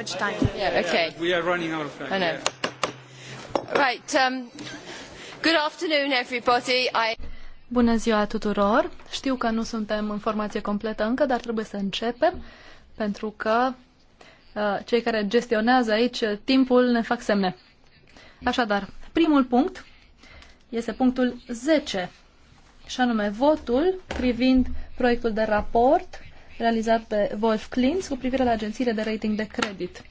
much time. Yeah, okay. we are running out of time. I know. Yeah. Right. Um, good afternoon, everybody. I... Bună ziua tuturor! Știu că nu suntem în formație completă încă, dar trebuie să începem, pentru că uh, cei care gestionează aici uh, timpul ne fac semne. Așadar, primul punct este punctul 10, și anume votul privind proiectul de raport realizat de Wolf Klintz cu privire la agențiile de rating de credit.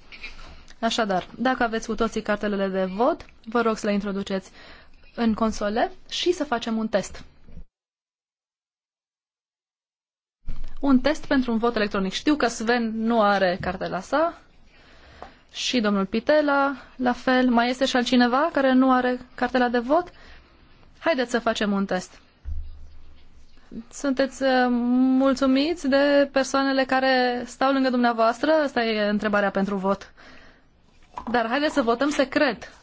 Așadar, dacă aveți cu toții cartelele de vot, vă rog să le introduceți în console și să facem un test. Un test pentru un vot electronic. Știu că Sven nu are cartela sa și domnul Pitela, la fel. Mai este și altcineva care nu are cartela de vot? Haideți să facem un test. Sunteți uh, mulțumiți de persoanele care stau lângă dumneavoastră? Asta e întrebarea pentru vot. Dar haideți să votăm secret.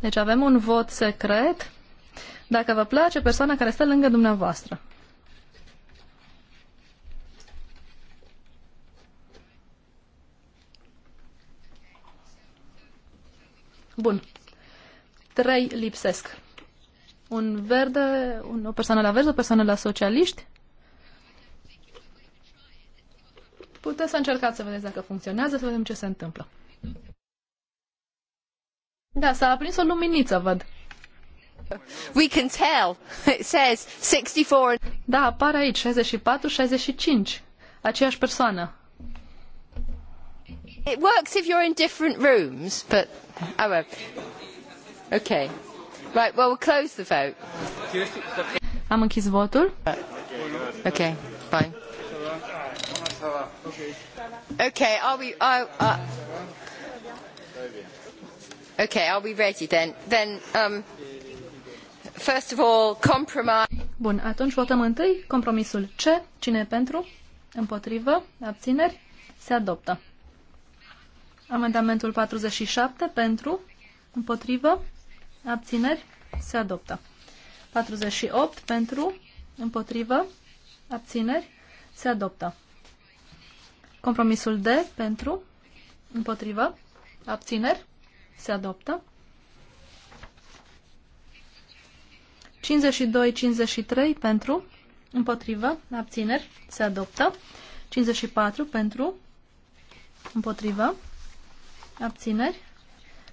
Deci avem un vot secret. Dacă vă place persoana care stă lângă dumneavoastră. Bun. Trei lipsesc. Un verde, un, o persoană la verde, o persoană la socialiști. Puteți să încercați să vedeți dacă funcționează, să vedem ce se întâmplă. Da, s-a aprins o luminiță, văd. We can tell. It says 64. Da, apare aici 64, 65. Aceeași persoană. It works if you're in different rooms, but oh well. Okay. Right, well we'll close the vote. Am închis votul. Okay, Bye. Okay, are we are, are Okay, are we ready then? Then um first of all compromise Bun, atunci votăm întâi compromisul C. Cine e pentru? Împotrivă? Abțineri? Se adoptă. Amendamentul 47 pentru, împotrivă, abțineri, se adoptă. 48 pentru, împotrivă, abțineri, se adoptă. Compromisul D pentru, împotrivă, abțineri, se adoptă. 52-53 pentru, împotrivă, abțineri, se adoptă. 54 pentru, împotrivă, Abțineri?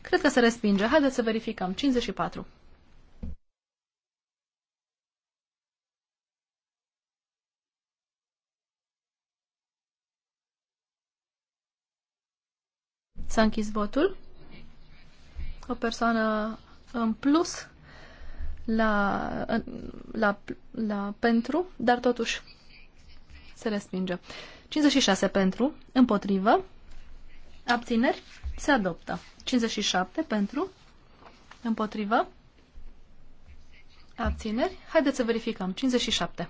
Cred că se respinge. Haideți să verificăm. 54. S-a închis votul. O persoană în plus la, la, la pentru, dar totuși se respinge. 56 pentru, împotrivă, abțineri, se adoptă. 57 pentru. Împotrivă. Abțineri. Haideți să verificăm. 57.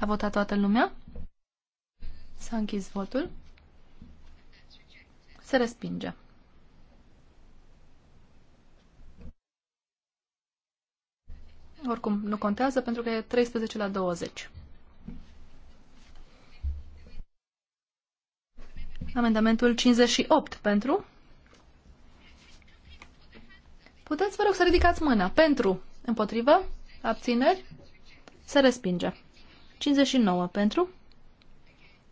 A votat toată lumea? S-a închis votul. Se respinge. Oricum, nu contează pentru că e 13 la 20. Amendamentul 58 pentru. Puteți, vă rog, să ridicați mâna. Pentru, împotrivă, abțineri, se respinge. 59 pentru,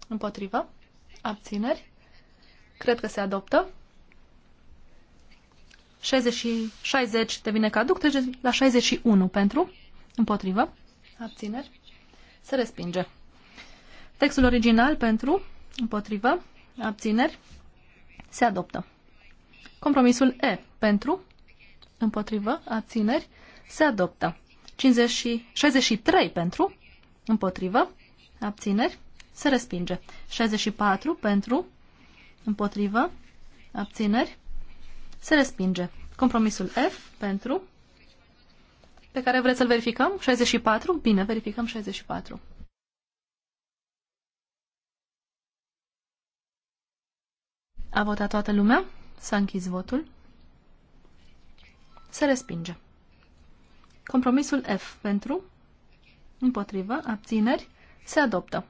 împotrivă, abțineri, cred că se adoptă. 60, 60 devine caduc, trece la 61 pentru, împotrivă, abțineri, se respinge. Textul original pentru, împotrivă, abțineri, se adoptă. Compromisul E pentru, împotrivă, abțineri, se adoptă. 50, 63 pentru, împotrivă, abțineri, se respinge. 64 pentru, împotrivă, abțineri, se respinge. Compromisul F pentru pe care vreți să-l verificăm? 64? Bine, verificăm 64. A votat toată lumea? S-a închis votul. Se respinge. Compromisul F pentru, împotrivă, abțineri, se adoptă.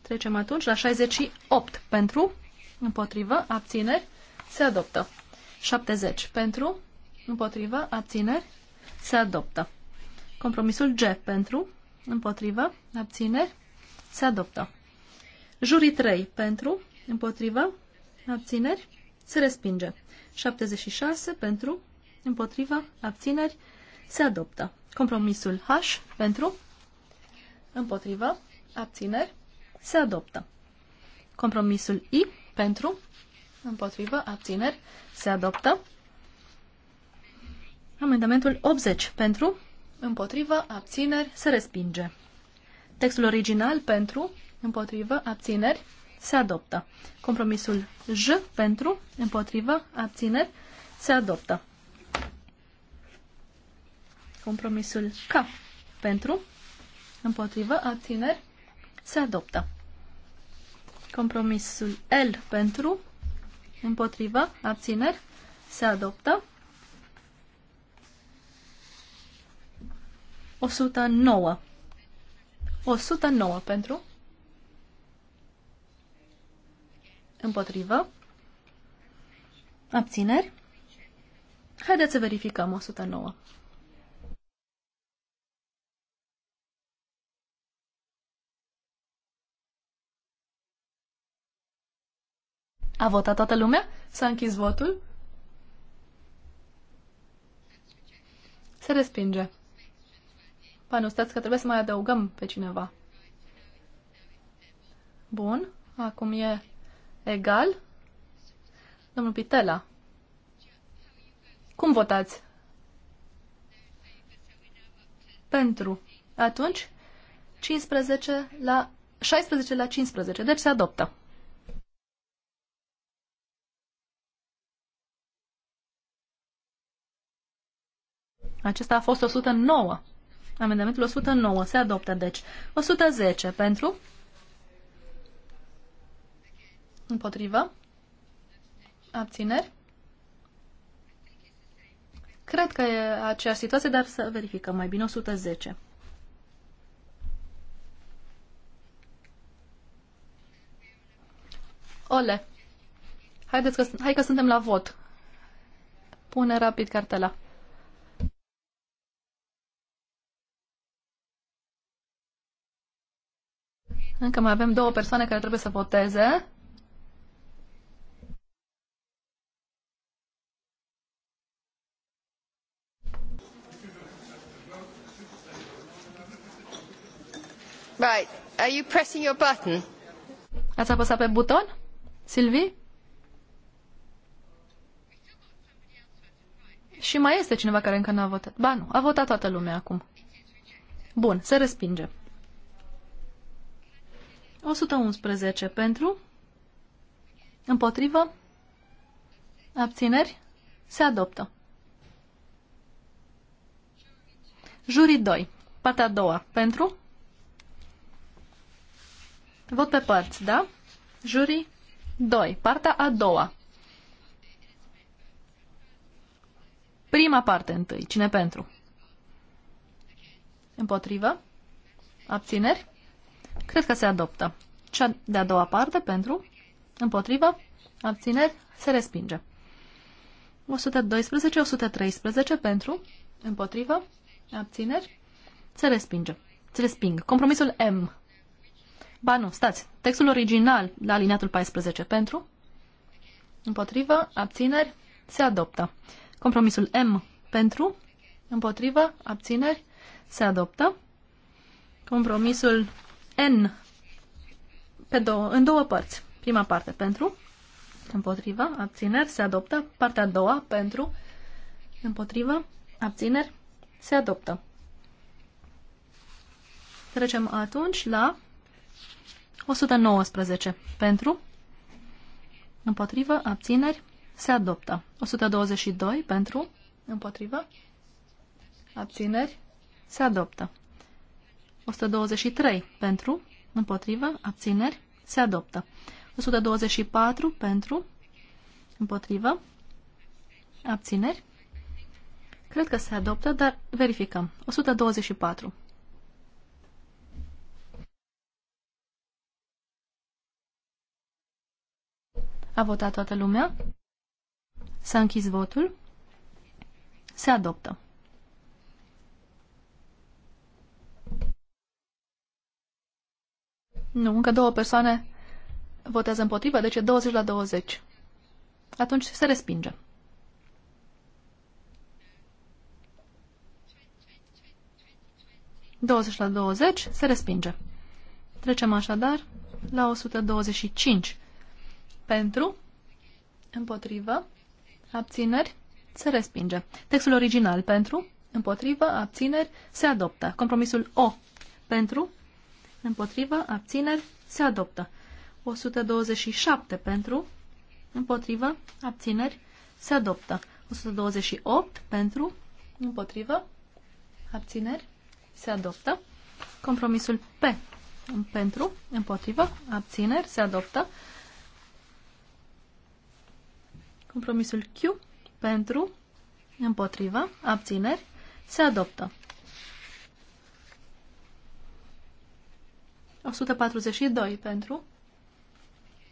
Trecem atunci la 68 pentru, împotrivă, abțineri, se adoptă. 70 pentru, împotrivă, abțineri, se adoptă. Compromisul G pentru, împotrivă, abțineri, se adoptă. Jurii 3 pentru, împotrivă, abțineri, se respinge. 76 pentru, împotrivă, abțineri, se adoptă. Compromisul H pentru, împotrivă, abțineri, se adoptă. Compromisul I pentru, Împotrivă. Abțineri. Se adoptă. Amendamentul 80 pentru. Împotrivă. Abțineri. Se respinge. Textul original pentru. Împotrivă. Abțineri. Se adoptă. Compromisul J pentru. Împotrivă. Abțineri. Se adoptă. Compromisul K pentru. Împotrivă. Abțineri. Se adoptă. Compromisul L pentru Împotrivă. Abțineri. Se adoptă. 109. 109 pentru. Împotrivă. Abțineri. Haideți să verificăm 109. A votat toată lumea? S-a închis votul? Se respinge. Păi nu stați că trebuie să mai adăugăm pe cineva. Bun. Acum e egal. Domnul Pitela. Cum votați? Pentru. Atunci, 15 la 16 la 15. Deci se adoptă. Acesta a fost 109. Amendamentul 109 se adoptă, deci 110 pentru, împotrivă, abțineri. Cred că e aceeași situație, dar să verificăm mai bine 110. Ole, haideți că, hai că suntem la vot. Pune rapid cartela. Încă mai avem două persoane care trebuie să voteze. Right. Are you pressing your button? Ați apăsat pe buton? Silvi? Și mai este cineva care încă nu a votat. Ba nu, a votat toată lumea acum. Bun, se respinge. 111 pentru, împotrivă, abțineri, se adoptă. Jurii 2, partea a doua, pentru, vot pe părți, da? Jurii 2, partea a doua. Prima parte întâi, cine pentru? Împotrivă, abțineri, Cred că se adoptă. Cea de-a doua parte pentru, împotrivă, abțineri, se respinge. 112-113 pentru, împotrivă, abțineri, se respinge. Se resping. Compromisul M. Ba nu, stați. Textul original la alineatul 14 pentru, împotrivă, abțineri, se adoptă. Compromisul M pentru, împotrivă, abțineri, se adoptă. Compromisul N pe două, în două părți. Prima parte pentru, împotriva, abțineri, se adoptă. Partea a doua pentru, împotriva, abțineri, se adoptă. Trecem atunci la 119 pentru, împotrivă, abțineri, se adoptă. 122 pentru, împotrivă, abțineri, se adoptă. 123 pentru, împotrivă, abțineri, se adoptă. 124 pentru, împotrivă, abțineri. Cred că se adoptă, dar verificăm. 124. A votat toată lumea? S-a închis votul? Se adoptă. Nu, încă două persoane votează împotrivă, deci e 20 la 20. Atunci se respinge. 20 la 20 se respinge. Trecem așadar la 125. Pentru, împotrivă, abțineri, se respinge. Textul original pentru, împotrivă, abțineri, se adoptă. Compromisul O pentru, împotrivă, abțineri, se adoptă. 127 pentru, împotrivă, abțineri, se adoptă. 128 pentru, împotrivă, abțineri, se adoptă. Compromisul P pentru, împotrivă, abțineri, se adoptă. Compromisul Q pentru, împotrivă, abțineri, se adoptă. 142 pentru,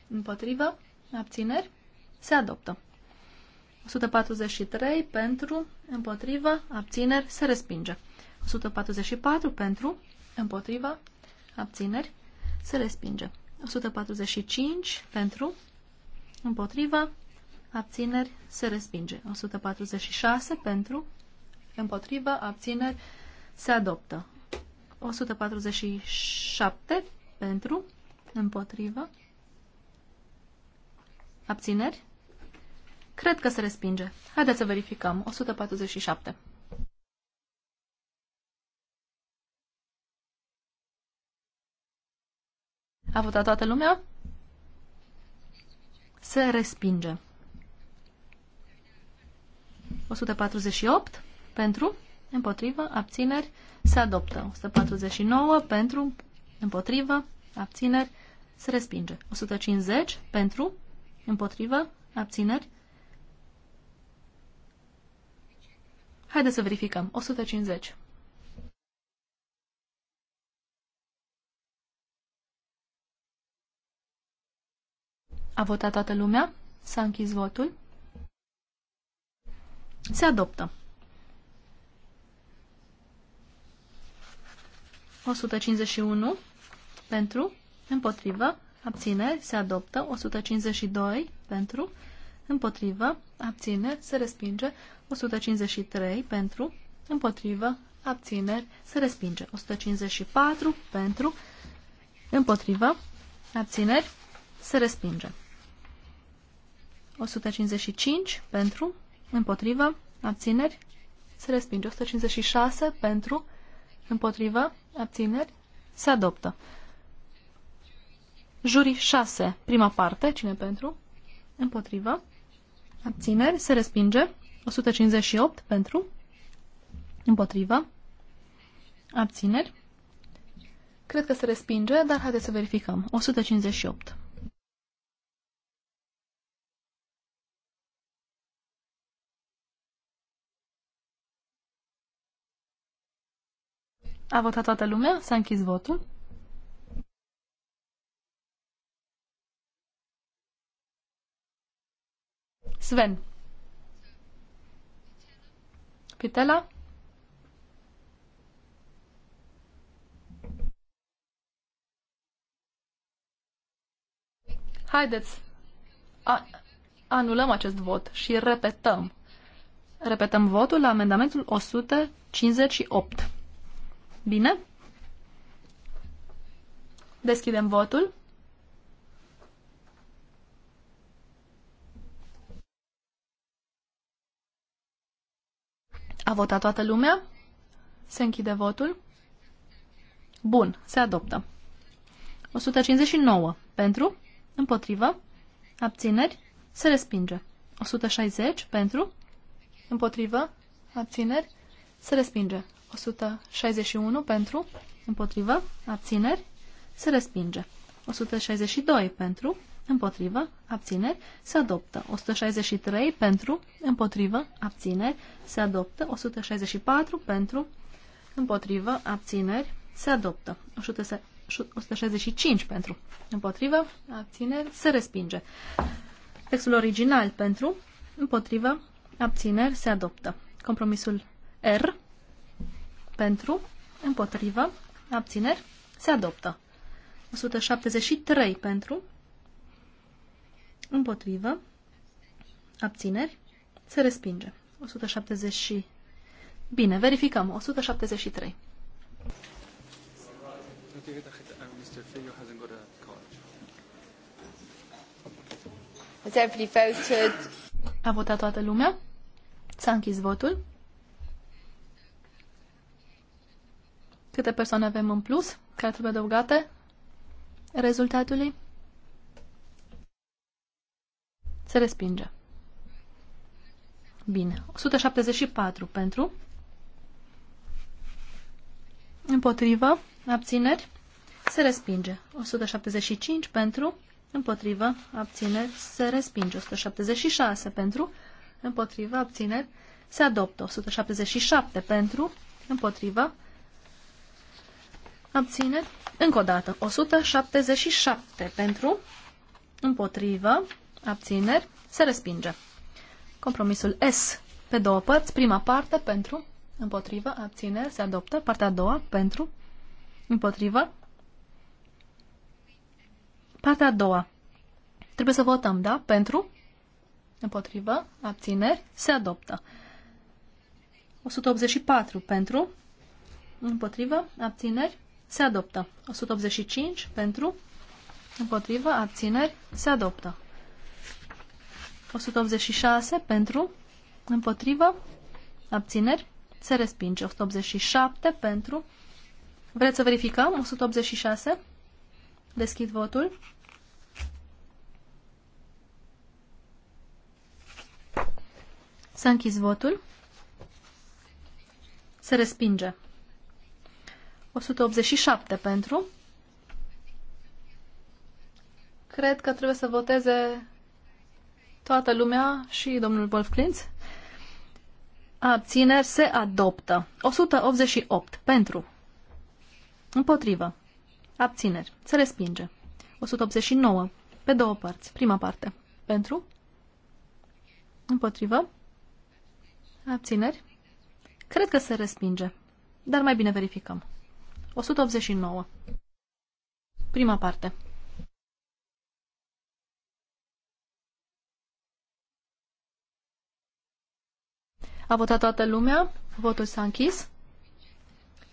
împotrivă, abțineri, se adoptă. 143 pentru, împotrivă, abțineri, se respinge. 144 pentru, împotrivă, abțineri, se respinge. 145 pentru, împotrivă, abțineri, se respinge. 146 pentru, împotrivă, abțineri, se adoptă. 147 pentru, împotrivă, abțineri. Cred că se respinge. Haideți să verificăm. 147. A votat toată lumea? Se respinge. 148 pentru, împotrivă, abțineri, se adoptă. 149 pentru, împotrivă, abțineri, se respinge. 150 pentru, împotrivă, abțineri. Haideți să verificăm. 150. A votat toată lumea? S-a închis votul? Se adoptă. 151 pentru, împotrivă, abțineri, se adoptă. 152 pentru, împotrivă, abțineri, se respinge. 153 pentru, împotrivă, abțineri, se respinge. 154 pentru, împotrivă, abțineri, se respinge. 155 pentru, împotrivă, abțineri, se respinge. 156 pentru, Împotrivă? Abțineri? Se adoptă. Juri 6, prima parte. Cine pentru? Împotrivă. Abțineri? Se respinge. 158 pentru. Împotrivă. Abțineri? Cred că se respinge, dar haideți să verificăm. 158. A votat toată lumea? S-a închis votul? Sven. Pitela? Haideți, a, anulăm acest vot și repetăm. Repetăm votul la amendamentul 158. Bine. Deschidem votul. A votat toată lumea? Se închide votul. Bun, se adoptă. 159. Pentru? Împotrivă? Abțineri? Se respinge. 160. Pentru? Împotrivă? Abțineri? Se respinge. 161 pentru, împotrivă, abțineri, se respinge. 162 pentru, împotrivă, abțineri, se adoptă. 163 pentru, împotrivă, abțineri, se adoptă. 164 pentru, împotrivă, abțineri, se adoptă. 165 pentru, împotrivă, abțineri, se respinge. Textul original pentru, împotrivă, abțineri, se adoptă. Compromisul R pentru, împotrivă, abțineri, se adoptă. 173 pentru, împotrivă, abțineri, se respinge. 170. Bine, verificăm. 173. A votat toată lumea? S-a închis votul. Câte persoane avem în plus care trebuie adăugate rezultatului? Se respinge. Bine. 174 pentru. Împotrivă. Abțineri. Se respinge. 175 pentru. Împotrivă. Abțineri. Se respinge. 176 pentru. Împotrivă. Abțineri. Se adoptă. 177 pentru. Împotrivă abțineri, încă o dată, 177 pentru, împotrivă, abțineri, se respinge. Compromisul S pe două părți, prima parte pentru, împotrivă, abțineri, se adoptă, partea a doua pentru, împotrivă, partea a doua. Trebuie să votăm, da? Pentru, împotrivă, abțineri, se adoptă. 184 pentru, împotrivă, abțineri, se adoptă. 185 pentru, împotrivă, abțineri, se adoptă. 186 pentru, împotrivă, abțineri, se respinge. 187 pentru, vreți să verificăm? 186, deschid votul. S-a închis votul. Se respinge. 187 pentru. Cred că trebuie să voteze toată lumea și domnul Wolf Klintz. Abțineri se adoptă. 188 pentru. Împotrivă. Abțineri. Se respinge. 189. Pe două părți. Prima parte. Pentru. Împotrivă. Abțineri. Cred că se respinge. Dar mai bine verificăm. 189. Prima parte. A votat toată lumea, votul s-a închis,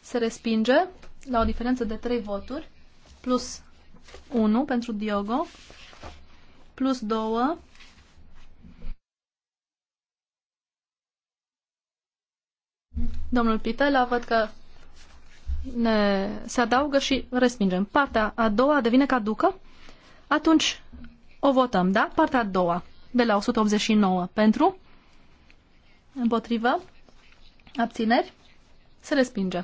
se respinge la o diferență de 3 voturi, plus 1 pentru Diogo, plus 2 Domnul Pitela, văd că ne, se adaugă și respingem. Partea a doua devine caducă, atunci o votăm, da? Partea a doua, de la 189, pentru, împotrivă, abțineri, se respinge.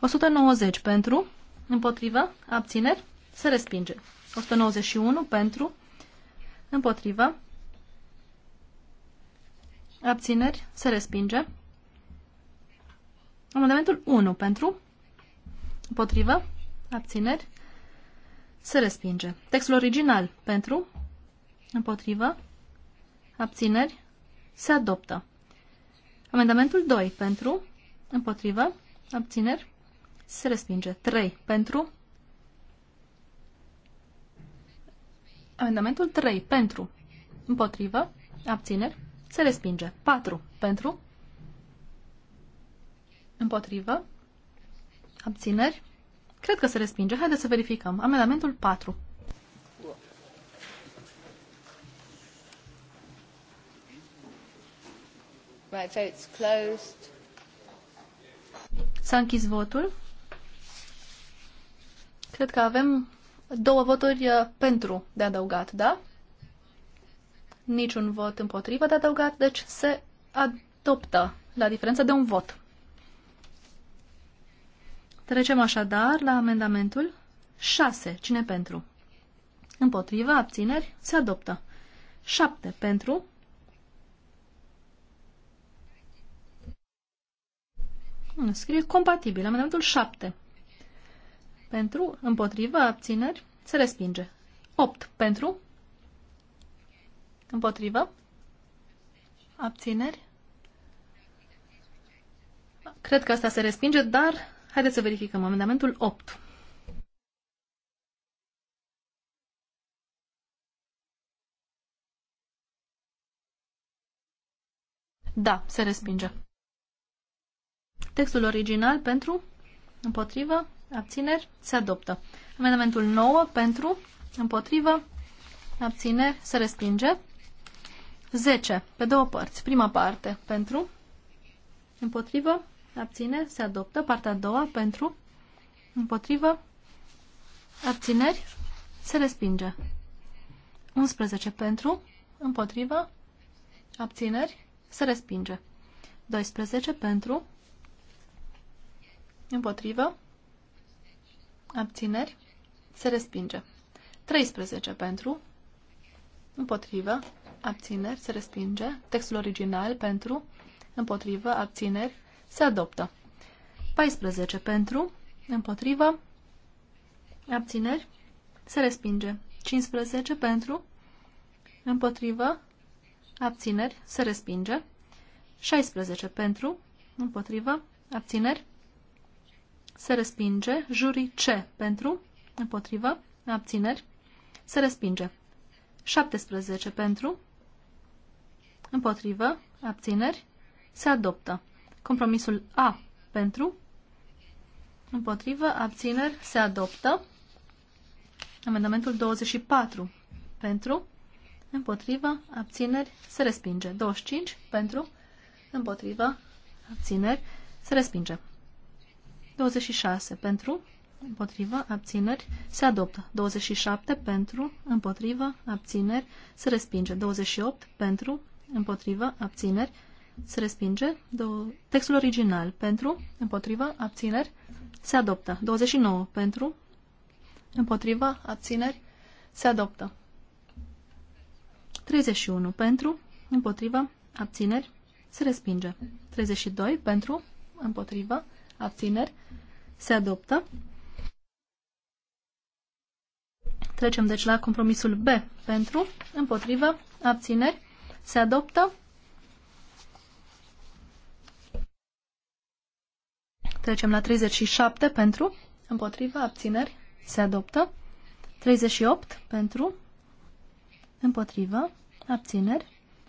190 pentru, împotrivă, abțineri, se respinge. 191 pentru, împotrivă, abțineri, se respinge. Amendamentul 1 pentru, împotrivă, abțineri, se respinge. Textul original pentru, împotrivă, abțineri, se adoptă. Amendamentul 2 pentru, împotrivă, abțineri, se respinge. 3 pentru, Amendamentul 3 pentru, împotrivă, abțineri, se respinge. 4 pentru, Împotrivă. Abțineri. Cred că se respinge. Haideți să verificăm. Amendamentul 4. S-a închis votul. Cred că avem două voturi uh, pentru de adăugat, da? Niciun vot împotrivă de adăugat, deci se adoptă la diferență de un vot. Trecem așadar la amendamentul 6. Cine pentru? Împotrivă, abțineri, se adoptă. 7 pentru. Scrie compatibil. Amendamentul 7. Pentru, împotrivă, abțineri, se respinge. 8 pentru. Împotrivă. Abțineri. Cred că asta se respinge, dar Haideți să verificăm amendamentul 8. Da, se respinge. Textul original pentru, împotrivă, abțineri, se adoptă. Amendamentul 9 pentru, împotrivă, abțineri, se respinge. 10. Pe două părți. Prima parte pentru, împotrivă, abțineri, se adoptă. Partea a doua, pentru, împotrivă, abțineri, se respinge. 11 pentru, împotrivă, abțineri, se respinge. 12 pentru, împotrivă, abțineri, se respinge. 13 pentru, împotrivă, abțineri, se respinge. Textul original pentru, împotrivă, abțineri, se adoptă. 14 pentru, împotrivă, abțineri, se respinge. 15 pentru, împotrivă, abțineri, se respinge. 16 pentru, împotrivă, abțineri, se respinge. Jurii C pentru, împotrivă, abțineri, se respinge. 17 pentru, împotrivă, abțineri, se adoptă. Compromisul A pentru, împotrivă, abțineri, se adoptă. Amendamentul 24 pentru, împotrivă, abțineri, se respinge. 25 pentru, împotrivă, abțineri, se respinge. 26 pentru, împotrivă, abțineri, se adoptă. 27 pentru, împotrivă, abțineri, se respinge. 28 pentru, împotrivă, abțineri, se se respinge. Do textul original pentru, împotriva, abțineri, se adoptă. 29 pentru, împotriva, abțineri, se adoptă. 31 pentru, împotriva, abțineri, se respinge. 32 pentru, împotriva, abțineri, se adoptă. Trecem deci la compromisul B pentru, împotriva, abțineri, se adoptă. Trecem la 37 pentru, împotriva, abțineri, se adoptă. 38 pentru, împotriva, abțineri,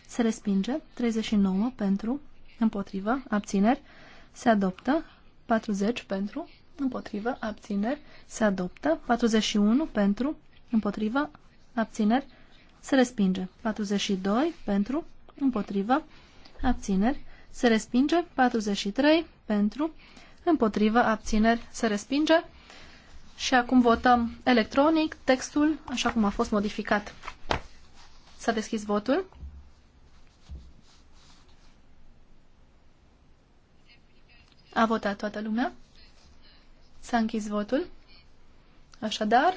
se respinge. 39 pentru, împotriva, abțineri, se adoptă. 40 pentru, împotriva abțineri, se adoptă. 41 pentru, împotriva abțineri, se respinge. 42 pentru, împotriva abțineri, se respinge. 43 pentru, împotrivă, abțineri, se respinge. Și acum votăm electronic textul așa cum a fost modificat. S-a deschis votul. A votat toată lumea. S-a închis votul. Așadar,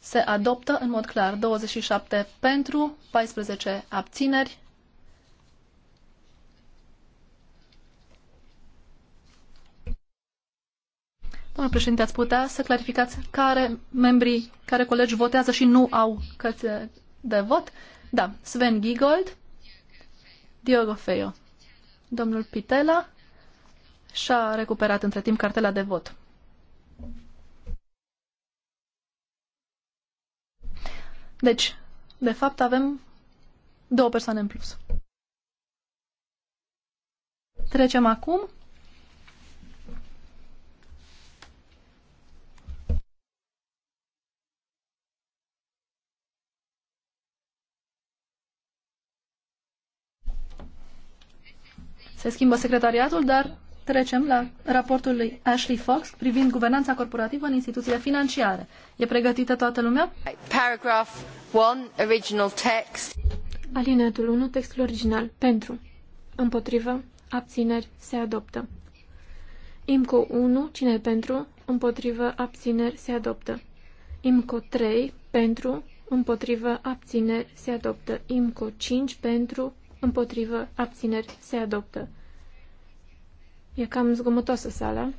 se adoptă în mod clar 27 pentru, 14 abțineri, Domnul președinte, ați putea să clarificați care membrii, care colegi votează și nu au cărți de vot? Da, Sven Gigold, Diogo Feio, domnul Pitela și-a recuperat între timp cartela de vot. Deci, de fapt, avem două persoane în plus. Trecem acum se schimbă secretariatul, dar trecem la raportul lui Ashley Fox privind guvernanța corporativă în instituțiile financiare. E pregătită toată lumea? Paragraph 1, original text. Alineatul 1, textul original. Pentru. Împotrivă. Abțineri. Se adoptă. IMCO 1, cine pentru? Împotrivă. Abțineri. Se adoptă. IMCO 3, pentru. Împotrivă. Abțineri. Se adoptă. IMCO 5, pentru împotrivă, abțineri, se adoptă. E cam zgomotoasă sala.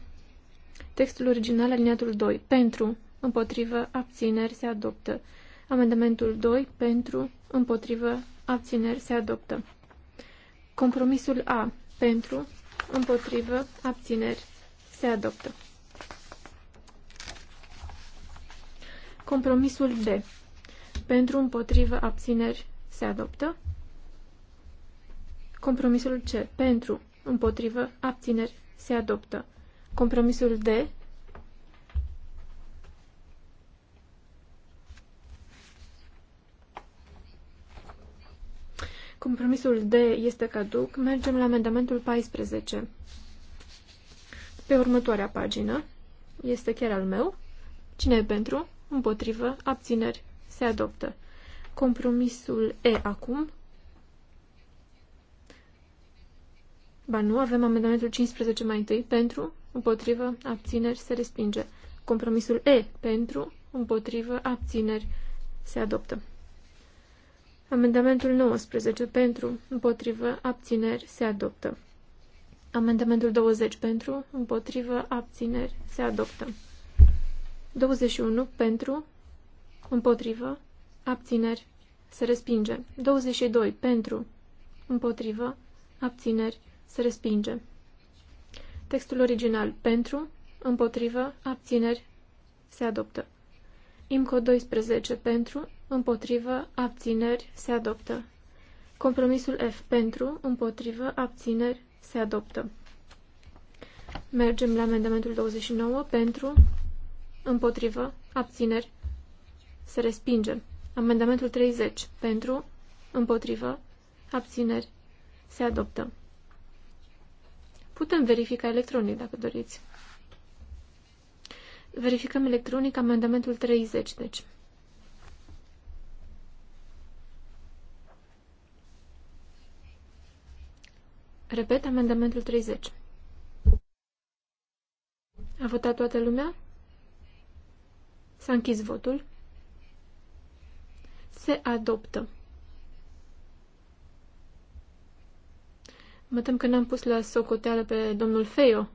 Textul original, aliniatul 2, pentru, împotrivă, abțineri, se adoptă. Amendamentul 2, pentru, împotrivă, abțineri, se adoptă. Compromisul A, pentru, împotrivă, abțineri, se adoptă. Compromisul B, pentru, împotrivă, abțineri, se adoptă. Compromisul C. Pentru. Împotrivă. Abțineri. Se adoptă. Compromisul D. Compromisul D este caduc. Mergem la amendamentul 14. Pe următoarea pagină. Este chiar al meu. Cine e pentru? Împotrivă. Abțineri. Se adoptă. Compromisul E acum. Ba nu, avem amendamentul 15 mai întâi pentru, împotrivă, abțineri, se respinge. Compromisul E pentru, împotrivă, abțineri, se adoptă. Amendamentul 19 pentru, împotrivă, abțineri, se adoptă. Amendamentul 20 pentru, împotrivă, abțineri, se adoptă. 21 pentru, împotrivă, abțineri, se respinge. 22 pentru, împotrivă, abțineri, se respinge. Textul original pentru, împotrivă, abțineri, se adoptă. IMCO 12 pentru, împotrivă, abțineri, se adoptă. Compromisul F pentru, împotrivă, abțineri, se adoptă. Mergem la amendamentul 29 pentru, împotrivă, abțineri, se respinge. Amendamentul 30 pentru, împotrivă, abțineri, se adoptă. Putem verifica electronic, dacă doriți. Verificăm electronic amendamentul 30, deci. Repet, amendamentul 30. A votat toată lumea? S-a închis votul. Se adoptă. Mă tem că n-am pus la socoteală pe domnul Feio.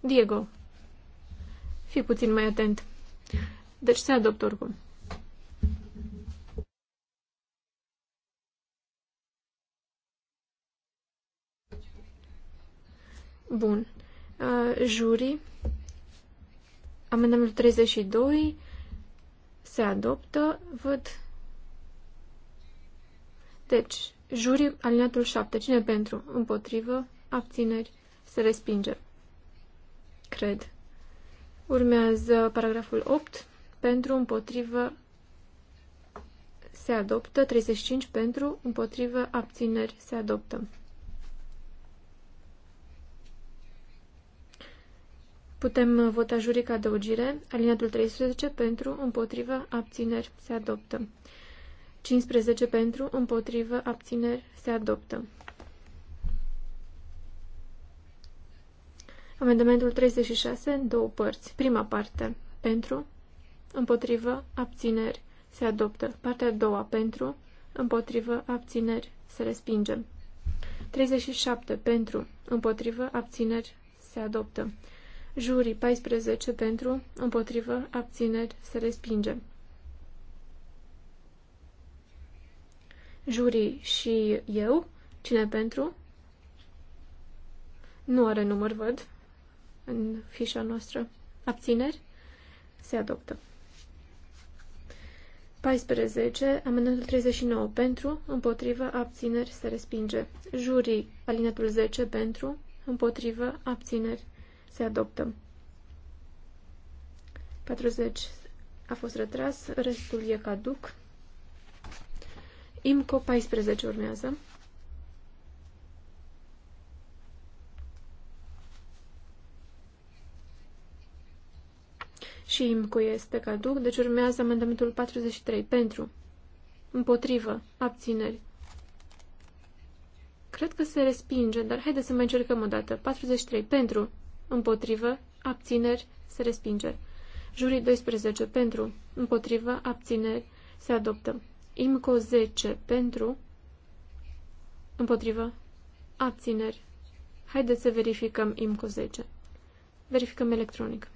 Diego, fii puțin mai atent. Deci se adoptă oricum. Bun. Uh, jurii. Amendamentul 32 se adoptă. Văd. Deci, Juri, alineatul 7. Cine pentru? Împotrivă. Abțineri. Se respinge. Cred. Urmează paragraful 8. Pentru, împotrivă, se adoptă. 35. Pentru, împotrivă, abțineri, se adoptă. Putem vota ca adăugire. Alineatul 13. Pentru, împotrivă, abțineri, se adoptă. 15 pentru, împotrivă, abțineri, se adoptă. Amendamentul 36 în două părți. Prima parte, pentru, împotrivă, abțineri, se adoptă. Partea a doua, pentru, împotrivă, abțineri, se respinge. 37 pentru, împotrivă, abțineri, se adoptă. Jurii 14 pentru, împotrivă, abțineri, se respinge. Jurii și eu. Cine pentru? Nu are număr, văd, în fișa noastră. Abțineri? Se adoptă. 14. Amendamentul 39 pentru, împotrivă, abțineri, se respinge. Jurii, alinatul 10 pentru, împotrivă, abțineri, se adoptă. 40 a fost retras, restul e caduc. IMCO 14 urmează. Și IMCO este caduc, deci urmează amendamentul 43. Pentru. Împotrivă. Abțineri. Cred că se respinge, dar haideți să mai încercăm o dată. 43. Pentru. Împotrivă. Abțineri. Se respinge. Jurii 12. Pentru. Împotrivă. Abțineri. Se adoptă. IMCO 10 pentru, împotrivă, abțineri. Haideți să verificăm IMCO 10. Verificăm electronic.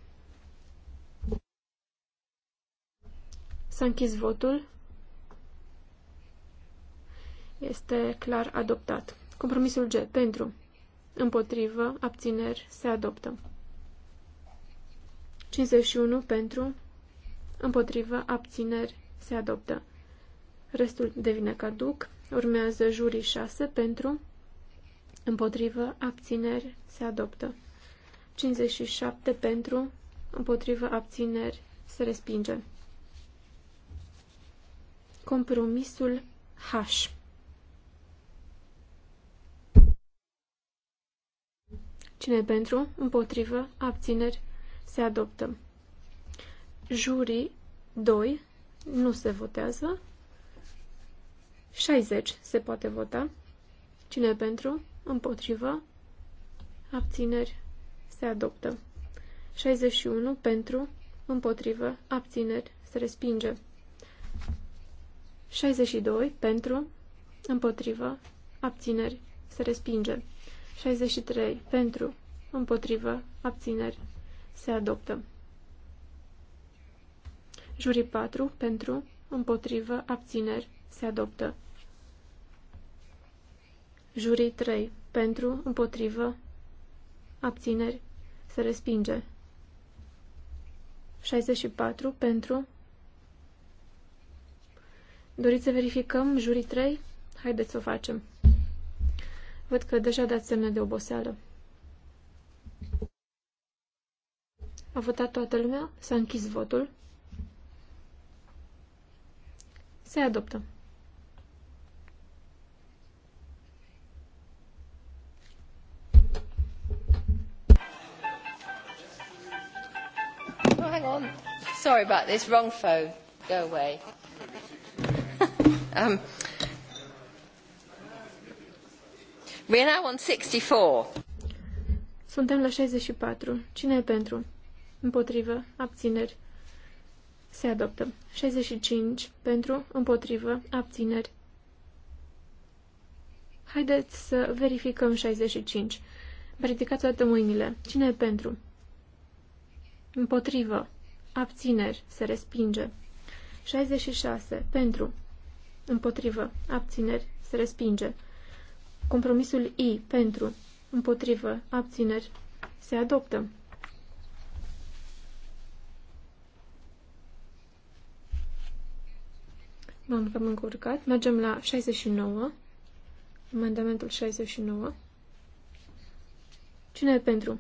S-a închis votul. Este clar adoptat. Compromisul G. Pentru. Împotrivă. Abțineri. Se adoptă. 51. Pentru. Împotrivă. Abțineri. Se adoptă. Restul devine caduc. Urmează jurii 6 pentru, împotrivă, abțineri, se adoptă. 57 pentru, împotrivă, abțineri, se respinge. Compromisul H. Cine pentru, împotrivă, abțineri, se adoptă. Jurii 2 nu se votează. 60 se poate vota. Cine pentru? Împotrivă. Abțineri. Se adoptă. 61 pentru. Împotrivă. Abțineri. Se respinge. 62 pentru. Împotrivă. Abțineri. Se respinge. 63 pentru. Împotrivă. Abțineri. Se adoptă. Jurii 4 pentru. Împotrivă. Abțineri. Se adoptă. Jurii 3. Pentru, împotrivă, abțineri, se respinge. 64. Pentru. Doriți să verificăm jurii 3? Haideți să o facem. Văd că deja dați semne de oboseală. A votat toată lumea? S-a închis votul? Se adoptă. hang on. Sorry about this. Wrong phone. Go away. um, are now on 64. Suntem la 64. Cine e pentru? Împotrivă. Abțineri. Se adoptă. 65. Pentru. Împotrivă. Abțineri. Haideți să verificăm 65. Ridicați toate mâinile. Cine e pentru? Împotrivă. Abțineri. Se respinge. 66. Pentru. Împotrivă. Abțineri. Se respinge. Compromisul I. Pentru. Împotrivă. Abțineri. Se adoptă. Bun, am cam încurcat. Mergem la 69. Amendamentul 69. Cine e pentru?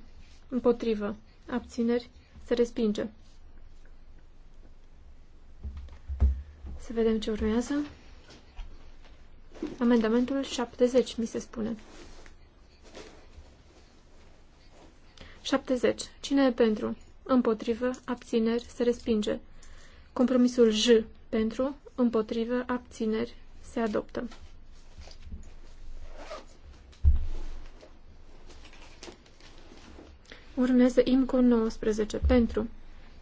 Împotrivă. Abțineri. Se respinge. Să vedem ce urmează. Amendamentul 70, mi se spune. 70. Cine e pentru? Împotrivă, abțineri, se respinge. Compromisul J pentru, împotrivă, abțineri, se adoptă. Urmează IMCO 19. Pentru.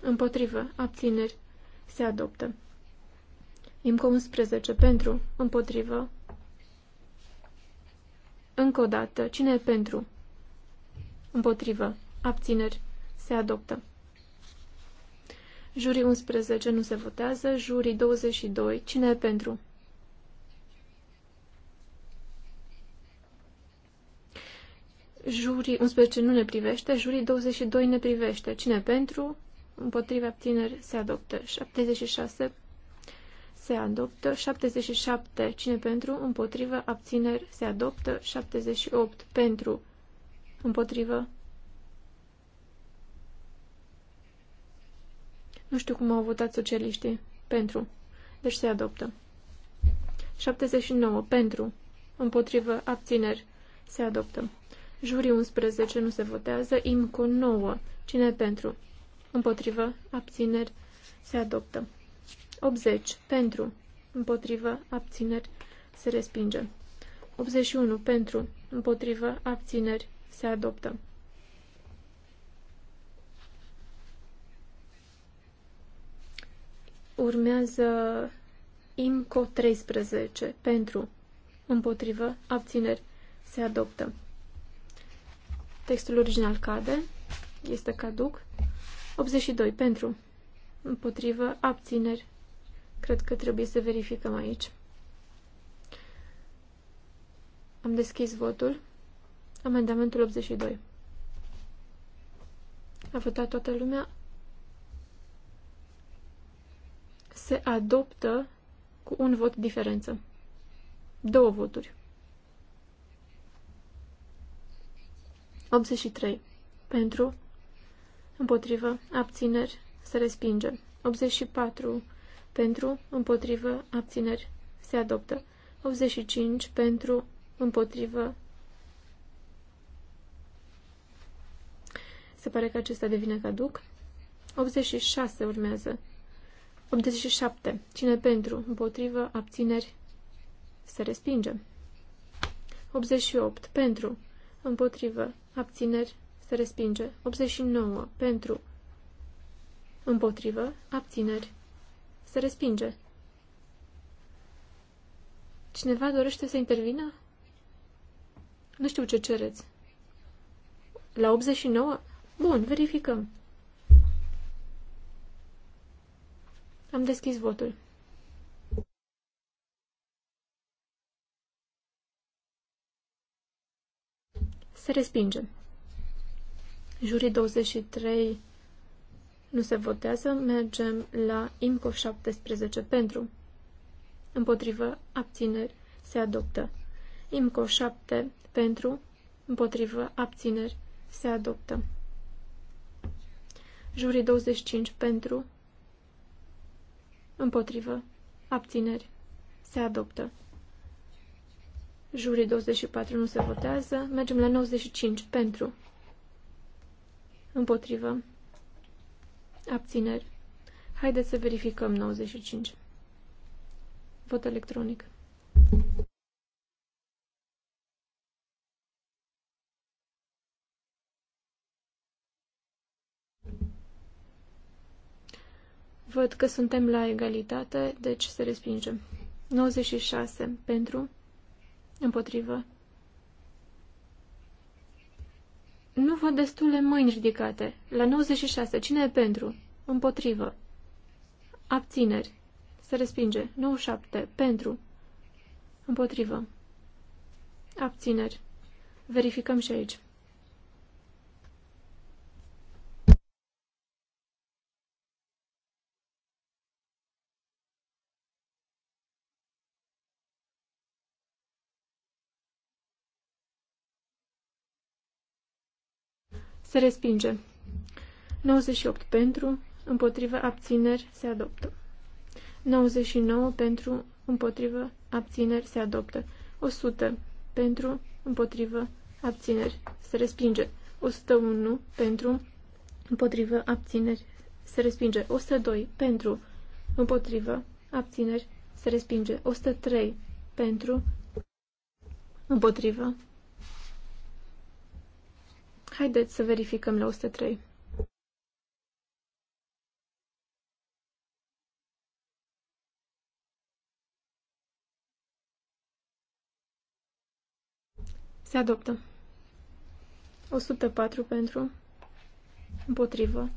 Împotrivă. Abțineri. Se adoptă. IMCO 11. Pentru. Împotrivă. Încă o dată. Cine e pentru? Împotrivă. Abțineri. Se adoptă. Jurii 11 nu se votează. Jurii 22. Cine e pentru? Jurii 11 nu ne privește, jurii 22 ne privește. Cine pentru? Împotriva abțineri se adoptă. 76 se adoptă. 77 cine pentru? Împotriva abțineri se adoptă. 78 pentru? Împotrivă. Nu știu cum au votat socialiștii. Pentru. Deci se adoptă. 79 pentru. Împotrivă abțineri se adoptă. Juri 11 nu se votează. IMCO 9. Cine pentru? Împotrivă. Abțineri. Se adoptă. 80. Pentru. Împotrivă. Abțineri. Se respinge. 81. Pentru. Împotrivă. Abțineri. Se adoptă. Urmează IMCO 13. Pentru. Împotrivă. Abțineri. Se adoptă. Textul original cade. Este caduc. 82. Pentru. Împotrivă. Abțineri. Cred că trebuie să verificăm aici. Am deschis votul. Amendamentul 82. A votat toată lumea. Se adoptă cu un vot diferență. Două voturi. 83. Pentru, împotrivă, abțineri, se respinge. 84. Pentru, împotrivă, abțineri, se adoptă. 85. Pentru, împotrivă, se pare că acesta devine caduc. 86 urmează. 87. Cine pentru, împotrivă, abțineri, se respinge. 88. Pentru, împotrivă, abțineri, se respinge. 89 pentru, împotrivă, abțineri, se respinge. Cineva dorește să intervină? Nu știu ce cereți. La 89? Bun, verificăm. Am deschis votul. se respinge. Jurii 23 nu se votează, mergem la IMCO 17 pentru. Împotrivă abțineri se adoptă. IMCO 7 pentru, împotrivă abțineri se adoptă. Jurii 25 pentru, împotrivă abțineri se adoptă. Jurii 24 nu se votează. Mergem la 95. Pentru. Împotrivă. Abțineri. Haideți să verificăm 95. Vot electronic. Văd că suntem la egalitate, deci se respinge. 96 pentru Împotrivă. Nu văd destule mâini ridicate. La 96. Cine e pentru? Împotrivă. Abțineri. Se respinge. 97. Pentru. Împotrivă. Abțineri. Verificăm și aici. Se respinge. 98 pentru, împotrivă, abțineri, se adoptă. 99 pentru, împotrivă, abțineri, se adoptă. 100 pentru, împotrivă, abțineri, se respinge. 101 pentru, împotrivă, abțineri, se respinge. 102 pentru, împotrivă, abțineri, se respinge. 103 pentru, împotrivă, Haideți să verificăm la 103. Se adoptă. 104 pentru, împotrivă,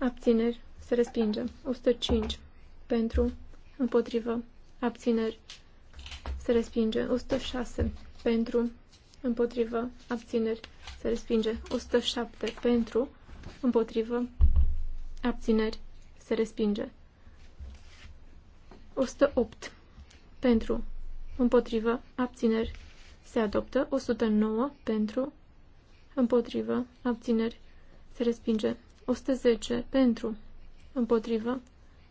abțineri, se respinge. 105 pentru, împotrivă, abțineri, se respinge. 106 pentru, împotrivă, abțineri, se respinge. 107 pentru, împotrivă, abțineri, se respinge. 108 pentru, împotrivă, abțineri, se adoptă. 109 pentru, împotrivă, abțineri, se respinge. 110 pentru, împotrivă,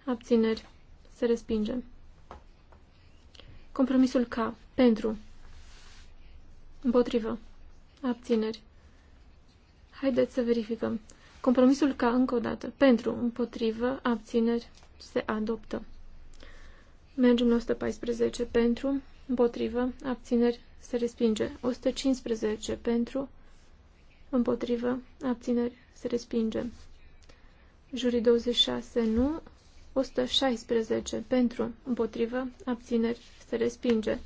abțineri, se respinge. Compromisul K pentru, Împotrivă. Abțineri. Haideți să verificăm. Compromisul ca încă o dată. Pentru, împotrivă, abțineri, se adoptă. Mergem la 114 pentru, împotrivă, abțineri, se respinge. 115 pentru, împotrivă, abțineri, se respinge. Jurii 26 nu, 116 pentru, împotrivă, abțineri, se respinge.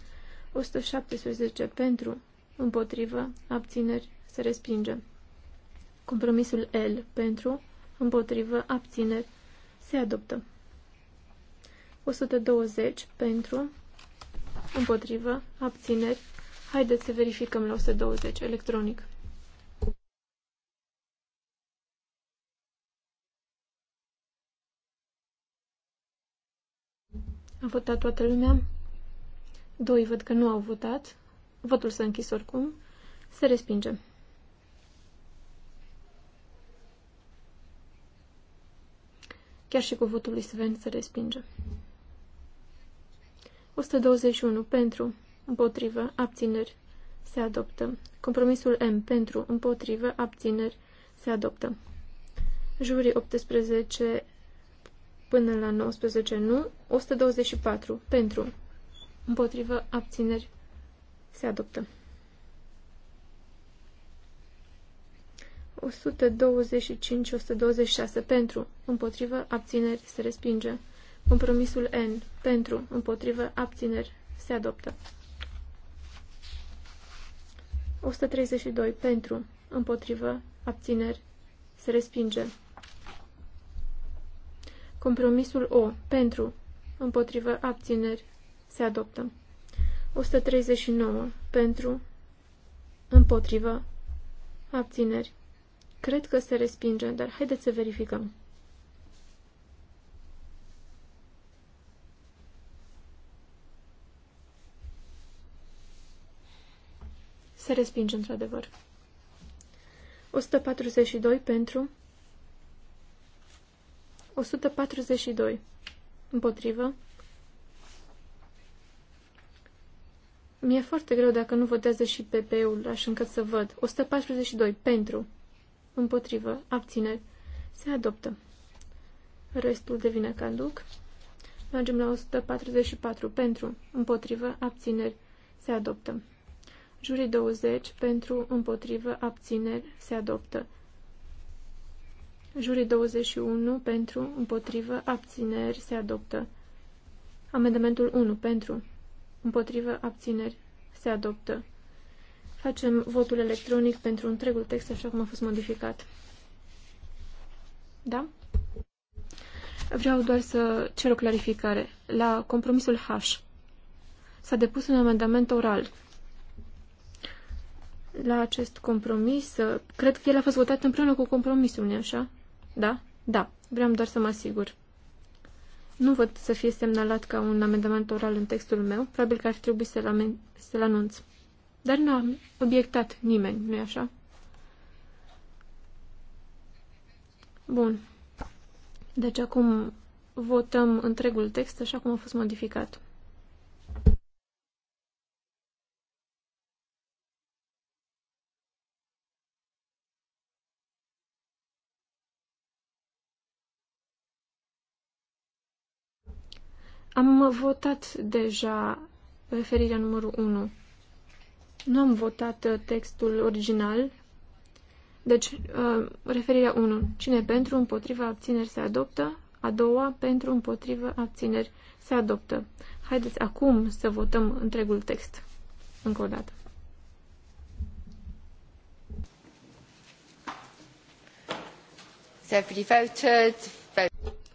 117 pentru, împotrivă, abțineri, se respinge. Compromisul L pentru, împotrivă, abțineri, se adoptă. 120 pentru, împotrivă, abțineri. Haideți să verificăm la 120 electronic. A votat toată lumea? Doi văd că nu au votat. Votul s-a închis oricum. Se respinge. Chiar și cu votul lui Sven se respinge. 121. Pentru, împotrivă, abțineri, se adoptă. Compromisul M. Pentru, împotrivă, abțineri, se adoptă. Jurii 18 până la 19 nu. 124. Pentru, împotrivă, abțineri, se adoptă. 125-126 pentru, împotrivă, abțineri, se respinge. Compromisul N pentru, împotrivă, abțineri, se adoptă. 132 pentru, împotrivă, abțineri, se respinge. Compromisul O pentru, împotrivă, abțineri, se adoptă. 139 pentru, împotrivă, abțineri. Cred că se respinge, dar haideți să verificăm. Se respinge într-adevăr. 142 pentru 142 împotrivă Mi-e foarte greu dacă nu votează și PP-ul, așa încât să văd. 142. Pentru. Împotrivă. Abțineri. Se adoptă. Restul devine caduc. Mergem la 144. Pentru. Împotrivă. Abțineri. Se adoptă. Jurii 20. Pentru. Împotrivă. Abțineri. Se adoptă. Jurii 21. Pentru. Împotrivă. Abțineri. Se adoptă. Amendamentul 1. Pentru împotrivă, abțineri, se adoptă. Facem votul electronic pentru întregul text așa cum a fost modificat. Da? Vreau doar să cer o clarificare. La compromisul H s-a depus un amendament oral. La acest compromis, cred că el a fost votat împreună cu compromisul, nu așa? Da? Da. Vreau doar să mă asigur. Nu văd să fie semnalat ca un amendament oral în textul meu, probabil că ar trebui să-l, să anunț. Dar nu a obiectat nimeni, nu-i așa? Bun. Deci acum votăm întregul text așa cum a fost modificat. Am votat deja referirea numărul 1. Nu am votat uh, textul original. Deci, uh, referirea 1. Cine pentru, împotriva, abțineri se adoptă. A doua, pentru, împotriva, abțineri se adoptă. Haideți acum să votăm întregul text. Încă o dată.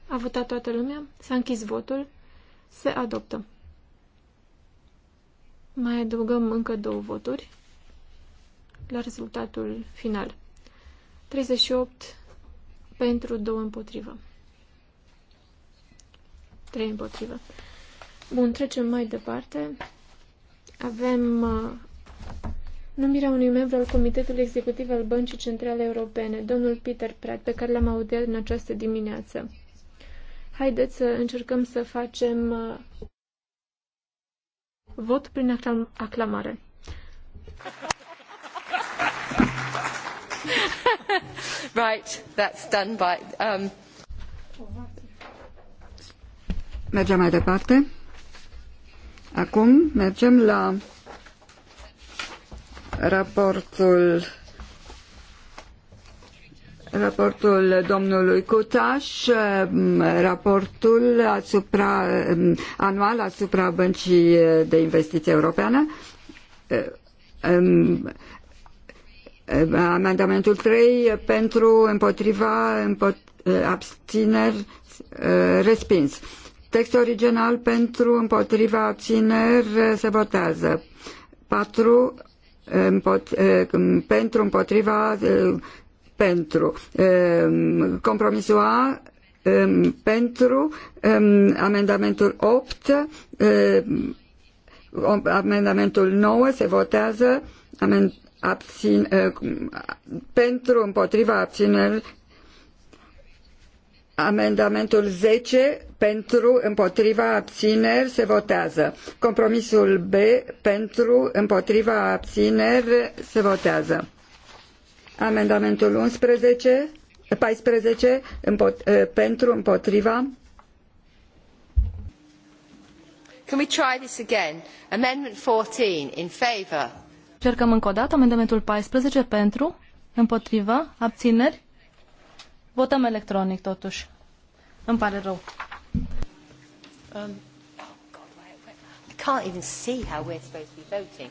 A votat toată lumea? S-a închis votul? Se adoptă. Mai adăugăm încă două voturi la rezultatul final. 38 pentru 2 împotrivă. 3 împotrivă. Bun, trecem mai departe. Avem uh, numirea unui membru al Comitetului Executiv al Băncii Centrale Europene, domnul Peter Pratt, pe care l-am audiat în această dimineață. Haideți să încercăm să facem uh, vot prin aclam aclamare. right, that's done by... Um... Mergem mai departe. Acum mergem la raportul raportul domnului Cutaș, mm, raportul asupra, mm, anual asupra Băncii de Investiție Europeană, eh, mm, eh, amendamentul 3 pentru împotriva împot, eh, abțineri respins. Textul original pentru împotriva abțineri se votează. 4 împot, pentru împotriva pentru um, compromisul A um, pentru um, amendamentul 8 amendamentul 9 se votează amend, abțin, uh, pentru împotriva abțineri amendamentul 10 pentru împotriva abțineri se votează compromisul B pentru împotriva abțineri se votează Amendamentul 11, 14 împot, eh, pentru, împotriva. Can we try this again? Amendment 14 in favor. Cercăm încă o dată amendamentul 14 pentru, împotriva, abțineri. Votăm electronic totuși. Îmi pare rău. Um, oh God, I can't even see how we're supposed to be voting.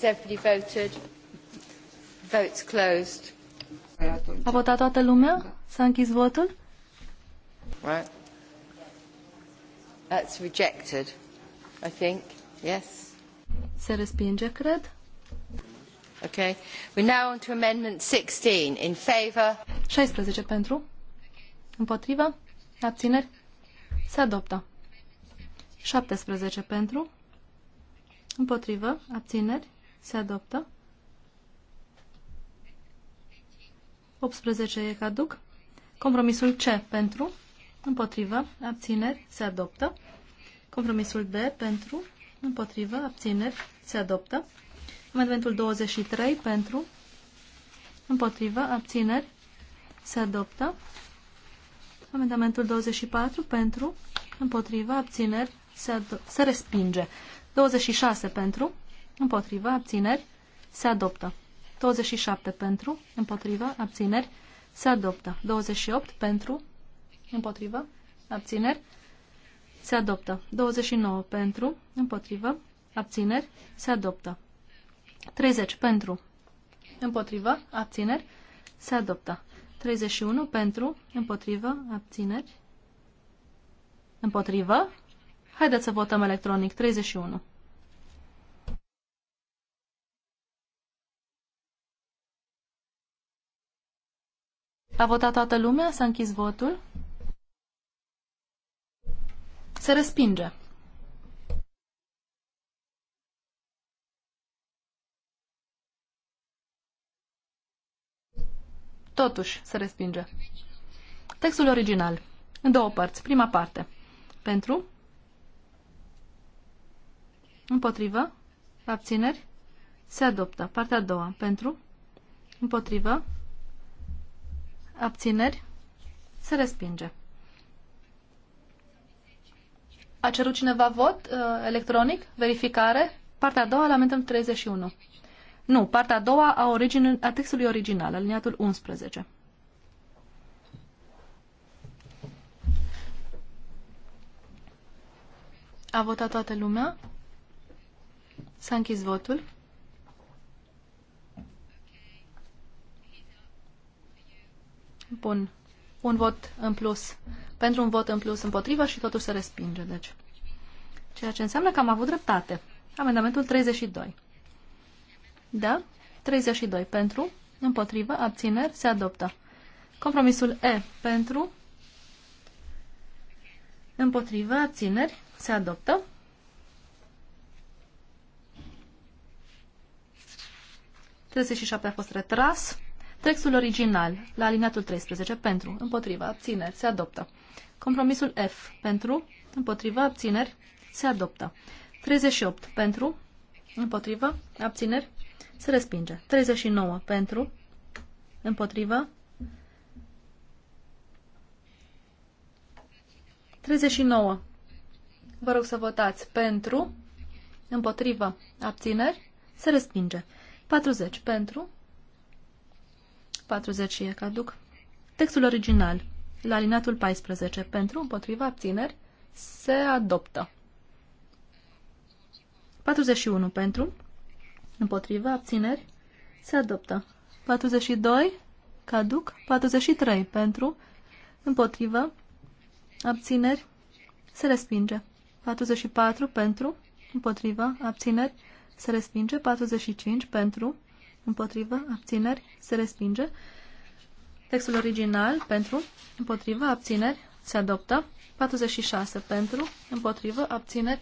Has everybody voted? Votes closed. Păi A votat toată lumea? S-a închis votul? Right. That's rejected, I think. Yes. Se respinge, cred. Okay. We're now on to amendment 16. In favor. 16 pentru. Împotrivă. Abțineri. Se adoptă. 17 pentru. Împotrivă. Abțineri. Se adoptă. 18 e caduc. Compromisul C pentru, împotrivă, abțineri, se adoptă. Compromisul D pentru, împotrivă, abțineri, se adoptă. Amendamentul 23 pentru, împotrivă, abțineri, se adoptă. Amendamentul 24 pentru, împotrivă, abțineri, se, se respinge. 26 pentru, împotriva, abțineri, se adoptă. 27 pentru, împotriva, abțineri, se adoptă. 28 pentru, împotriva, abțineri, se adoptă. 29 pentru, împotriva, abțineri, se adoptă. 30 pentru, împotriva, abțineri, se adoptă. 31 pentru, împotriva, abțineri, împotriva. Haideți să votăm electronic. 31. A votat toată lumea? S-a închis votul? Se respinge. Totuși, se respinge. Textul original. În două părți. Prima parte. Pentru. Împotrivă. Abțineri. Se adoptă. Partea a doua. Pentru. Împotrivă. Abțineri? Se respinge. A cerut cineva vot uh, electronic? Verificare? Partea a doua, la amendăm 31. Nu, partea a doua a, origin, a textului original, aliniatul 11. A votat toată lumea? S-a închis votul. Bun. Un vot în plus. Pentru un vot în plus împotrivă și totul se respinge, deci. Ceea ce înseamnă că am avut dreptate. Amendamentul 32. Da? 32. Pentru, împotrivă, abțineri, se adoptă. Compromisul E. Pentru, împotrivă, abțineri, se adoptă. Trebuie și a fost retras. Textul original, la alineatul 13, pentru, împotriva, abțineri, se adoptă. Compromisul F, pentru, împotriva, abțineri, se adoptă. 38, pentru, împotriva, abțineri, se respinge. 39, pentru, împotriva, 39. Vă rog să votați pentru, împotriva, abțineri, se respinge. 40. Pentru, 40 e caduc. Textul original, la alinatul 14, pentru, împotriva, abțineri, se adoptă. 41 pentru, împotriva, abțineri, se adoptă. 42, caduc. 43 pentru, împotriva, abțineri, se respinge. 44 pentru, împotriva, abțineri, se respinge. 45 pentru, împotrivă, abțineri, se respinge. Textul original pentru, împotrivă, abțineri, se adoptă. 46 pentru, împotrivă, abțineri,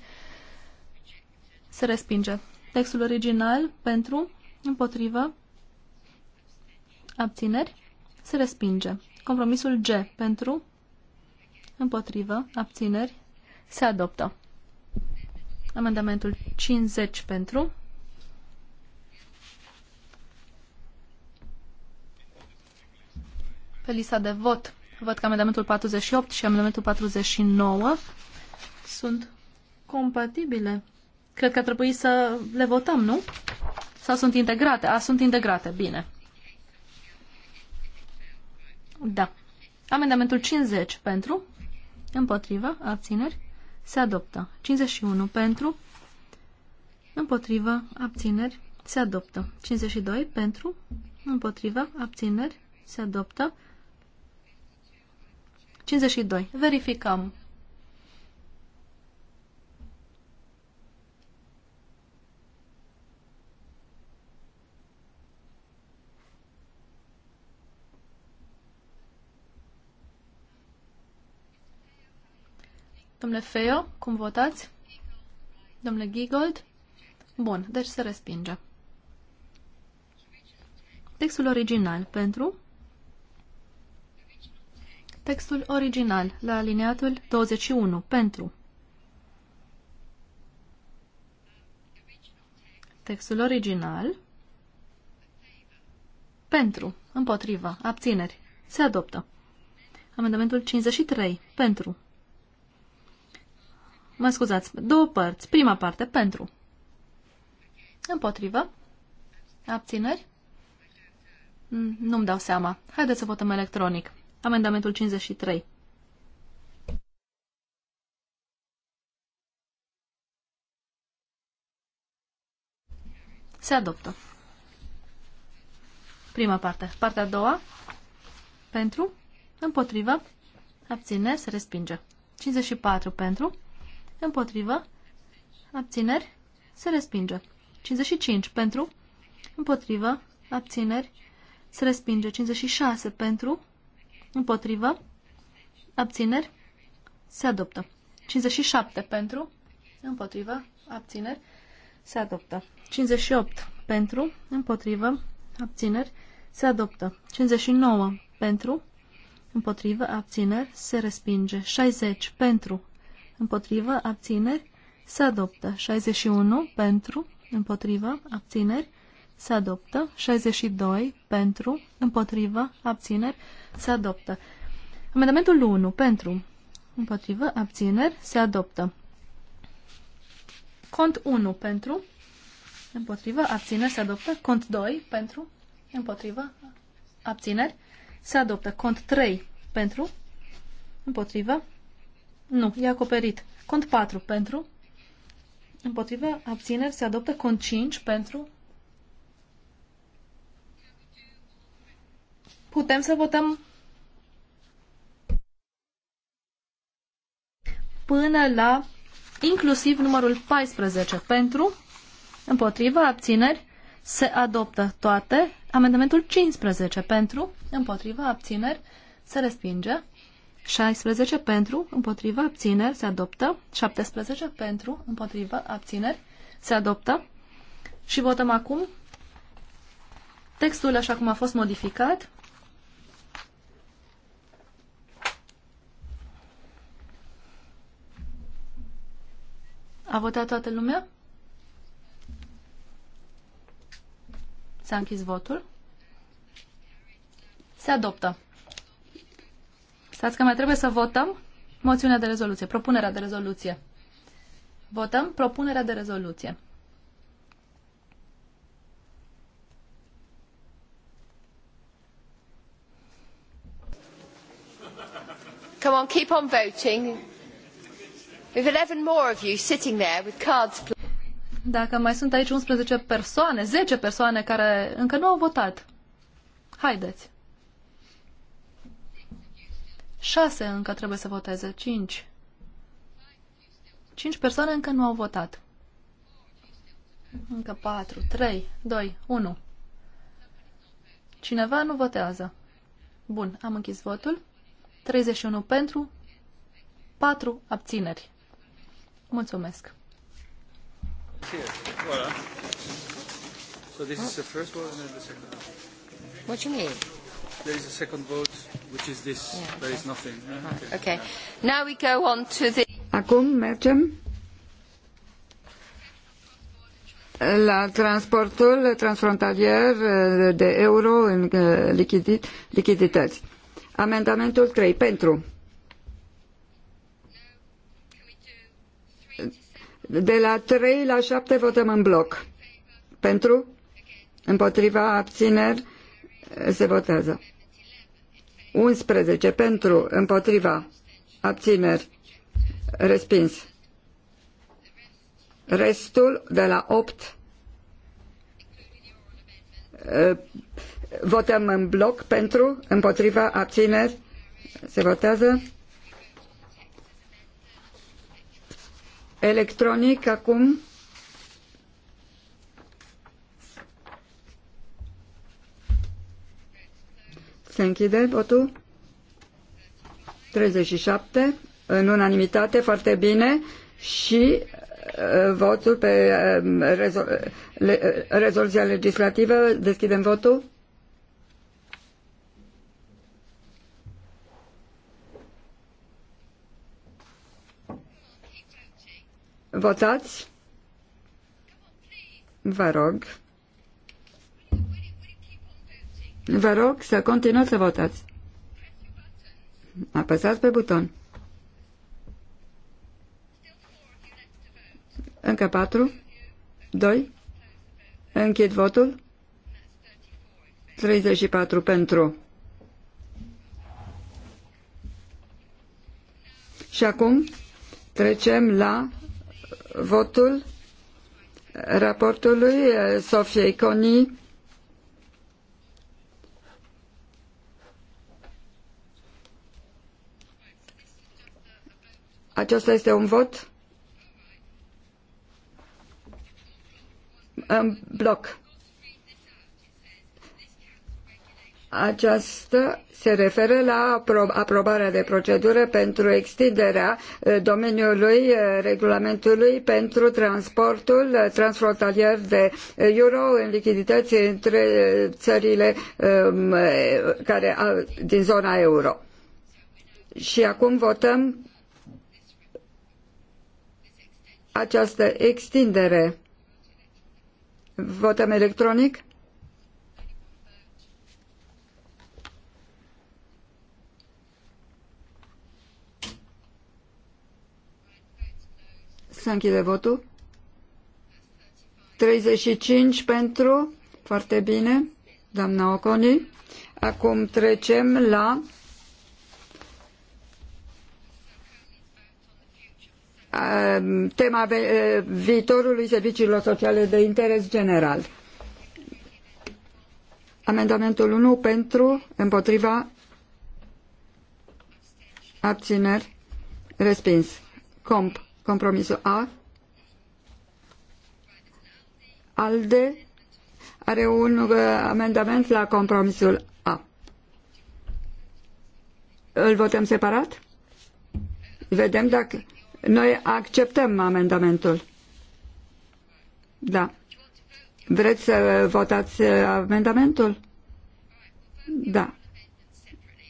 se respinge. Textul original pentru, împotrivă, abțineri, se respinge. Compromisul G pentru, împotrivă, abțineri, se adoptă. Amendamentul 50 pentru, pe lista de vot. Văd că amendamentul 48 și amendamentul 49 sunt compatibile. Cred că ar trebui să le votăm, nu? Sau sunt integrate? A, sunt integrate. Bine. Da. Amendamentul 50 pentru, împotrivă, abțineri, se adoptă. 51 pentru, împotrivă, abțineri, se adoptă. 52 pentru, împotrivă, abțineri, se adoptă. 52. Verificăm. Domnule Feo, cum votați? Domnule Gigold? Bun, deci se respinge. Textul original pentru textul original, la alineatul 21, pentru. Textul original, pentru, împotriva, abțineri, se adoptă. Amendamentul 53, pentru. Mă scuzați, două părți. Prima parte, pentru. Împotrivă. Abțineri? Mm, nu-mi dau seama. Haideți să votăm electronic. Amendamentul 53. Se adoptă. Prima parte. Partea a doua. Pentru. Împotrivă. Abțineri. Se respinge. 54 pentru. Împotrivă. Abțineri. Se respinge. 55 pentru. Împotrivă. Abțineri. Se respinge. 56 pentru. Împotrivă. Abțineri. Se adoptă. 57 pentru. Împotrivă. Abțineri. Se adoptă. 58 pentru. Împotrivă. Abțineri. Se adoptă. 59 pentru. Împotrivă. Abțineri. Se respinge. 60 pentru. Împotrivă. Abțineri. Se adoptă. 61 pentru. Împotrivă. Abțineri se adoptă. 62 pentru, împotrivă, abțineri, se adoptă. Amendamentul 1 pentru, împotrivă, abțineri, se adoptă. Cont 1 pentru, împotrivă, abțineri, se adoptă. Cont 2 pentru, împotrivă, abțineri, se adoptă. Cont 3 pentru, împotrivă, nu, e acoperit. Cont 4 pentru, împotrivă, abțineri, se adoptă. Cont 5 pentru, putem să votăm până la inclusiv numărul 14 pentru, împotrivă, abțineri, se adoptă toate. Amendamentul 15 pentru, împotrivă, abțineri, se respinge. 16 pentru, împotrivă, abțineri, se adoptă. 17 pentru, împotrivă, abțineri, se adoptă. Și votăm acum textul așa cum a fost modificat. A votat toată lumea? S-a închis votul. Se adoptă. Stați că mai trebuie să votăm moțiunea de rezoluție, propunerea de rezoluție. Votăm propunerea de rezoluție. Come on, keep on voting. Dacă mai sunt aici 11 persoane, 10 persoane care încă nu au votat, haideți. 6 încă trebuie să voteze, 5. 5 persoane încă nu au votat. Încă 4, 3, 2, 1. Cineva nu votează. Bun, am închis votul. 31 pentru, 4 abțineri. Mulțumesc! Mulțumim! There is a second vote, which is this. Yeah, There is nothing. Yeah, okay. okay. Now we go on to the... Acum mergem la transportul transfrontalier de euro în eh, lichidități. Amendamentul 3 pentru De la 3 la 7 votăm în bloc. Pentru? Împotriva abțineri se votează. 11 pentru, împotriva, abțineri, respins. Restul de la 8 eh, votăm în bloc pentru, împotriva, abțineri, se votează. electronic acum. Se închide votul. 37 în unanimitate, foarte bine și uh, votul pe uh, rezol, le, uh, rezoluția legislativă. Deschidem votul. Votați? Vă rog. Vă rog să continuați să votați. Apăsați pe buton. Încă patru. Doi. Închid votul. 34 pentru. Și acum trecem la votul raportului eh, Sofiei Coni. Acesta este un vot în bloc. aceasta se referă la aprobarea de procedură pentru extinderea eh, domeniului eh, regulamentului pentru transportul eh, transfrontalier de euro în lichidități între țările ehm, care, din zona euro. Și acum votăm această extindere. Votăm electronic? Să închide votul. 35 pentru. Foarte bine, doamna Oconi. Acum trecem la tema viitorului serviciilor sociale de interes general. Amendamentul 1 pentru, împotriva, abțineri, respins. Comp Compromisul A. ALDE are un uh, amendament la compromisul A. Îl votăm separat? Vedem dacă noi acceptăm amendamentul. Da. Vreți să votați uh, amendamentul? Da.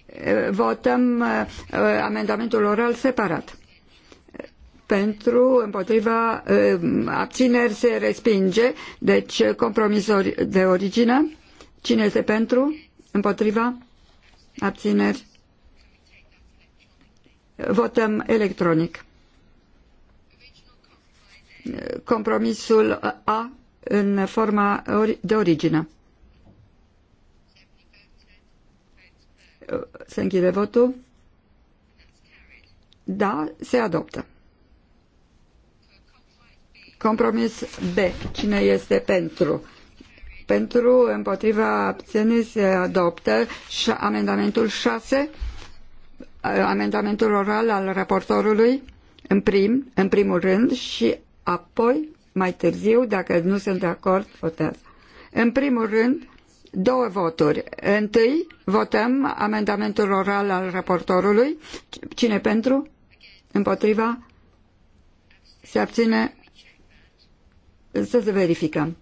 Uh, votăm amendamentul oral separat pentru, împotriva, uh, abțineri se respinge, deci compromisuri de origine. Cine este pentru, împotriva, abțineri? Votăm electronic. Compromisul A în forma de origine. Se închide votul. Da, se adoptă. Compromis B. Cine este pentru? Pentru, împotriva, abțineri se adoptă și amendamentul 6, amendamentul oral al raportorului în, prim, în primul rând și apoi, mai târziu, dacă nu sunt de acord, votează. În primul rând, două voturi. Întâi votăm amendamentul oral al raportorului. Cine pentru? Împotriva? Se abține? să se verificăm.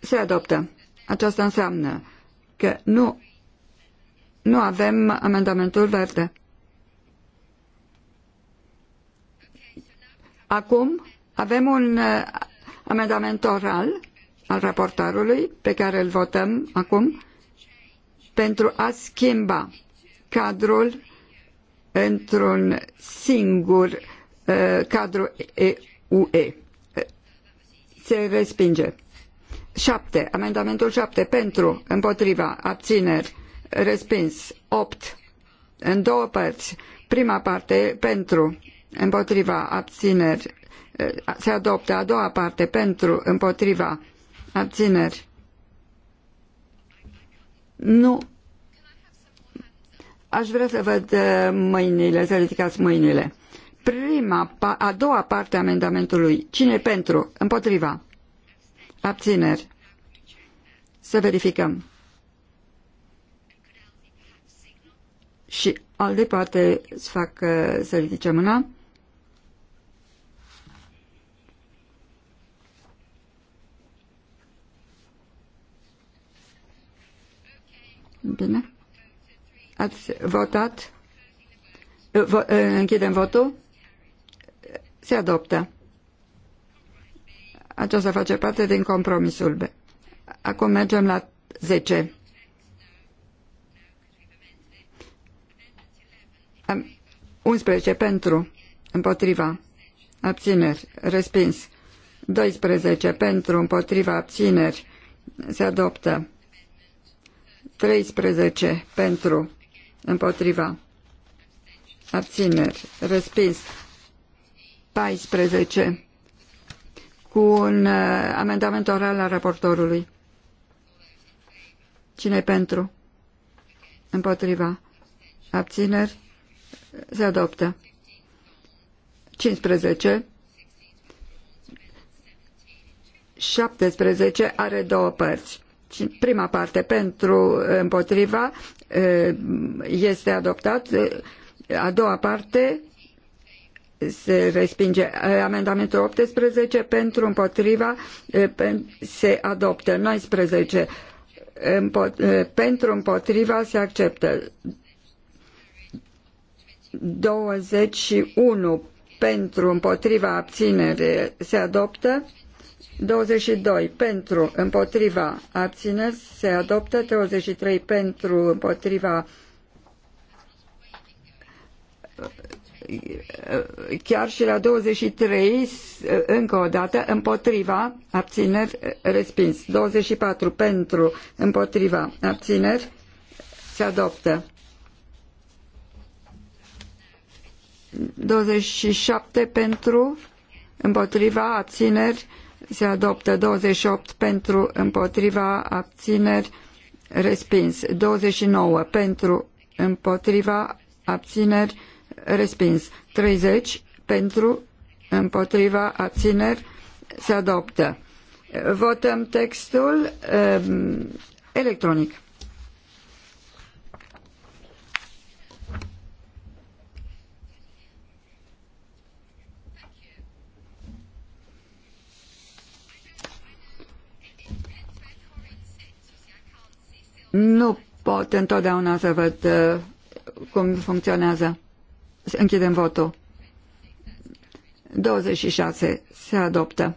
se adoptă. Aceasta înseamnă că nu, nu avem amendamentul verde. Acum avem un uh, amendament oral al raportorului pe care îl votăm acum pentru a schimba cadrul într-un singur uh, cadru UE. Se respinge. 7. Amendamentul 7 pentru, împotriva, abțineri, respins. 8. În două părți. Prima parte pentru, împotriva abțineri se adoptă a doua parte pentru împotriva abțineri nu aș vrea să văd mâinile, să ridicați mâinile prima, a doua parte a amendamentului cine pentru, împotriva abțineri să verificăm și al de poate să fac să ridice mâna Bine. Ați votat? Uh, v uh, închidem votul? Se adoptă. Aceasta face parte din compromisul B. Acum mergem la 10. Am 11 pentru, împotriva, abțineri, respins. 12 pentru, împotriva, abțineri, se adoptă. 13 pentru, împotriva, abțineri, respins. 14 cu un uh, amendament oral al raportorului. Cine pentru? Împotriva. Abțineri? Se adoptă. 15. 17 are două părți. Prima parte pentru împotriva este adoptat. A doua parte se respinge. Amendamentul 18 pentru împotriva se adoptă. 19 pentru împotriva se acceptă. 21 pentru împotriva abținere se adoptă. 22 pentru, împotriva, abțineri, se adoptă. 23 pentru, împotriva, chiar și la 23, încă o dată, împotriva, abțineri, respins. 24 pentru, împotriva, abțineri, se adoptă. 27 pentru, împotriva, abțineri, se adoptă 28 pentru împotriva abțineri respins 29 pentru împotriva abțineri respins 30 pentru împotriva abțineri se adoptă. Votăm textul ehm, electronic. Nu pot întotdeauna să văd uh, cum funcționează. Închidem votul. 26 se adoptă.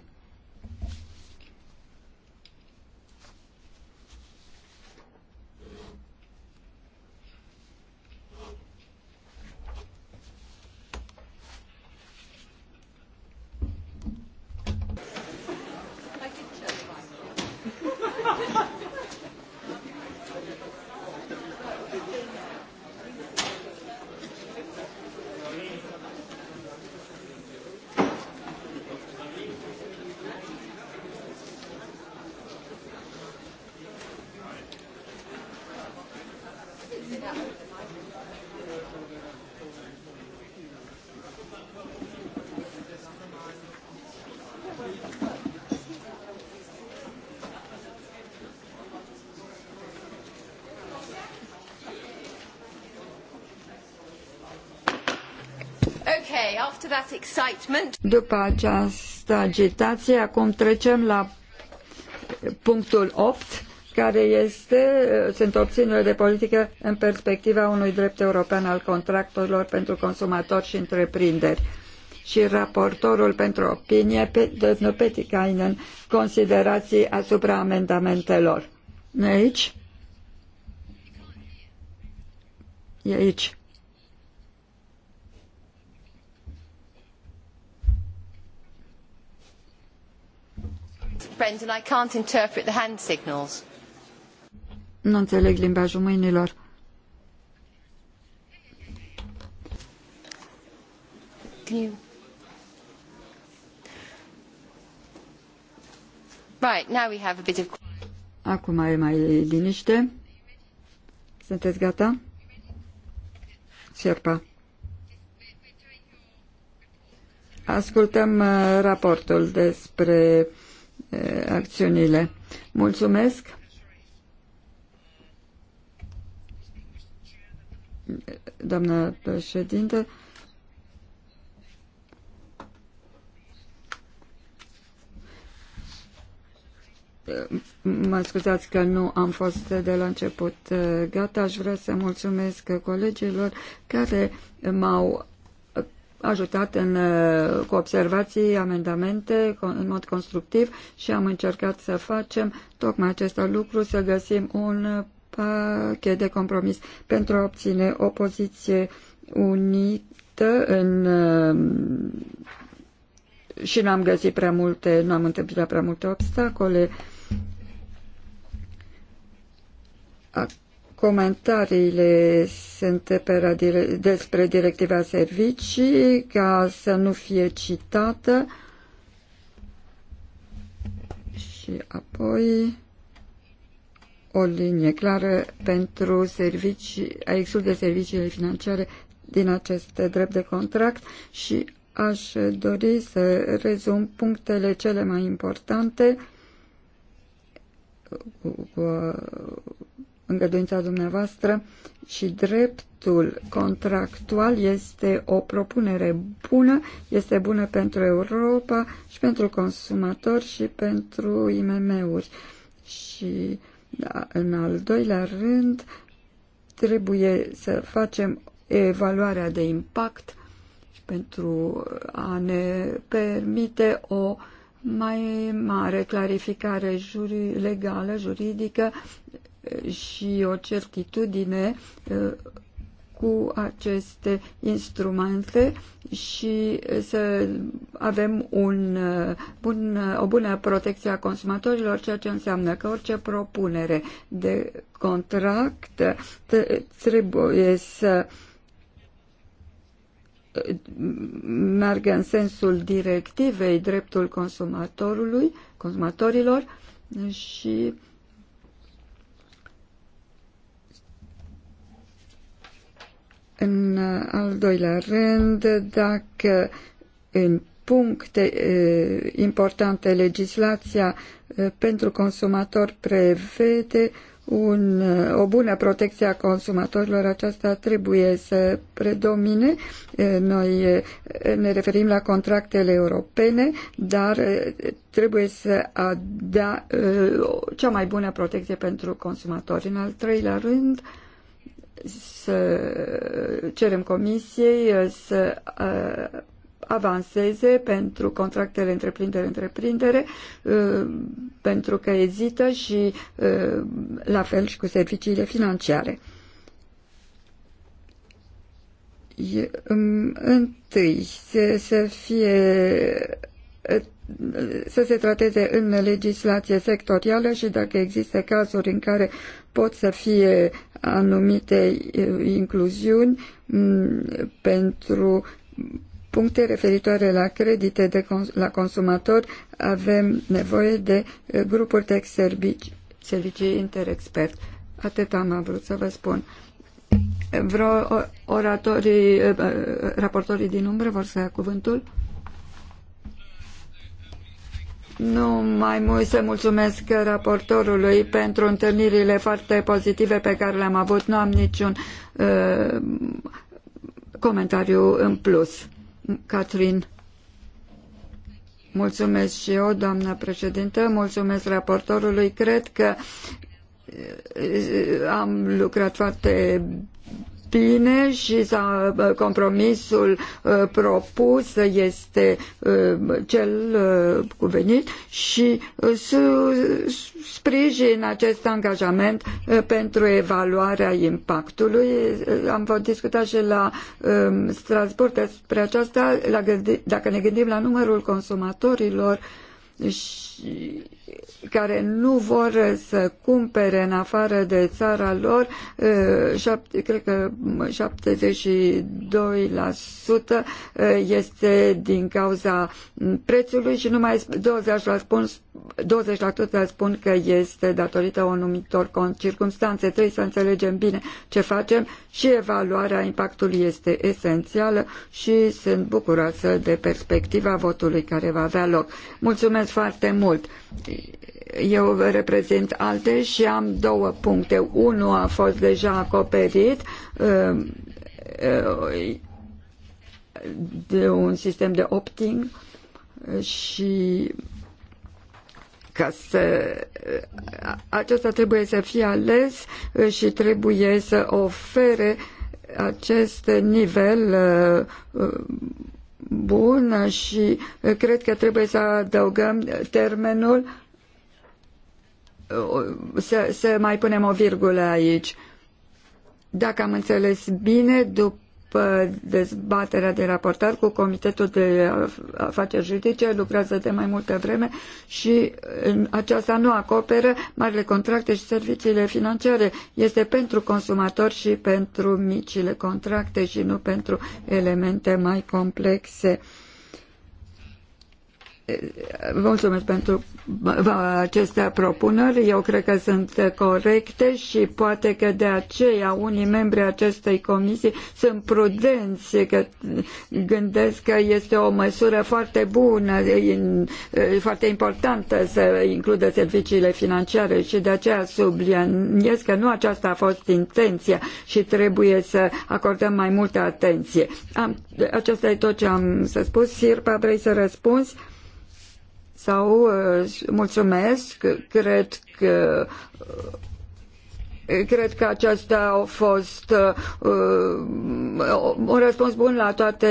După această agitație, acum trecem la punctul 8, care este, sunt opțiunile de politică în perspectiva unui drept european al contractelor pentru consumatori și întreprinderi. Și raportorul pentru opinie, domnul Petikainen, considerații asupra amendamentelor. Aici? E aici. friends and I can't interpret the hand signals. Nu înțeleg limbajul mâinilor. Can you... Right, now we have a bit of... Acum e mai liniște. Sunteți gata? Șerpa. Ascultăm uh, raportul despre Uh, acțiunile. Mulțumesc! Doamnă președinte, mă scuzați că nu am fost de la început uh, gata. Aș vrea să mulțumesc colegilor care m-au ajutat în, uh, cu observații, amendamente în mod constructiv și am încercat să facem tocmai acest lucru, să găsim un pachet de compromis pentru a obține o poziție unită în uh, și n-am găsit prea multe, nu am întâmpinat prea multe obstacole comentariile sunt pe despre directiva servicii, ca să nu fie citată. Și apoi o linie clară pentru servicii, exul de serviciile financiare din acest drept de contract și aș dori să rezum punctele cele mai importante cu, cu îngăduința dumneavoastră și dreptul contractual este o propunere bună, este bună pentru Europa și pentru consumatori și pentru IMM-uri. Și da, în al doilea rând trebuie să facem evaluarea de impact pentru a ne permite o mai mare clarificare juri, legală, juridică și o certitudine uh, cu aceste instrumente și uh, să avem un uh, bun, o bună protecție a consumatorilor, ceea ce înseamnă că orice propunere de contract trebuie să meargă în sensul directivei dreptul consumatorului, consumatorilor și În uh, al doilea rând, dacă în puncte uh, importante legislația uh, pentru consumator prevede un, o bună protecție a consumatorilor, aceasta trebuie să predomine. Noi ne referim la contractele europene, dar trebuie să da cea mai bună protecție pentru consumatori. În al treilea rând, să cerem comisiei uh, să uh, avanseze pentru contractele întreprindere-întreprindere, uh, pentru că ezită și la fel și cu serviciile financiare. Um, întâi, să, să fie să se trateze în legislație sectorială și dacă există cazuri în care pot să fie anumite incluziuni pentru puncte referitoare la credite de cons la consumator avem nevoie de grupuri de servicii, servicii interexpert. Atât am vrut să vă spun. Vreo oratorii, raportorii din umbră vor să ia cuvântul? Nu mai mult să mulțumesc raportorului pentru întâlnirile foarte pozitive pe care le-am avut. Nu am niciun uh, comentariu în plus. Catherine. Mulțumesc și eu, doamnă președintă, mulțumesc raportorului. Cred că uh, am lucrat foarte bine și compromisul propus este cel cuvenit și sprijin acest angajament pentru evaluarea impactului. Am fost discutat și la Strasbourg despre aceasta, dacă ne gândim la numărul consumatorilor și care nu vor să cumpere în afară de țara lor, șapte, cred că 72% este din cauza prețului și numai 20% 20% spun că este datorită anumitor circunstanțe. Trebuie să înțelegem bine ce facem și evaluarea impactului este esențială și sunt bucuroasă de perspectiva votului care va avea loc. Mulțumesc foarte mult! Eu reprezint alte și am două puncte. Unul a fost deja acoperit uh, uh, de un sistem de opting și ca să, acesta trebuie să fie ales uh, și trebuie să ofere acest nivel uh, uh, bun și cred că trebuie să adăugăm termenul să, să mai punem o virgulă aici. Dacă am înțeles bine, după dezbaterea de raportare cu Comitetul de Afaceri Juridice, lucrează de mai multă vreme și aceasta nu acoperă marile contracte și serviciile financiare. Este pentru consumatori și pentru micile contracte și nu pentru elemente mai complexe mulțumesc pentru aceste propuneri. Eu cred că sunt corecte și poate că de aceea unii membri acestei comisii sunt prudenți, că gândesc că este o măsură foarte bună, foarte importantă să includă serviciile financiare și de aceea subliniez că nu aceasta a fost intenția și trebuie să acordăm mai multă atenție. Am, aceasta e tot ce am să spus. Sirpa, vrei să răspunzi? sau uh, mulțumesc, cred că uh, cred că aceasta a fost uh, un răspuns bun la toate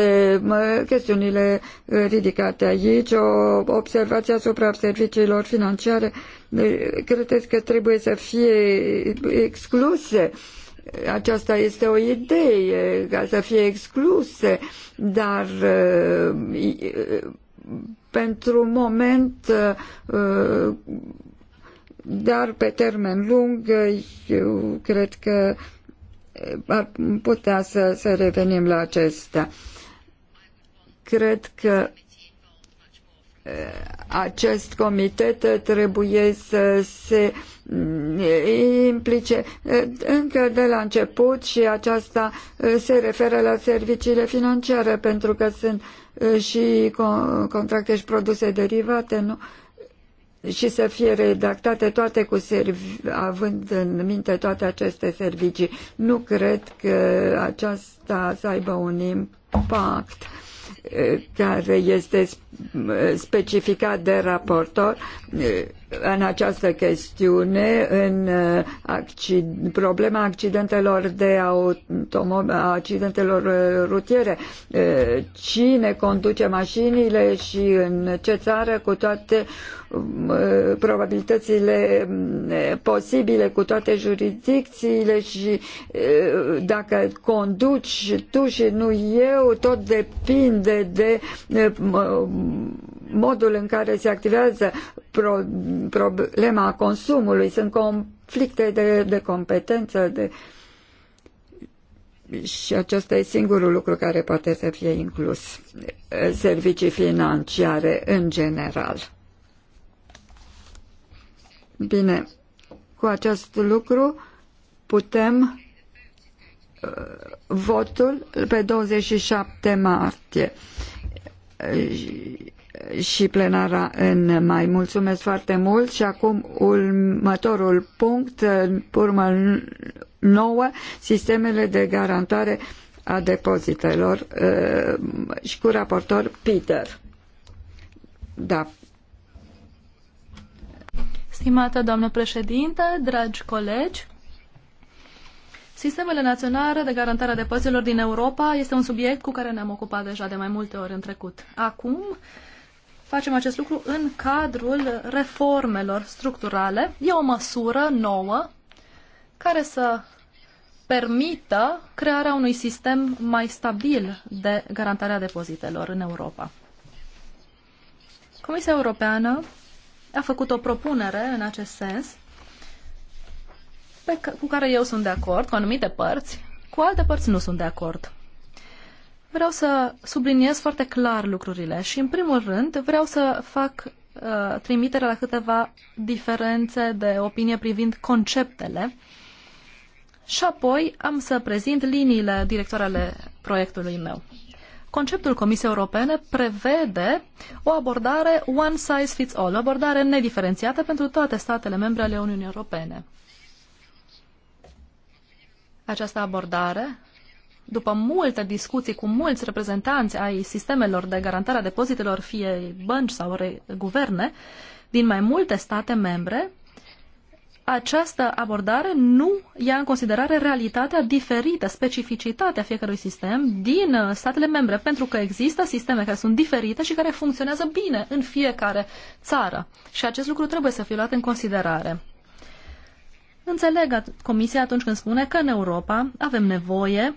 chestiunile ridicate aici. O observație asupra serviciilor financiare uh, credeți că trebuie să fie excluse aceasta este o idee ca să fie excluse, dar uh, pentru moment, uh, dar pe termen lung, eu cred că ar putea să, să revenim la acestea. Cred că uh, acest comitet trebuie să se implice încă de la început și aceasta uh, se referă la serviciile financiare pentru că sunt uh, și contracte și produse derivate, nu? și să fie redactate toate cu servi, având în minte toate aceste servicii. Nu cred că aceasta să aibă un impact uh, care este specificat de raportor în această chestiune, în uh, accid, problema accidentelor de automo- accidentelor uh, rutiere, uh, cine conduce mașinile și în ce țară, cu toate probabilitățile mm, posibile, cu toate jurisdicțiile și dacă conduci tu și nu eu, tot depinde de modul în care se activează pro, problema consumului, sunt conflicte de, de competență de, și acesta e singurul lucru care poate să fie inclus. Servicii financiare în general. Bine, cu acest lucru putem uh, votul pe 27 martie. Uh, și plenara în mai. Mulțumesc foarte mult și acum următorul punct, urmă nouă, sistemele de garantare a depozitelor uh, și cu raportor Peter. Da. Stimată doamnă președintă dragi colegi, Sistemele naționale de garantare a depozitelor din Europa este un subiect cu care ne-am ocupat deja de mai multe ori în trecut. Acum, facem acest lucru în cadrul reformelor structurale. E o măsură nouă care să permită crearea unui sistem mai stabil de garantare a depozitelor în Europa. Comisia Europeană a făcut o propunere în acest sens pe cu care eu sunt de acord, cu anumite părți, cu alte părți nu sunt de acord vreau să subliniez foarte clar lucrurile și, în primul rând, vreau să fac uh, trimitere la câteva diferențe de opinie privind conceptele și apoi am să prezint liniile directoare ale proiectului meu. Conceptul Comisiei Europene prevede o abordare one size fits all, o abordare nediferențiată pentru toate statele membre ale Uniunii Europene. Această abordare după multe discuții cu mulți reprezentanți ai sistemelor de garantare a depozitelor, fie bănci sau guverne, din mai multe state membre, această abordare nu ia în considerare realitatea diferită, specificitatea fiecărui sistem din uh, statele membre, pentru că există sisteme care sunt diferite și care funcționează bine în fiecare țară. Și acest lucru trebuie să fie luat în considerare. Înțeleg Comisia atunci când spune că în Europa avem nevoie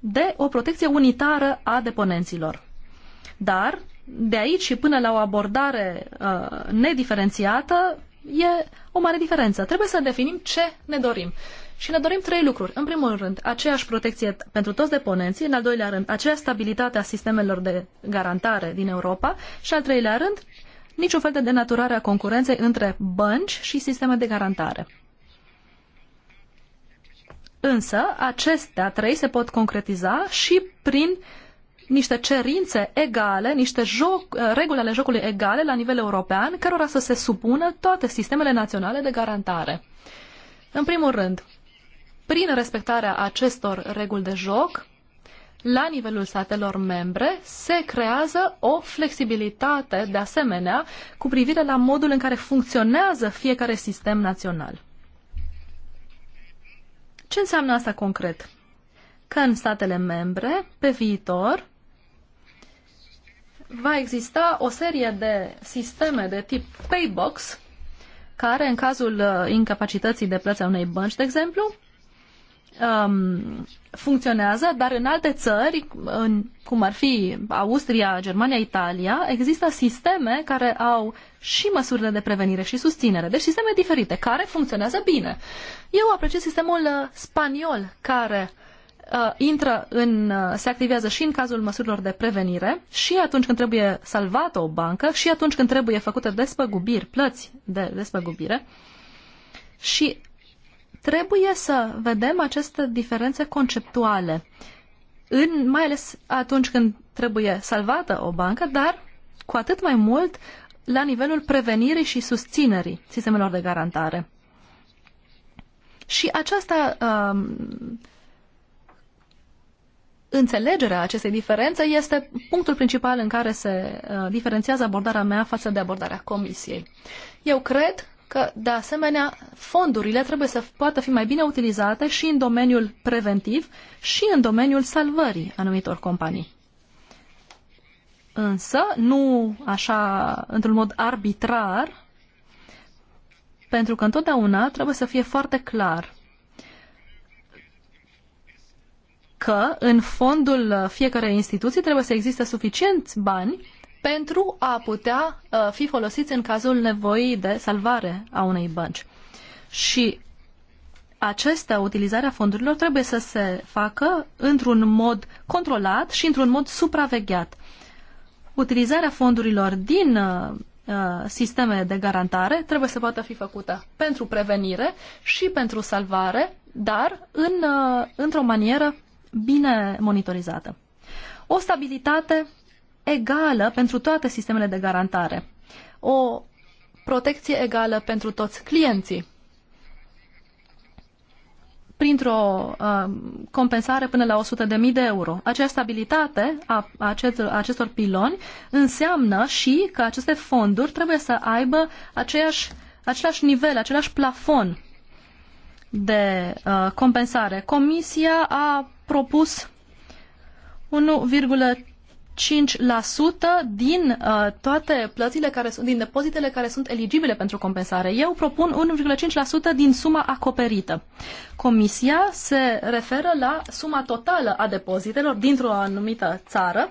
de o protecție unitară a deponenților. Dar, de aici și până la o abordare uh, nediferențiată, e o mare diferență. Trebuie să definim ce ne dorim. Și ne dorim trei lucruri. În primul rând, aceeași protecție pentru toți deponenții, în al doilea rând, aceeași stabilitate a sistemelor de garantare din Europa și al treilea rând, niciun fel de denaturare a concurenței între bănci și sisteme de garantare. Însă, acestea trei se pot concretiza și prin niște cerințe egale, niște joc, eh, reguli ale jocului egale la nivel european, cărora să se supună toate sistemele naționale de garantare. În primul rând, prin respectarea acestor reguli de joc, la nivelul statelor membre se creează o flexibilitate de asemenea cu privire la modul în care funcționează fiecare sistem național. Ce înseamnă asta concret? Că în statele membre, pe viitor, va exista o serie de sisteme de tip paybox, care în cazul uh, incapacității de plăți a unei bănci, de exemplu, um, funcționează, dar în alte țări, în, cum ar fi Austria, Germania, Italia, există sisteme care au și măsurile de prevenire și susținere, deci sisteme diferite, care funcționează bine. Eu apreciez sistemul uh, spaniol, care uh, intră în, uh, se activează și în cazul măsurilor de prevenire, și atunci când trebuie salvată o bancă, și atunci când trebuie făcute despăgubiri, plăți de despăgubire, și Trebuie să vedem aceste diferențe conceptuale, în, mai ales atunci când trebuie salvată o bancă, dar cu atât mai mult la nivelul prevenirii și susținerii sistemelor de garantare. Și această um, înțelegere a acestei diferențe este punctul principal în care se uh, diferențiază abordarea mea față de abordarea Comisiei. Eu cred că, de asemenea, fondurile trebuie să poată fi mai bine utilizate și în domeniul preventiv și în domeniul salvării anumitor companii. Însă, nu așa, într-un mod arbitrar, pentru că întotdeauna trebuie să fie foarte clar că în fondul fiecarei instituții trebuie să existe suficienți bani pentru a putea uh, fi folosiți în cazul nevoii de salvare a unei bănci. Și acestea, utilizarea fondurilor, trebuie să se facă într-un mod controlat și într-un mod supravegheat. Utilizarea fondurilor din uh, uh, sisteme de garantare trebuie să poată fi făcută pentru prevenire și pentru salvare, dar în, uh, într-o manieră bine monitorizată. O stabilitate egală pentru toate sistemele de garantare. O protecție egală pentru toți clienții printr-o uh, compensare până la 100.000 de euro. Această stabilitate a, a acestor, acestor piloni înseamnă și că aceste fonduri trebuie să aibă aceeași, același nivel, același plafon de uh, compensare. Comisia a propus din uh, toate plățile care sunt, din depozitele care sunt eligibile pentru compensare. Eu propun 1,5% din suma acoperită. Comisia se referă la suma totală a depozitelor dintr-o anumită țară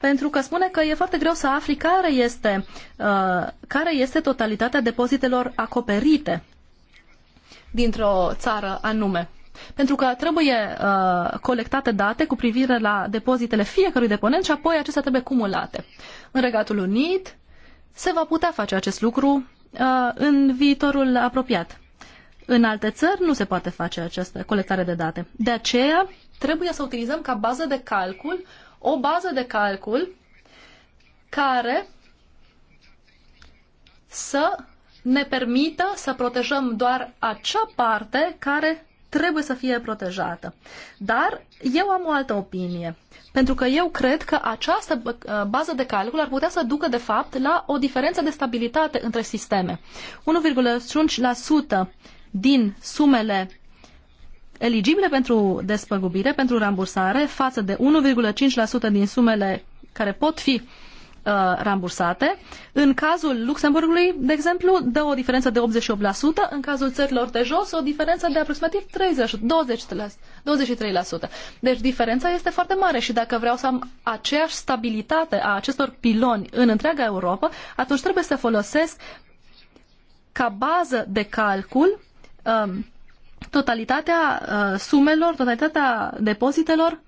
pentru că spune că e foarte greu să afli care este, uh, care este totalitatea depozitelor acoperite dintr-o țară anume pentru că trebuie uh, colectate date cu privire la depozitele fiecărui deponent și apoi acestea trebuie cumulate. În Regatul Unit se va putea face acest lucru uh, în viitorul apropiat. În alte țări nu se poate face această colectare de date. De aceea trebuie să utilizăm ca bază de calcul o bază de calcul care să ne permită să protejăm doar acea parte care trebuie să fie protejată. Dar eu am o altă opinie, pentru că eu cred că această ă, bază de calcul ar putea să ducă, de fapt, la o diferență de stabilitate între sisteme. 1,5% din sumele eligibile pentru despăgubire, pentru rambursare, față de 1,5% din sumele care pot fi uh, Uh, rambursate. În cazul Luxemburgului, de exemplu, dă o diferență de 88%, în cazul țărilor de jos o diferență de aproximativ 30%, 23%. Deci diferența este foarte mare și dacă vreau să am aceeași stabilitate a acestor piloni în întreaga Europa, atunci trebuie să folosesc ca bază de calcul um, totalitatea uh, sumelor, totalitatea depozitelor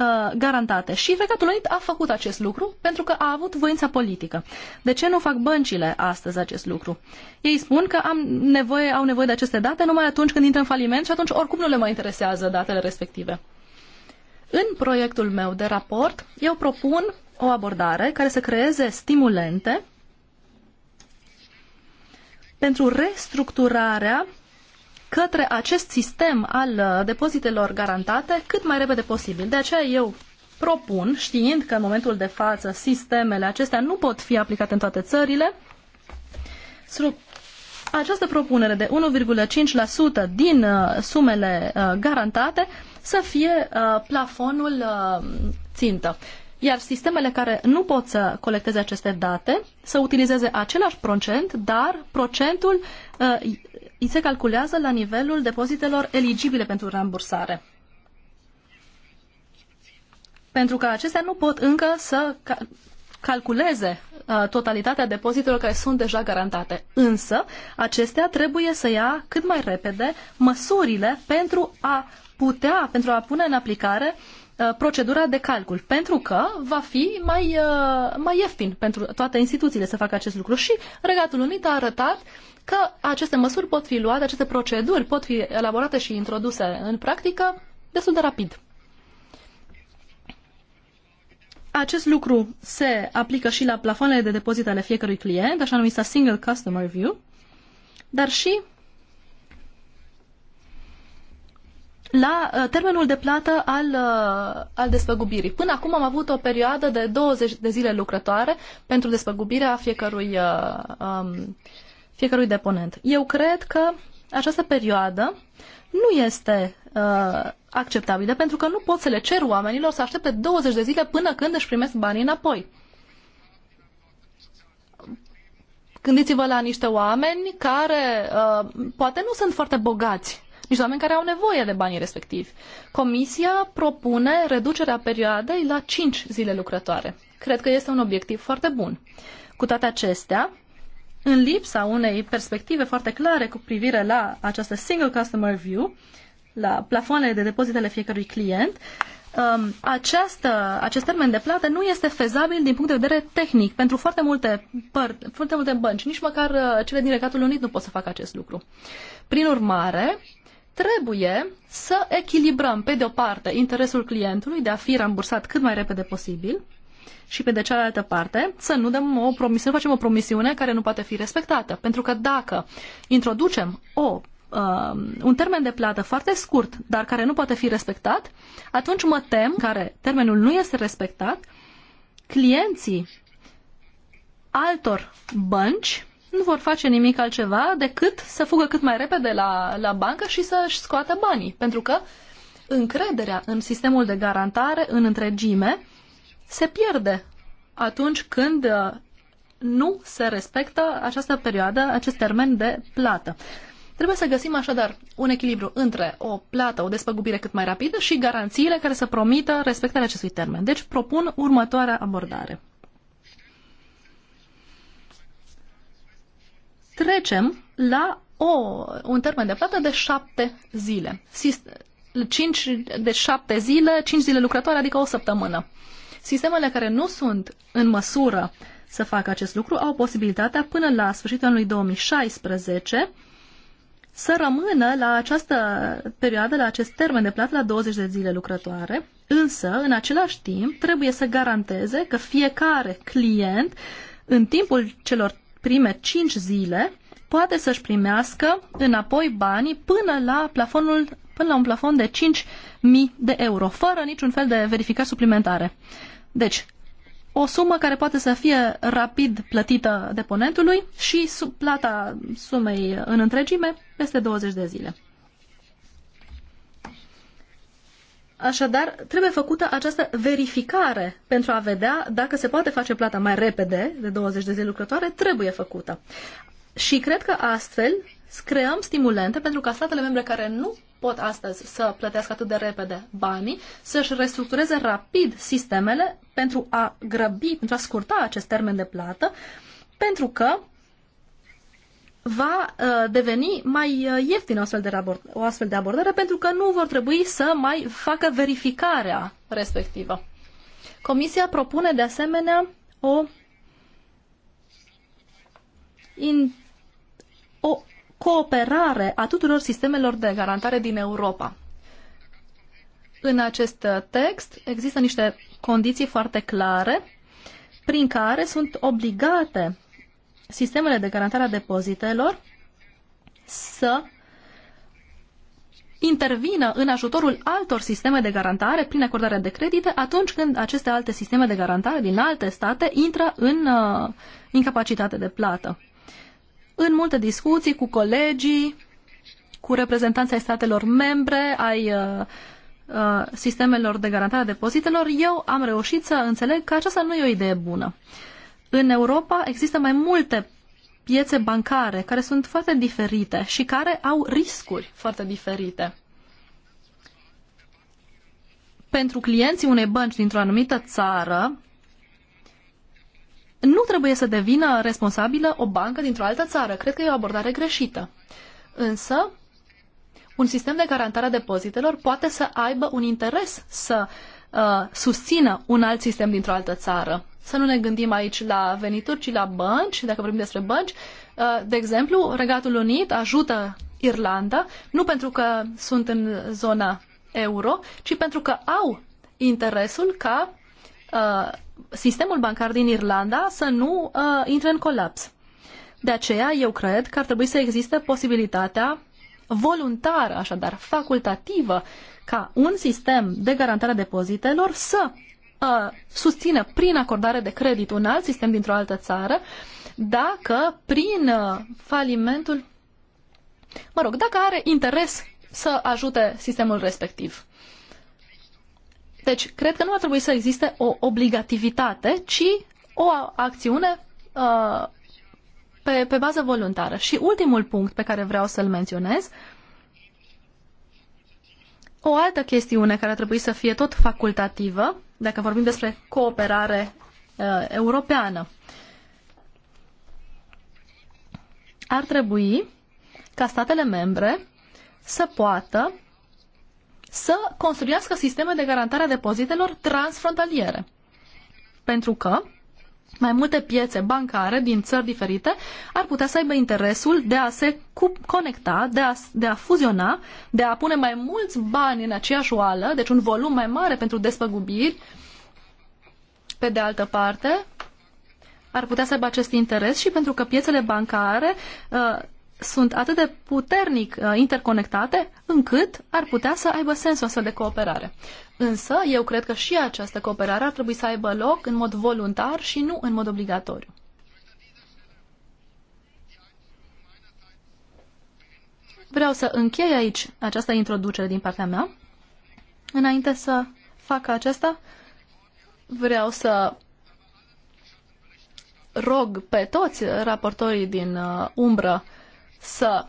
Uh, garantate. Și Regatul Unit a făcut acest lucru pentru că a avut voința politică. De ce nu fac băncile astăzi acest lucru? Ei spun că am nevoie, au nevoie de aceste date numai atunci când intră în faliment și atunci oricum nu le mai interesează datele respective. În proiectul meu de raport, eu propun o abordare care să creeze stimulente pentru restructurarea către acest sistem al uh, depozitelor garantate cât mai repede posibil. De aceea eu propun, știind că în momentul de față sistemele acestea nu pot fi aplicate în toate țările, această propunere de 1,5% din uh, sumele uh, garantate să fie plafonul țintă. Iar sistemele care nu pot să colecteze aceste date să utilizeze același procent, dar procentul îi se calculează la nivelul depozitelor eligibile pentru rambursare. Pentru că acestea nu pot încă să calculeze uh, totalitatea depozitelor care sunt deja garantate. Însă, acestea trebuie să ia cât mai repede măsurile pentru a putea, pentru a pune în aplicare uh, Uh, procedura de calcul, pentru că va fi mai, uh, mai ieftin pentru toate instituțiile să facă acest lucru. Și Regatul Unit a arătat că aceste măsuri pot fi luate, aceste proceduri pot fi elaborate și introduse în practică destul de rapid. Acest lucru se aplică și la plafoanele de depozit ale fiecărui client, așa numita Single Customer View, dar și la uh, termenul de plată al, uh, al despăgubirii. Până acum am avut o perioadă de 20 de zile lucrătoare pentru despăgubirea fiecărui, uh, um, fiecărui deponent. Eu cred că această perioadă nu este uh, acceptabilă pentru că nu pot să le cer oamenilor să aștepte 20 de zile până când își primesc banii înapoi. Gândiți-vă la niște oameni care uh, poate nu sunt foarte bogați niște oameni care au nevoie de banii respectivi. Comisia propune reducerea perioadei la 5 zile lucrătoare. Cred că este un obiectiv foarte bun. Cu toate acestea, în lipsa unei perspective foarte clare cu privire la această single customer view, la plafoanele de depozitele fiecărui client, um, această, acest termen de plată nu este fezabil din punct de vedere tehnic pentru foarte multe, păr, foarte multe bănci. Nici măcar uh, cele din Regatul Unit nu pot să facă acest lucru. Prin urmare, trebuie să echilibrăm, pe de o parte, interesul clientului de a fi rambursat cât mai repede posibil și, pe de cealaltă parte, să nu, dăm o promisiune, să facem o promisiune care nu poate fi respectată. Pentru că dacă introducem o, uh, un termen de plată foarte scurt, dar care nu poate fi respectat, atunci mă tem că termenul nu este respectat, clienții altor bănci nu vor face nimic altceva decât să fugă cât mai repede la, la bancă și să-și scoată banii. Pentru că încrederea în sistemul de garantare în întregime se pierde atunci când uh, nu se respectă această perioadă, acest termen de plată. Trebuie să găsim așadar un echilibru între o plată, o despăgubire cât mai rapidă și garanțiile care să promită respectarea acestui termen. Deci propun următoarea abordare. trecem la o, un termen de plată de șapte zile. 5 de șapte zile, cinci zile lucrătoare, adică o săptămână. Sistemele care nu sunt în măsură să facă acest lucru au posibilitatea până la sfârșitul anului 2016 să rămână la această perioadă, la acest termen de plată, la 20 de zile lucrătoare, însă, în același timp, trebuie să garanteze că fiecare client, în timpul celor prime 5 zile, poate să-și primească înapoi banii până la plafonul până la un plafon de 5.000 de euro, fără niciun fel de verificări suplimentare. Deci, o sumă care poate să fie rapid plătită deponentului și plata sumei în întregime peste 20 de zile. Așadar, trebuie făcută această verificare pentru a vedea dacă se poate face plata mai repede de 20 de zile lucrătoare, trebuie făcută. Și cred că astfel creăm stimulente pentru ca statele membre care nu pot astăzi să plătească atât de repede banii, să-și restructureze rapid sistemele pentru a grăbi, pentru a scurta acest termen de plată, pentru că va uh, deveni mai uh, ieftin astfel de o astfel de abordare pentru că nu vor trebui să mai facă verificarea respectivă. Comisia propune de asemenea o, in, o cooperare a tuturor sistemelor de garantare din Europa. În acest uh, text există niște condiții foarte clare prin care sunt obligate sistemele de garantare a depozitelor să intervină în ajutorul altor sisteme de garantare prin acordarea de credite atunci când aceste alte sisteme de garantare din alte state intră în uh, incapacitate de plată. În multe discuții cu colegii, cu reprezentanții ai statelor membre, ai uh, uh sistemelor de garantare a depozitelor, eu am reușit să înțeleg că aceasta nu e o idee bună. În Europa există mai multe piețe bancare care sunt foarte diferite și care au riscuri foarte diferite. Pentru clienții unei bănci dintr-o anumită țară, nu trebuie să devină responsabilă o bancă dintr-o altă țară. Cred că e o abordare greșită. Însă, un sistem de garantare a depozitelor poate să aibă un interes să Uh, susțină un alt sistem dintr-o altă țară. Să nu ne gândim aici la venituri, ci la bănci, dacă vorbim despre bănci. Uh, de exemplu, Regatul Unit ajută Irlanda, nu pentru că sunt în zona euro, ci pentru că au interesul ca uh, sistemul bancar din Irlanda să nu intre în colaps. De aceea, eu cred că ar trebui să existe posibilitatea voluntară, așadar facultativă, ca un sistem de garantare a depozitelor să uh, susțină prin acordare de credit un alt sistem dintr-o altă țară, dacă prin uh, falimentul, mă rog, dacă are interes să ajute sistemul respectiv. Deci, cred că nu ar trebui să existe o obligativitate, ci o acțiune uh, pe, pe bază voluntară. Și ultimul punct pe care vreau să-l menționez uh, o altă chestiune care ar trebui să fie tot facultativă, dacă vorbim despre cooperare uh, europeană, ar trebui ca statele membre să poată să construiască sisteme de garantare a depozitelor transfrontaliere. Pentru că mai multe piețe bancare din țări diferite ar putea să aibă interesul de a se conecta, de a, de a fuziona, de a pune mai mulți bani în aceeași oală, deci un volum mai mare pentru despăgubiri. Pe de altă parte, ar putea să aibă acest interes și pentru că piețele bancare uh, sunt atât de puternic uh, interconectate încât ar putea să aibă sensul o astfel de cooperare. Însă, eu cred că și această cooperare ar trebui să aibă loc în mod voluntar și nu în mod obligatoriu. Vreau să închei aici această introducere din partea mea. Înainte să fac aceasta, vreau să rog pe toți raportorii din uh, umbră să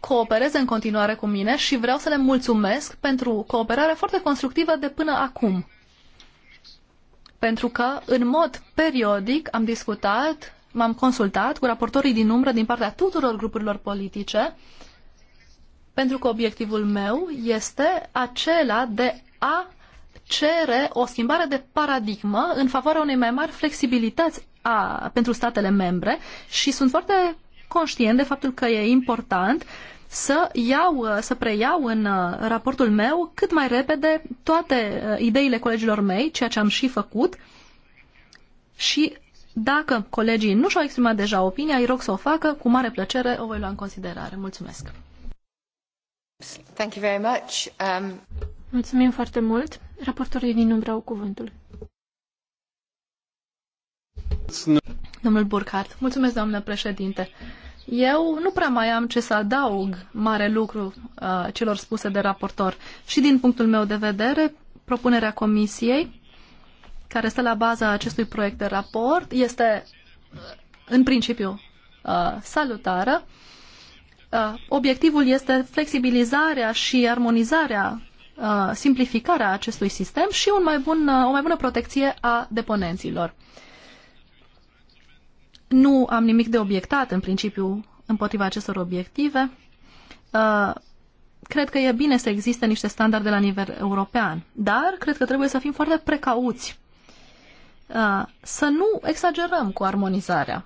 coopereze în continuare cu mine și vreau să le mulțumesc pentru cooperarea foarte constructivă de până acum. Pentru că, în mod periodic, am discutat, m-am consultat cu raportorii din umbră din partea tuturor grupurilor politice, pentru că obiectivul meu este acela de a cere o schimbare de paradigmă în favoarea unei mai mari flexibilități a, pentru statele membre și sunt foarte conștient de faptul că e important să iau, să preiau în uh, raportul meu cât mai repede toate uh, ideile colegilor mei, ceea ce am și făcut și dacă colegii nu și-au exprimat deja opinia, îi rog să o facă, cu mare plăcere o voi lua în considerare. Mulțumesc! Thank you very much. Um... Mulțumim foarte mult. Raportorii din umbră au cuvântul. Domnul Burkhardt, mulțumesc, doamnă președinte. Eu nu prea mai am ce să adaug mare lucru uh, celor spuse de raportor. Și din punctul meu de vedere, propunerea comisiei care stă la baza acestui proiect de raport este uh, în principiu uh, salutară. Uh, obiectivul este flexibilizarea și armonizarea, uh, simplificarea acestui sistem și un mai bun, uh, o mai bună protecție a deponenților. Nu am nimic de obiectat, în principiu, împotriva acestor obiective. Uh, cred că e bine să existe niște standarde la nivel european, dar cred că trebuie să fim foarte precauți. Uh, să nu exagerăm cu armonizarea.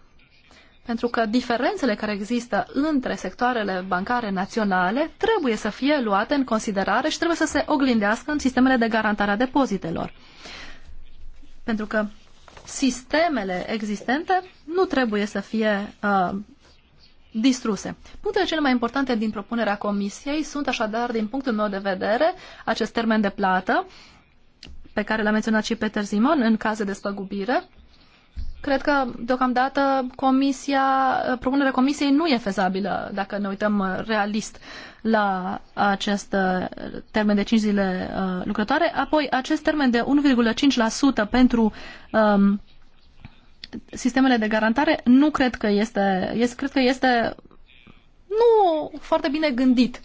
Pentru că diferențele care există între sectoarele bancare naționale trebuie să fie luate în considerare și trebuie să se oglindească în sistemele de garantare a depozitelor. Pentru că sistemele existente nu trebuie să fie uh, distruse. Punctele cele mai importante din propunerea Comisiei sunt așadar, din punctul meu de vedere, acest termen de plată, pe care l-a menționat și Peter Simon, în caz de spăgubire, Cred că, deocamdată, comisia, propunerea comisiei nu e fezabilă, dacă ne uităm uh, realist la acest uh, termen de 5 zile uh, lucrătoare. Apoi, acest termen de 1,5% pentru um, sistemele de garantare nu cred că este, este, cred că este nu foarte bine gândit.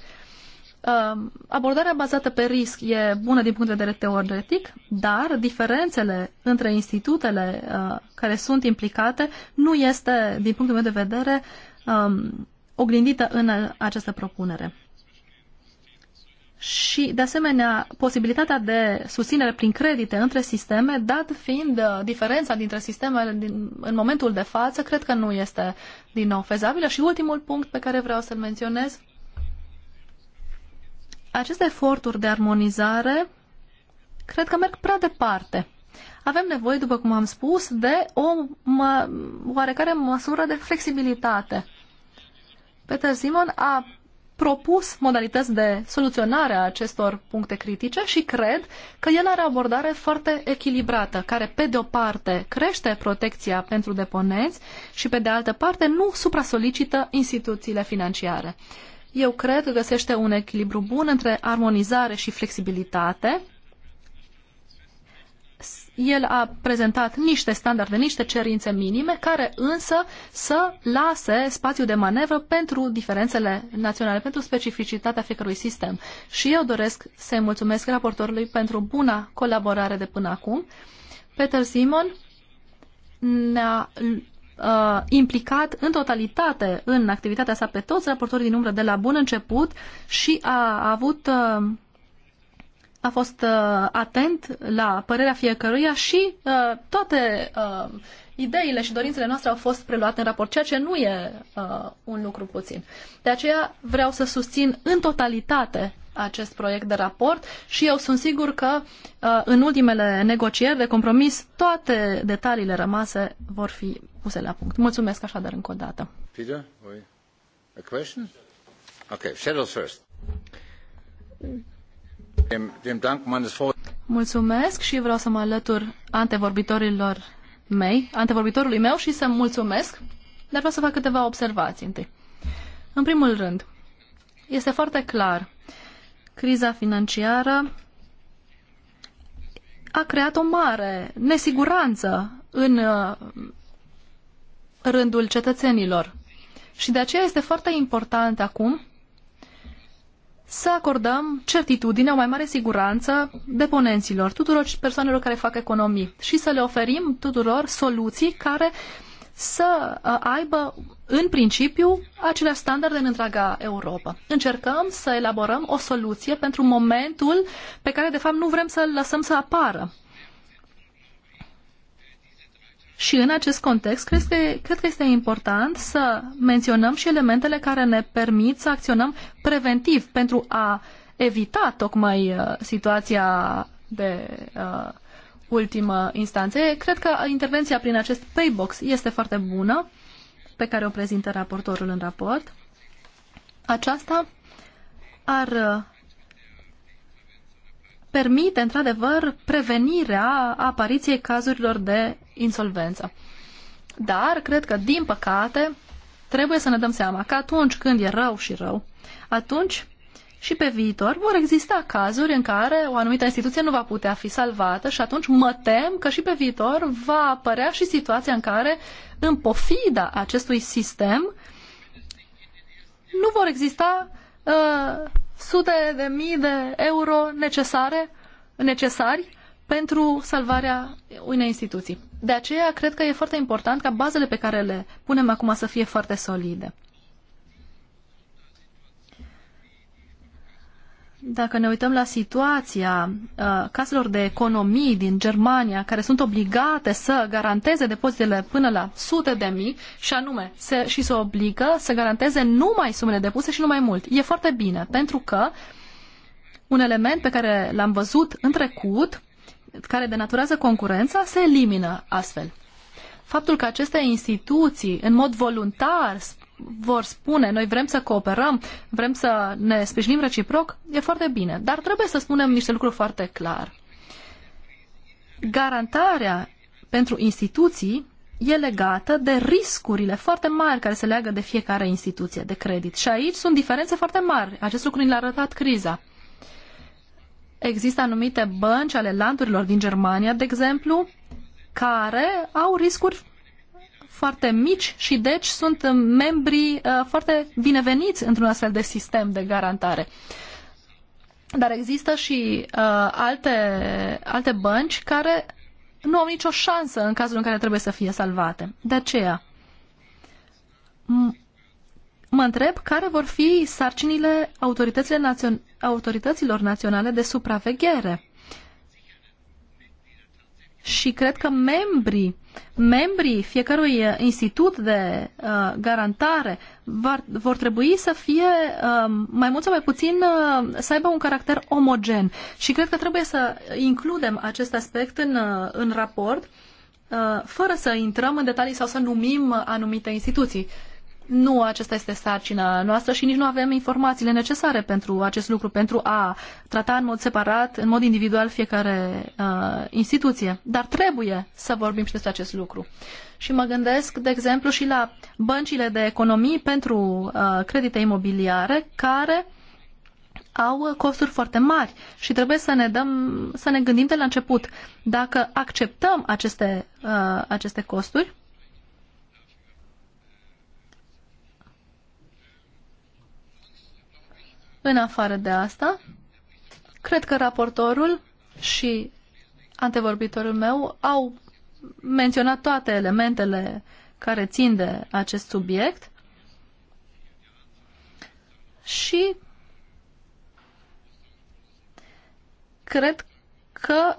Um, abordarea bazată pe risc e bună din punct de vedere teoretic, dar diferențele între institutele uh, care sunt implicate nu este, din punctul meu de vedere, um, oglindită în această propunere. Și, de asemenea, posibilitatea de susținere prin credite între sisteme, dat fiind uh, diferența dintre sistemele din, în momentul de față, cred că nu este, din nou, fezabilă. Și ultimul punct pe care vreau să-l menționez, aceste eforturi de armonizare cred că merg prea departe. Avem nevoie, după cum am spus, de o mă, oarecare măsură de flexibilitate. Peter Simon a propus modalități de soluționare a acestor puncte critice și cred că el are o abordare foarte echilibrată, care pe de o parte crește protecția pentru deponenți și pe de altă parte nu supra-solicită instituțiile financiare eu cred că găsește un echilibru bun între armonizare și flexibilitate. El a prezentat niște standarde, niște cerințe minime, care însă să lase spațiu de manevră pentru diferențele naționale, pentru specificitatea fiecărui sistem. Și eu doresc să-i mulțumesc raportorului pentru buna colaborare de până acum. Peter Simon ne-a uh, implicat în totalitate în activitatea sa pe toți raportorii din umbră de la bun început și a, a avut uh, a fost uh, atent la părerea fiecăruia și uh, toate uh, ideile și dorințele noastre au fost preluate în raport, ceea ce nu e uh, un lucru puțin. De aceea vreau să susțin în totalitate acest proiect de raport și eu sunt sigur că uh, în ultimele negocieri de compromis toate detaliile rămase vor fi puse la punct. Mulțumesc așadar încă o dată. Peter, a question? Okay, shadows first. Mulțumesc și vreau să mă alătur antevorbitorilor mei, antevorbitorului meu și să mulțumesc, dar vreau să fac câteva observații întâi. În primul rând, este foarte clar criza financiară a creat o mare nesiguranță în uh, rândul cetățenilor. Și de aceea este foarte important acum să acordăm certitudine, o mai mare siguranță deponenților, tuturor persoanelor care fac economii și să le oferim tuturor soluții care să uh, aibă în principiu aceleași standarde în întreaga Europa. Încercăm să elaborăm o soluție pentru momentul pe care de fapt nu vrem să-l lăsăm să apară. Și în acest context, cred că, cred că este important să menționăm și elementele care ne permit să acționăm preventiv pentru a evita tocmai uh, situația de uh, ultimă instanță. Cred că intervenția prin acest paybox este foarte bună, pe care o prezintă raportorul în raport. Aceasta ar uh, permite, într-adevăr, prevenirea apariției cazurilor de insolvență. Dar, cred că, din păcate, trebuie să ne dăm seama că atunci când e rău și rău, atunci și pe viitor vor exista cazuri în care o anumită instituție nu va putea fi salvată și atunci mă tem că și pe viitor va apărea și situația în care, în pofida acestui sistem, nu vor exista uh, sute de mii de euro necesare, necesari pentru salvarea unei instituții. De aceea, cred că e foarte important ca bazele pe care le punem acum să fie foarte solide. dacă ne uităm la situația uh, caselor de economii din Germania, care sunt obligate să garanteze depozitele până la sute de mii, și anume, se, și se obligă să garanteze numai sumele depuse și nu mai mult. E foarte bine, pentru că un element pe care l-am văzut în trecut, care denaturează concurența, se elimină astfel. Faptul că aceste instituții, în mod voluntar, vor spune, noi vrem să cooperăm, vrem să ne sprijinim reciproc, e foarte bine. Dar trebuie să spunem niște lucruri foarte clar. Garantarea pentru instituții e legată de riscurile foarte mari care se leagă de fiecare instituție de credit. Și aici sunt diferențe foarte mari. Acest lucru ni l-a arătat criza. Există anumite bănci ale landurilor din Germania, de exemplu, care au riscuri foarte mici și deci sunt uh, membri uh, foarte bineveniți într-un astfel de sistem de garantare. Dar există și uh, alte, alte bănci care nu au nicio șansă în cazul în care trebuie să fie salvate. De aceea, mă întreb care vor fi sarcinile autorităților, autorităților naționale de supraveghere și cred că membrii, membrii fiecărui uh, institut de uh, garantare var, vor trebui să fie uh, mai mult sau mai puțin uh, să aibă un caracter omogen și cred că trebuie să includem acest aspect în, uh, în raport uh, fără să intrăm în detalii sau să numim uh, anumite instituții. Uh, nu acesta este sarcina noastră și nici nu avem informațiile necesare pentru acest lucru, pentru a trata în mod separat, în mod individual fiecare uh, instituție. Dar trebuie să vorbim și despre acest lucru. Și mă gândesc, de exemplu, și la băncile de economii pentru uh, credite imobiliare care au costuri foarte mari și trebuie să ne, dăm, să ne gândim de la început. Dacă acceptăm aceste, uh, aceste costuri, În afară de asta, cred că raportorul și antevorbitorul meu au menționat toate elementele care țin de acest subiect și cred că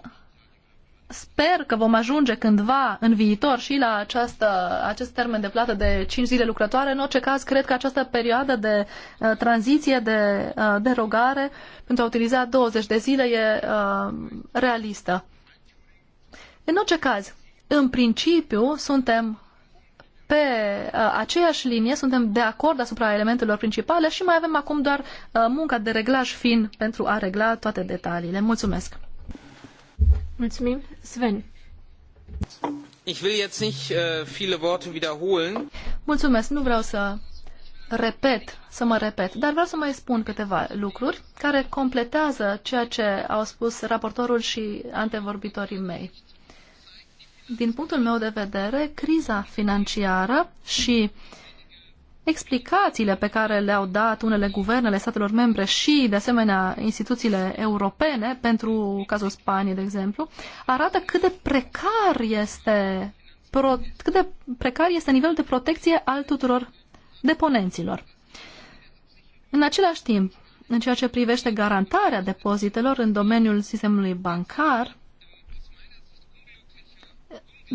sper că vom ajunge cândva în viitor și la această, acest termen de plată de 5 zile lucrătoare. În orice caz, cred că această perioadă de uh, tranziție, de uh, derogare pentru a utiliza 20 de zile e uh, realistă. În orice caz, în principiu, suntem pe uh, aceeași linie, suntem de acord asupra elementelor principale și mai avem acum doar uh, munca de reglaj fin pentru a regla toate detaliile. Mulțumesc! Mulțumim. Sven. Ich will jetzt nicht uh, viele Worte wiederholen. Mulțumesc, nu vreau să repet, să mă repet, dar vreau să mai spun câteva lucruri care completează ceea ce au spus raportorul și antevorbitorii mei. Din punctul meu de vedere, criza financiară și uh, explicațiile pe care le-au dat unele guvernele statelor membre și, de asemenea, instituțiile europene, pentru cazul Spaniei, de exemplu, arată cât de precar este, pro, cât de precar este nivelul de protecție al tuturor deponenților. În același timp, în ceea ce privește garantarea depozitelor în domeniul sistemului bancar,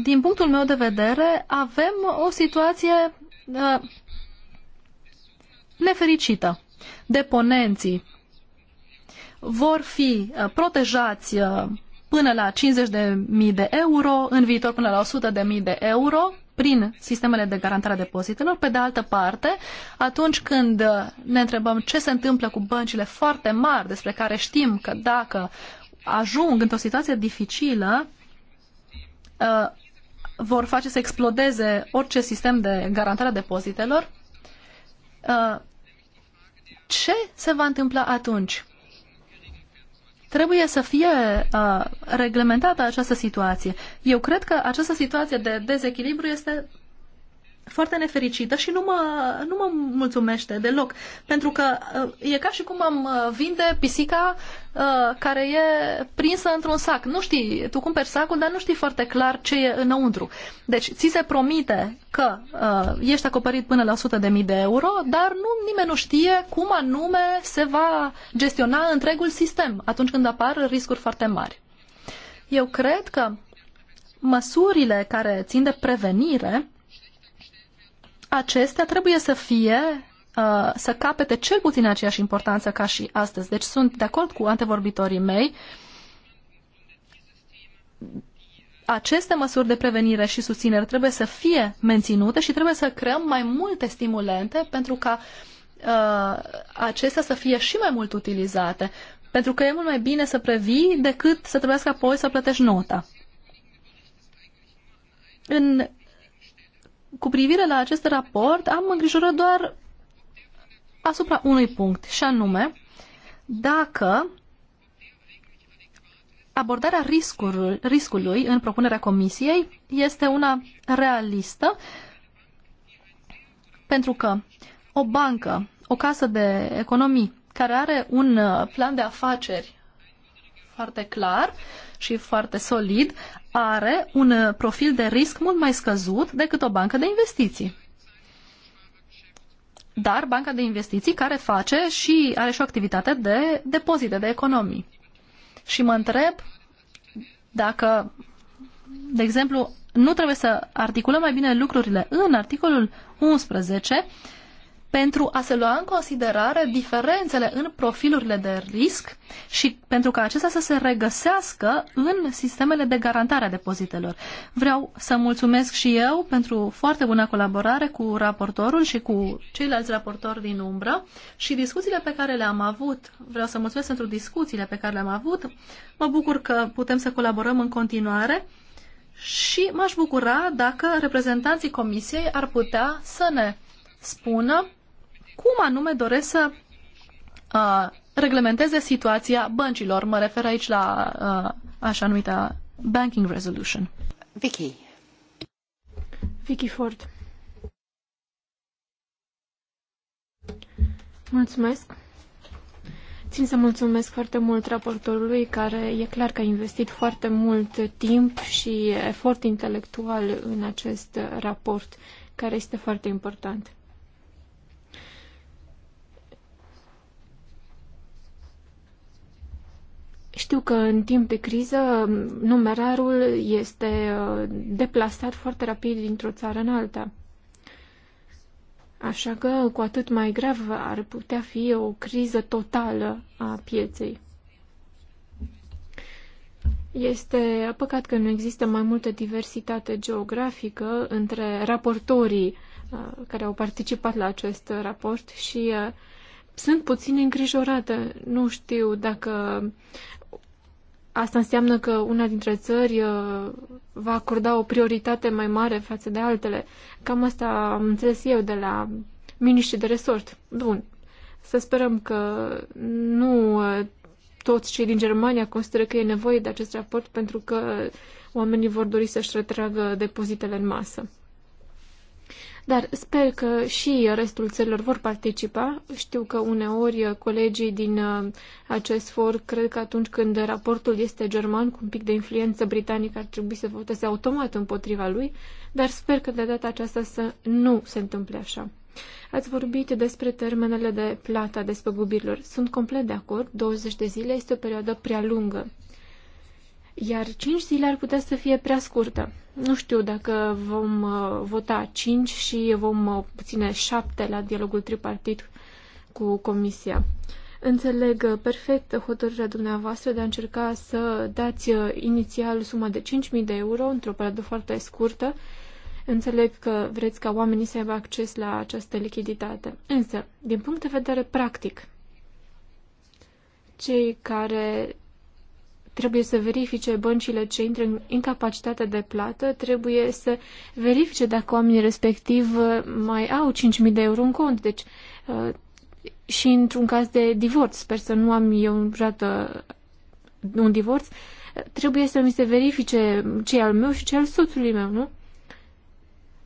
din punctul meu de vedere, avem o situație uh, nefericită. Deponenții vor fi uh, protejați uh, până la 50.000 de euro, în viitor până la 100.000 de euro prin sistemele de garantare a depozitelor. Pe de altă parte, atunci când uh, ne întrebăm ce se întâmplă cu băncile foarte mari, despre care știm că dacă ajung într-o situație dificilă, vor face să explodeze orice sistem de garantare a depozitelor, ce se va întâmpla atunci? Trebuie să fie uh, reglementată această situație. Eu cred că această situație de dezechilibru este foarte nefericită și nu mă, nu mă mulțumește deloc. Pentru că uh, e ca și cum am uh, vinde pisica Uh, care e prinsă într-un sac. Nu știi, tu cumperi sacul, dar nu știi foarte clar ce e înăuntru. Deci, ți se promite că uh, ești acoperit până la 100.000 de, de euro, dar nu, nimeni nu știe cum anume se va gestiona întregul sistem atunci când apar riscuri foarte mari. Eu cred că măsurile care țin de prevenire acestea trebuie să fie Uh, să capete cel puțin aceeași importanță ca și astăzi. Deci sunt de acord cu antevorbitorii mei. Aceste măsuri de prevenire și susținere trebuie să fie menținute și trebuie să creăm mai multe stimulente pentru ca uh, acestea să fie și mai mult utilizate. Pentru că e mult mai bine să previi decât să trebuiască apoi să plătești nota. În, cu privire la acest raport, am îngrijorat doar asupra unui punct, și anume dacă abordarea riscului, riscului în propunerea comisiei este una realistă, pentru că o bancă, o casă de economii care are un uh, plan de afaceri foarte clar și foarte solid, are un uh, profil de risc mult mai scăzut decât o bancă de investiții dar banca de investiții care face și are și o activitate de depozite, de economii. Și mă întreb dacă, de exemplu, nu trebuie să articulăm mai bine lucrurile în articolul 11 pentru a se lua în considerare diferențele în profilurile de risc și pentru ca acestea să se regăsească în sistemele de garantare a depozitelor. Vreau să mulțumesc și eu pentru foarte bună colaborare cu raportorul și cu ceilalți raportori din umbră și discuțiile pe care le-am avut. Vreau să mulțumesc pentru discuțiile pe care le-am avut. Mă bucur că putem să colaborăm în continuare și m-aș bucura dacă reprezentanții comisiei ar putea să ne spună cum anume doresc să uh, reglementeze situația băncilor. Mă refer aici la uh, așa numita Banking Resolution. Vicky. Vicky Ford. Mulțumesc. Țin să mulțumesc foarte mult raportorului, care e clar că a investit foarte mult timp și efort intelectual în acest raport, care este foarte important. Știu că în timp de criză mm, numerarul este uh, deplasat foarte rapid dintr-o țară în alta. Așa că, cu atât mai grav, ar putea fi o criză totală a pieței. Este păcat că nu există mai multă diversitate geografică între raportorii uh, care au participat la acest raport și uh, sunt puțin îngrijorată. Nu știu dacă Asta înseamnă că una dintre țări uh, va acorda o prioritate mai mare față de altele. Cam asta am înțeles eu de la miniștri de resort. Bun. Să sperăm că nu uh, toți cei din Germania consideră că e nevoie de acest raport pentru că oamenii vor dori să-și retragă depozitele în masă. Dar sper că și restul țărilor vor participa. Știu că uneori colegii din uh, acest for cred că atunci când raportul este german, cu un pic de influență britanică, ar trebui să voteze automat împotriva lui, dar sper că de data aceasta să nu se întâmple așa. Ați vorbit despre termenele de plata despăgubirilor. Sunt complet de acord, 20 de zile este o perioadă prea lungă. Iar 5 zile ar putea să fie prea scurtă. Nu știu dacă vom uh, vota 5 și vom obține 7 la dialogul tripartit cu Comisia. Înțeleg uh, perfect hotărârea dumneavoastră de a încerca să dați uh, inițial suma de 5.000 de euro într-o perioadă foarte scurtă. Înțeleg că vreți ca oamenii să aibă acces la această lichiditate. Însă, din punct de vedere practic, cei care trebuie să verifice băncile ce intră în incapacitate de plată, trebuie să verifice dacă oamenii respectiv uh, mai au 5.000 de euro în cont. Deci, uh, și într-un caz de divorț, sper să nu am eu vreodată un divorț, uh, trebuie să mi se verifice ce al meu și ce al soțului meu, nu?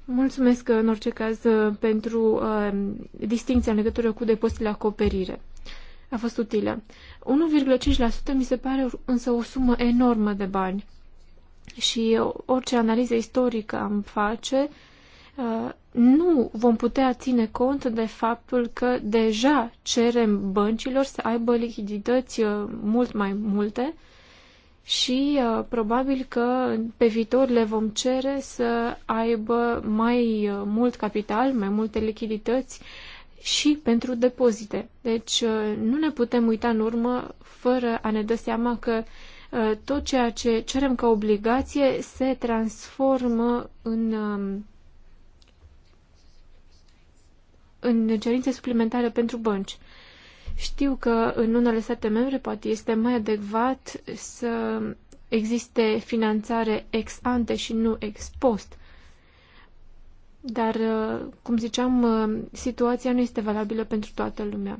Mulțumesc în orice caz pentru uh, distinția în legătură cu depozitele acoperire a fost utilă. 1,5% mi se pare însă o sumă enormă de bani. Și orice analiză istorică am face, uh, nu vom putea ține cont de faptul că deja cerem băncilor să aibă lichidități uh, mult mai multe și uh, probabil că pe viitor le vom cere să aibă mai mult capital, mai multe lichidități, și pentru depozite. Deci uh, nu ne putem uita în urmă fără a ne dă da seama că uh, tot ceea ce cerem ca obligație se transformă în, um, în cerințe suplimentare pentru bănci. Știu că în unele state membre poate este mai adecvat să existe finanțare ex ante și nu ex post, dar, uh, cum ziceam, uh, situația nu este valabilă pentru toată lumea.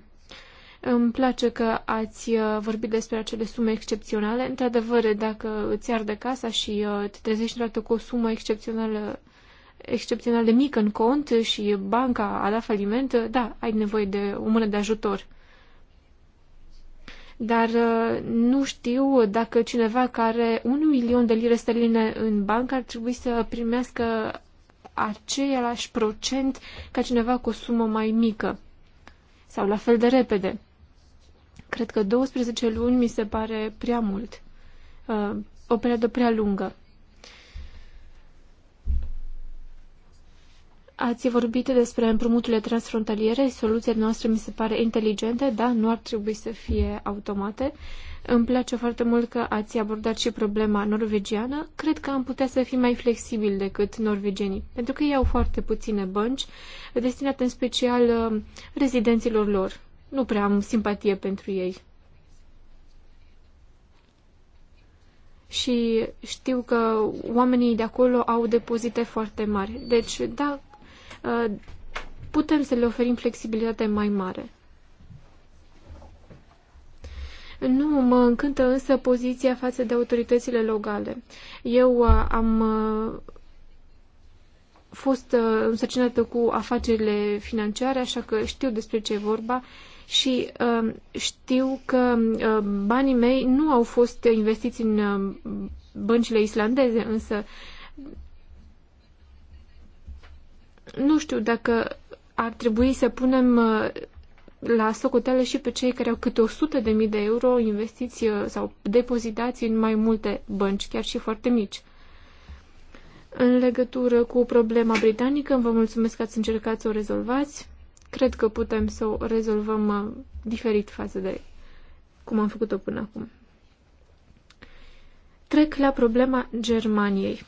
Îmi place că ați uh, vorbit despre acele sume excepționale. Într-adevăr, dacă îți arde casa și te trezești într cu o sumă excepțională excepțional de mică în cont și banca a dat faliment, da, ai nevoie de o mână de ajutor. Dar nu știu dacă cineva care are un milion de lire sterline în bancă ar trebui să primească aceeași procent ca cineva cu o sumă mai mică sau la fel de repede. Cred că 12 luni mi se pare prea mult, uh, o perioadă prea lungă. Ați vorbit despre împrumuturile transfrontaliere, soluția noastră mi se pare inteligentă, da, nu ar trebui să fie automate. Uh, îmi place foarte mult că ați abordat și problema norvegiană. Cred că am putea să fim mai flexibili decât norvegenii, pentru că ei au foarte puține bănci, destinate în special uh, rezidenților lor. Nu prea am simpatie pentru ei. Și știu că oamenii de acolo au depozite foarte mari. Deci, da, uh, putem să le oferim flexibilitate mai mare. Nu mă încântă însă poziția față de autoritățile locale. Eu uh, am uh, fost uh, însărcinată cu afacerile financiare, așa că știu despre ce e vorba și știu că banii mei nu au fost investiți în băncile islandeze, însă nu știu dacă ar trebui să punem la socotele și pe cei care au câte 100 de mii de euro investiți uh, sau depozitați în mai multe bănci, chiar și foarte mici. În legătură cu problema britanică, vă mulțumesc că ați încercat să o rezolvați. Cred că putem să o rezolvăm uh, diferit față de cum am făcut-o până acum. Trec la problema Germaniei.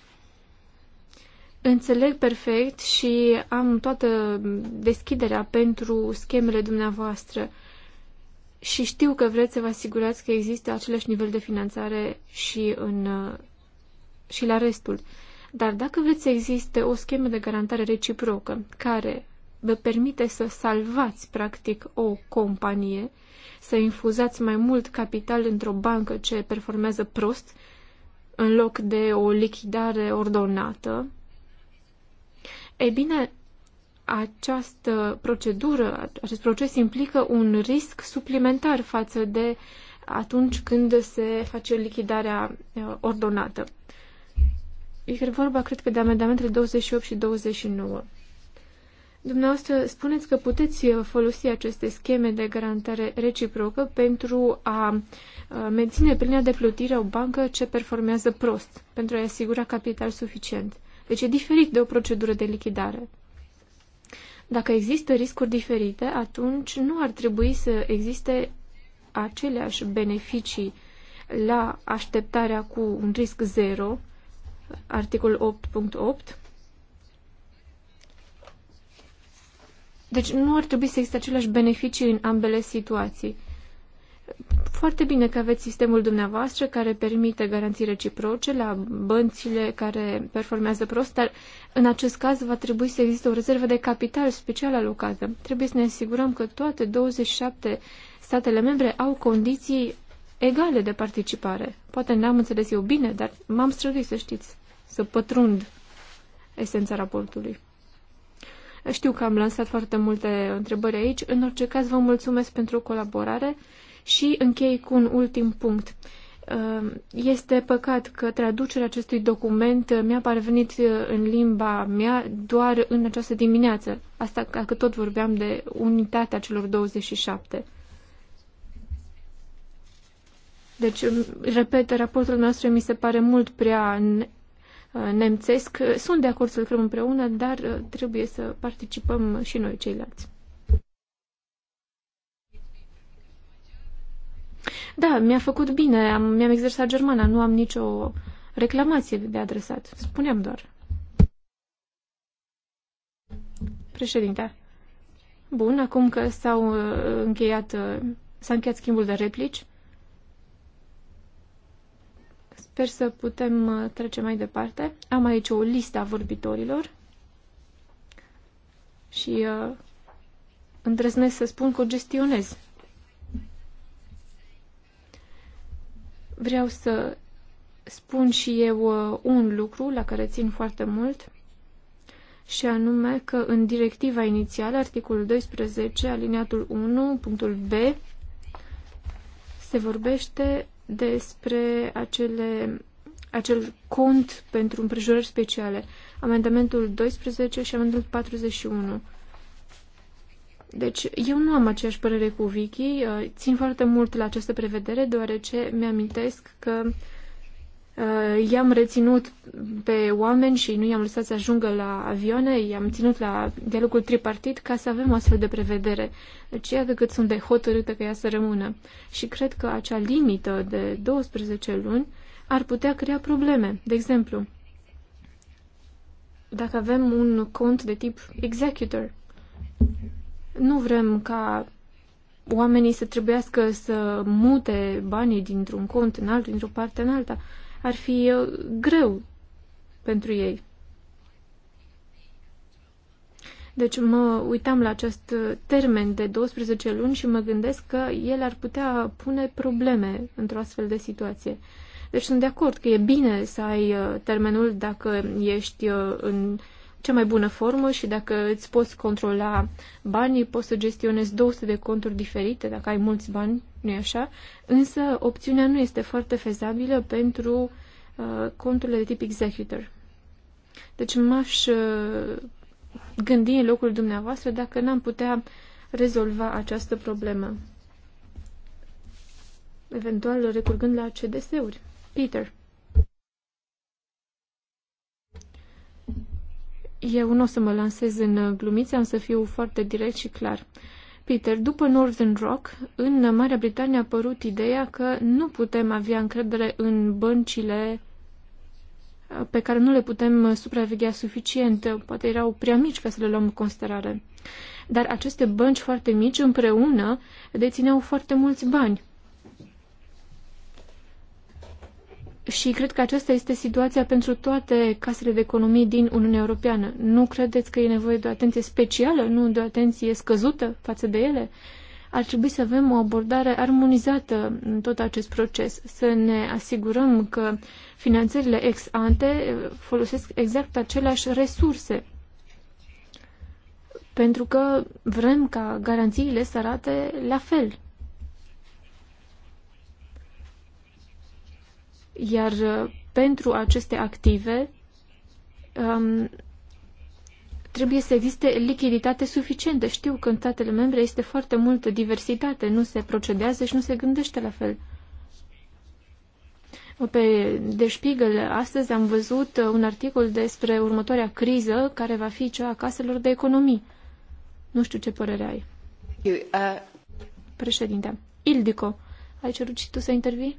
Înțeleg perfect și am toată deschiderea pentru schemele dumneavoastră și știu că vreți să vă asigurați că există același nivel de finanțare și, în, și la restul. Dar dacă vreți să existe o schemă de garantare reciprocă care vă permite să salvați, practic, o companie, să infuzați mai mult capital într-o bancă ce performează prost, în loc de o lichidare ordonată, E bine, această procedură, acest proces implică un risc suplimentar față de atunci când se face lichidarea uh, ordonată. E vorba, cred că, de amendamentele 28 și 29. Dumneavoastră, spuneți că puteți uh, folosi aceste scheme de garantare reciprocă pentru a uh, menține plină de plutire o bancă ce performează prost, pentru a-i asigura capital suficient. Deci e diferit de o procedură de lichidare. Dacă există riscuri diferite, atunci nu ar trebui să existe aceleași beneficii la așteptarea cu un risc zero, articol 8.8. Deci nu ar trebui să existe aceleași beneficii în ambele situații. Foarte bine că aveți sistemul dumneavoastră care permite garanții reciproce la băncile care performează prost, dar în acest caz va trebui să existe o rezervă de capital special alocată. Trebuie să ne asigurăm că toate 27 statele membre au condiții egale de participare. Poate n-am înțeles eu bine, dar m-am străduit să știți, să pătrund esența raportului. Știu că am lansat foarte multe întrebări aici. În orice caz, vă mulțumesc pentru colaborare și închei cu un ultim punct. Ehm, este păcat că traducerea acestui document eh, mi-a parvenit eh, în limba mea doar în această dimineață, asta că tot vorbeam de unitatea celor 27. Deci, repet, raportul nostru mi se pare mult prea eh, nemțesc. Sunt de acord să lucrăm împreună, dar trebuie să participăm și noi ceilalți. Da, mi-a făcut bine, am, mi-am exersat germana, nu am nicio reclamație de adresat. Spuneam doar. Președinte. Bun, acum că s-au uh, încheiat, uh, s-a încheiat schimbul de replici, sper să putem uh, trece mai departe. Am aici o listă a vorbitorilor și uh, îndrăznesc să spun că o gestionez. Vreau să spun și eu uh, un lucru la care țin foarte mult, și anume că în directiva inițială, articolul 12, aliniatul 1, punctul B, se vorbește despre acele, acel cont pentru împrejurări speciale, amendamentul 12 și amendamentul 41. Deci, eu nu am aceeași părere cu Vicky. Uh, țin foarte mult la această prevedere, deoarece mi-amintesc că uh, i-am reținut pe oameni și nu i-am lăsat să ajungă la avioane, i-am ținut la dialogul tripartit ca să avem o astfel de prevedere. Deci, iată cât sunt de hotărâtă că ea să rămână. Și cred că acea limită de 12 luni ar putea crea probleme. De exemplu, dacă avem un cont de tip executor, nu vrem ca oamenii să trebuiască să mute banii dintr-un cont în altul, dintr-o parte în alta. Ar fi uh, greu pentru ei. Deci mă uitam la acest uh, termen de 12 luni și mă gândesc că el ar putea pune probleme într-o astfel de situație. Deci sunt de acord că e bine să ai uh, termenul dacă ești în cea mai bună formă și dacă îți poți controla banii, poți să gestionezi 200 de conturi diferite dacă ai mulți bani, nu e așa? Însă opțiunea nu este foarte fezabilă pentru uh, conturile de tip executor. Deci m-aș uh, gândi în locul dumneavoastră dacă n-am putea rezolva această problemă. Eventual recurgând la CDS-uri. Peter. Eu nu o să mă lansez în uh, glumițe, am să fiu foarte direct și clar. Peter, după Northern Rock, în Marea Britanie a apărut ideea că nu putem avea încredere în băncile uh, pe care nu le putem uh, supraveghea suficient, poate erau prea mici ca să le luăm în considerare. Dar aceste bănci foarte mici împreună dețineau foarte mulți bani. Și cred că aceasta este situația pentru toate casele de economii din Uniunea Europeană. Nu credeți că e nevoie de o atenție specială, nu de o atenție scăzută față de ele? Ar trebui să avem o abordare armonizată în tot acest proces, să ne asigurăm că finanțările ex ante folosesc exact aceleași resurse. Pentru că vrem ca garanțiile să arate la fel. Iar uh, pentru aceste active um, trebuie să existe lichiditate suficientă. Știu că în statele membre este foarte multă diversitate, nu se procedează și nu se gândește la fel. Pe De Spiegel, astăzi am văzut uh, un articol despre următoarea criză, care va fi cea a caselor de economii. Nu știu ce părere ai. Uh, Președinte, Ildico, ai cerut și tu să intervii?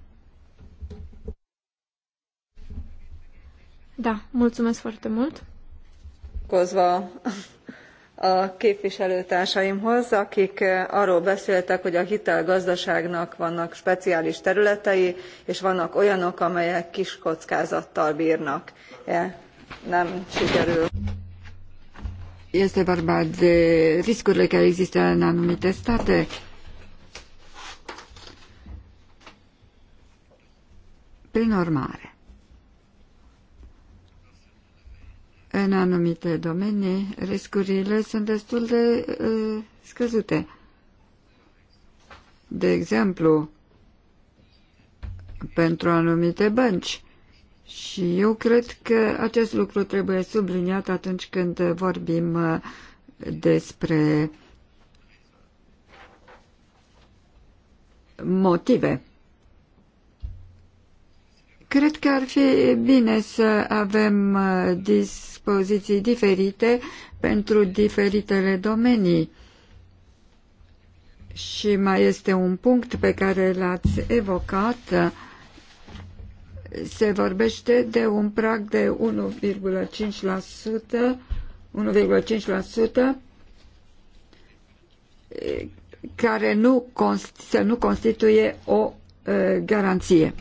Da, mulțumesc foarte mult. Kozva képviselőtársaimhoz, akik arról beszéltek, hogy a hitelgazdaságnak vannak speciális területei, és vannak olyanok, amelyek kis kockázattal bírnak. Nem sikerül. Este vorba de riscurile care există în anumite state. Prin urmare, În anumite domenii, riscurile sunt destul de uh, scăzute. De exemplu, pentru anumite bănci. Și eu cred că acest lucru trebuie subliniat atunci când vorbim uh, despre motive Cred că ar fi bine să avem uh, dispoziții diferite pentru diferitele domenii. Și mai este un punct pe care l-ați evocat. Se vorbește de un prag de 1,5%, 1,5% care nu, să nu constituie o uh, garanție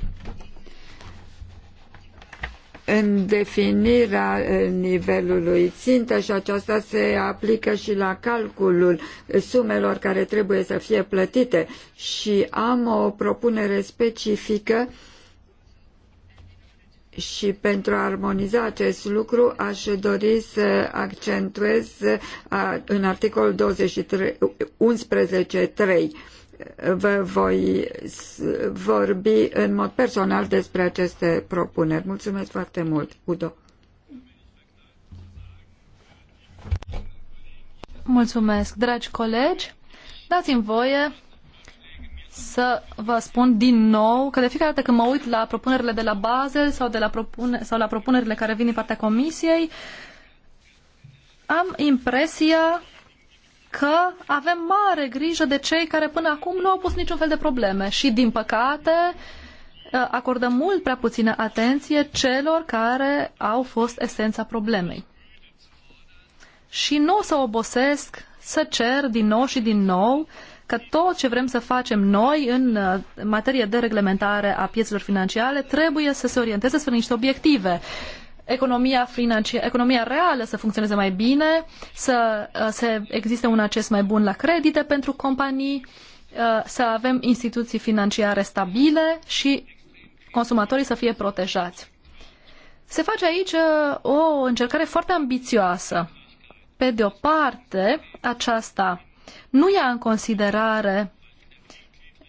în definirea eh, nivelului țintă și aceasta se aplică și la calculul sumelor care trebuie să fie plătite și am o propunere specifică și pentru a armoniza acest lucru aș dori să accentuez eh, în articolul 23, 11.3 vă voi vorbi în mod personal despre aceste propuneri. Mulțumesc foarte mult, Udo. Mulțumesc, dragi colegi. Dați-mi voie să vă spun din nou că de fiecare dată când mă uit la propunerile de la Basel sau, de la, propune, sau la propunerile care vin din partea Comisiei, am impresia că avem mare grijă de cei care până acum nu au pus niciun fel de probleme și, din păcate, acordăm mult prea puțină atenție celor care au fost esența problemei. Și nu o să obosesc să cer din nou și din nou că tot ce vrem să facem noi în uh, materie de reglementare a piețelor financiare trebuie să se orienteze spre niște obiective economia, financi- economia reală să funcționeze mai bine, să, uh, să existe un acces mai bun la credite pentru companii, uh, să avem instituții financiare stabile și consumatorii să fie protejați. Se face aici uh, o încercare foarte ambițioasă. Pe de o parte, aceasta nu ia în considerare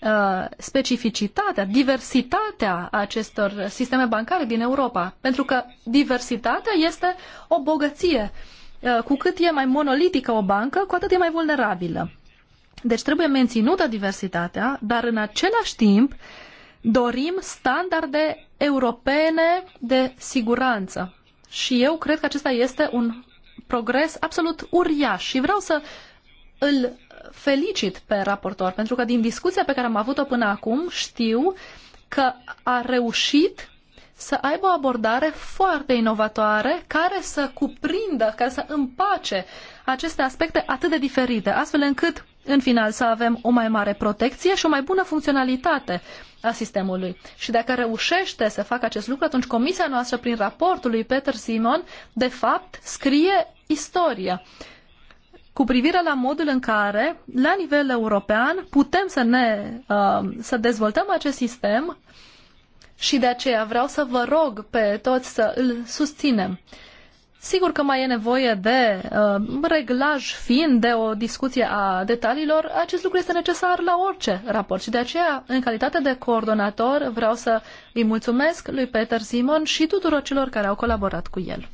Uh, specificitatea, diversitatea acestor sisteme bancare din Europa. Pentru că diversitatea este o bogăție. Uh, cu cât e mai monolitică o bancă, cu atât e mai vulnerabilă. Deci trebuie menținută diversitatea, dar în același timp dorim standarde europene de siguranță. Și eu cred că acesta este un progres absolut uriaș și vreau să îl felicit pe raportor, pentru că din discuția pe care am avut-o până acum știu că a reușit să aibă o abordare foarte inovatoare care să cuprindă, care să împace aceste aspecte atât de diferite, astfel încât în final să avem o mai mare protecție și o mai bună funcționalitate a sistemului. Și dacă reușește să facă acest lucru, atunci comisia noastră, prin raportul lui Peter Simon, de fapt, scrie istoria cu privire la modul în care, la nivel european, putem să, ne, uh, să dezvoltăm acest sistem și de aceea vreau să vă rog pe toți să îl susținem. Sigur că mai e nevoie de uh, reglaj fin, de o discuție a detaliilor. Acest lucru este necesar la orice raport și de aceea, în calitate de coordonator, vreau să îi mulțumesc lui Peter Simon și tuturor celor care au colaborat cu el.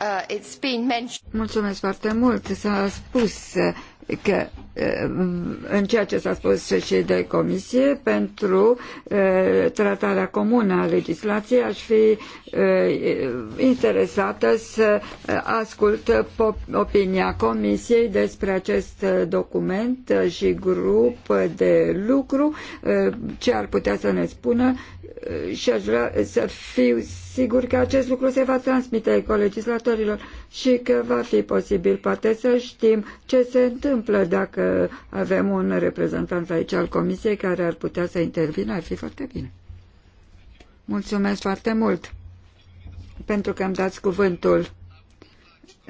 Uh, Mulțumesc foarte mult. S-a spus că uh, în ceea ce s-a spus și de comisie pentru uh, tratarea comună a legislației aș fi interesată să ascult opinia comisiei despre acest document și grup de lucru ce ar putea să ne spună și aș vrea să fiu sigur că acest lucru se va transmite colegislatorilor și că va fi posibil poate să știm ce se întâmplă dacă avem un reprezentant aici al Comisiei care ar putea să intervină, ar fi foarte bine. Mulțumesc foarte mult pentru că îmi dați cuvântul.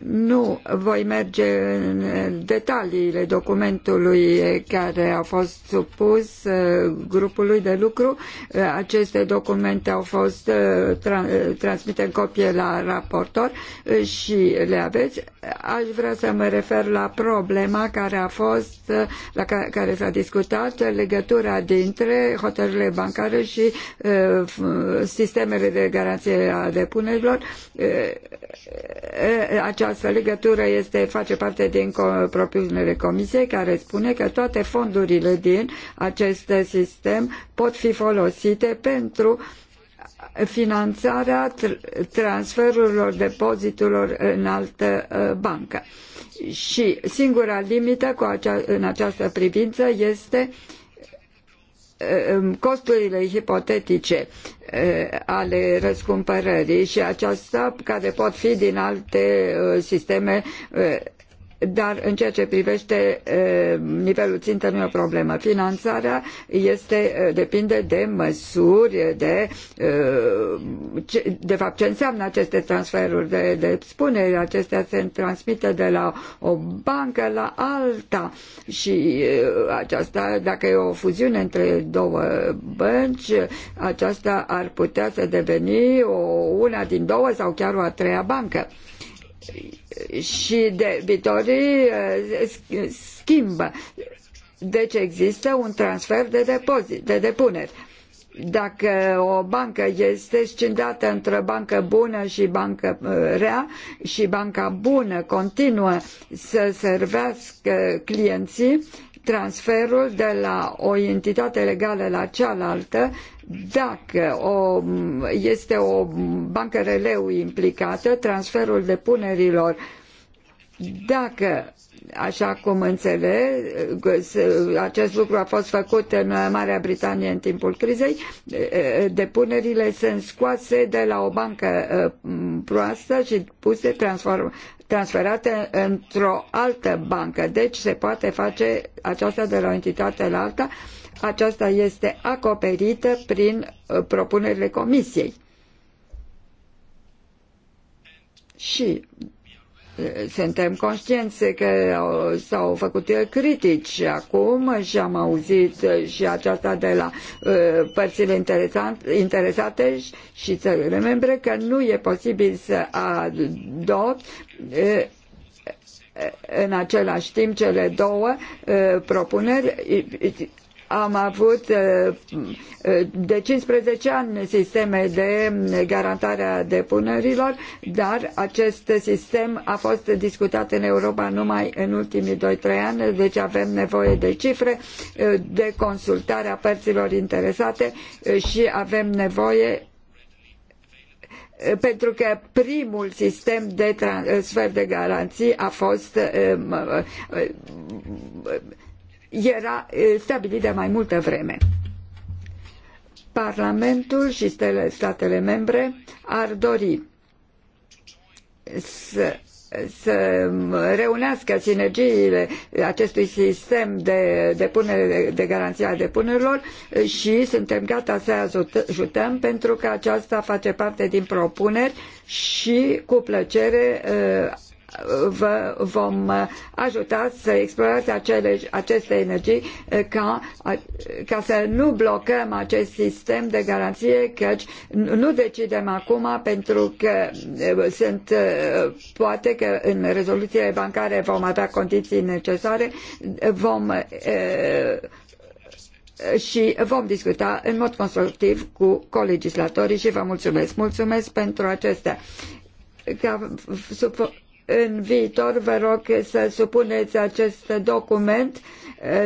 Nu voi merge în detaliile documentului care a fost supus uh, grupului de lucru. Uh, aceste documente au fost uh, transmite în copie la raportor și le aveți. Aș vrea să mă refer la problema care a fost, la care s-a discutat, legătura dintre hotărârile bancare și sistemele de garanție a depunerilor această legătură este, face parte din propunerea Comisiei care spune că toate fondurile din acest sistem pot fi folosite pentru finanțarea transferurilor depozitelor în altă ă, bancă. Și singura limită cu acea, în această privință este uh, costurile hipotetice ale răscumpărării și aceasta care pot fi din alte sisteme dar în ceea ce privește nivelul țintă nu e o problemă. Finanțarea este, depinde de măsuri, de, de fapt ce înseamnă aceste transferuri de, de spuneri. Acestea se transmite de la o bancă la alta și aceasta, dacă e o fuziune între două bănci, aceasta ar putea să deveni o, una din două sau chiar o a treia bancă și debitorii eh, schimbă. Deci există un transfer de, depozit, de depuneri. Dacă o bancă este scindată între bancă bună și bancă eh, rea și banca bună continuă să servească clienții, transferul de la o entitate legală la cealaltă dacă o, este o bancă releu implicată, transferul depunerilor, dacă așa cum înțeleg, acest lucru a fost făcut în Marea Britanie în timpul crizei, depunerile sunt scoase de la o bancă uh, proastă și puse, transform, transferate într-o altă bancă. Deci se poate face aceasta de la o entitate la alta aceasta este acoperită prin uh, propunerile comisiei. Și uh, suntem conștienți că s-au făcut critici acum și am auzit uh, și aceasta de la părțile interesate și țările membre că nu e posibil să adopt în același timp cele două propuneri am avut eh, de 15 ani sisteme de garantare a depunerilor, dar acest sistem a fost discutat în Europa numai în ultimii 2-3 ani, deci avem nevoie de cifre, eh, de consultare a părților interesate eh, și avem nevoie pentru că primul sistem de transfer de garanții a fost era stabilit de mai multă vreme. Parlamentul și statele membre ar dori să să reunească sinergiile acestui sistem de, de, punere, de garanție a depunerilor și suntem gata să ajutăm pentru că aceasta face parte din propuneri și cu plăcere vă vom ajuta să explorați acele, aceste energii ca, ca să nu blocăm acest sistem de garanție, căci nu decidem acum pentru că sunt poate că în rezoluțiile bancare vom avea condiții necesare, vom și vom discuta în mod constructiv cu colegislatorii și vă mulțumesc. Mulțumesc pentru acestea. Ca, sub, în viitor vă rog să supuneți acest document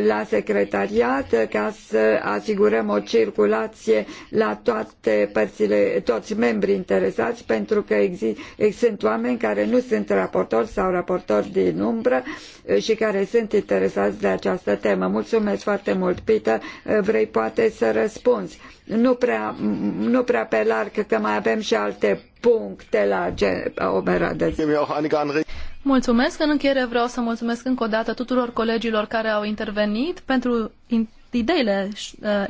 la secretariat ca să asigurăm o circulație la toate părțile, toți membrii interesați pentru că exist, sunt oameni care nu sunt raportori sau raportori din umbră eh, și care sunt interesați de această temă. Mulțumesc foarte mult, Peter. Eh, vrei poate să răspunzi. Nu prea, nu prea pe larg, că mai avem și alte puncte la opera de zi. Mulțumesc. În încheiere vreau să mulțumesc încă o dată tuturor colegilor care au intervenit pentru ideile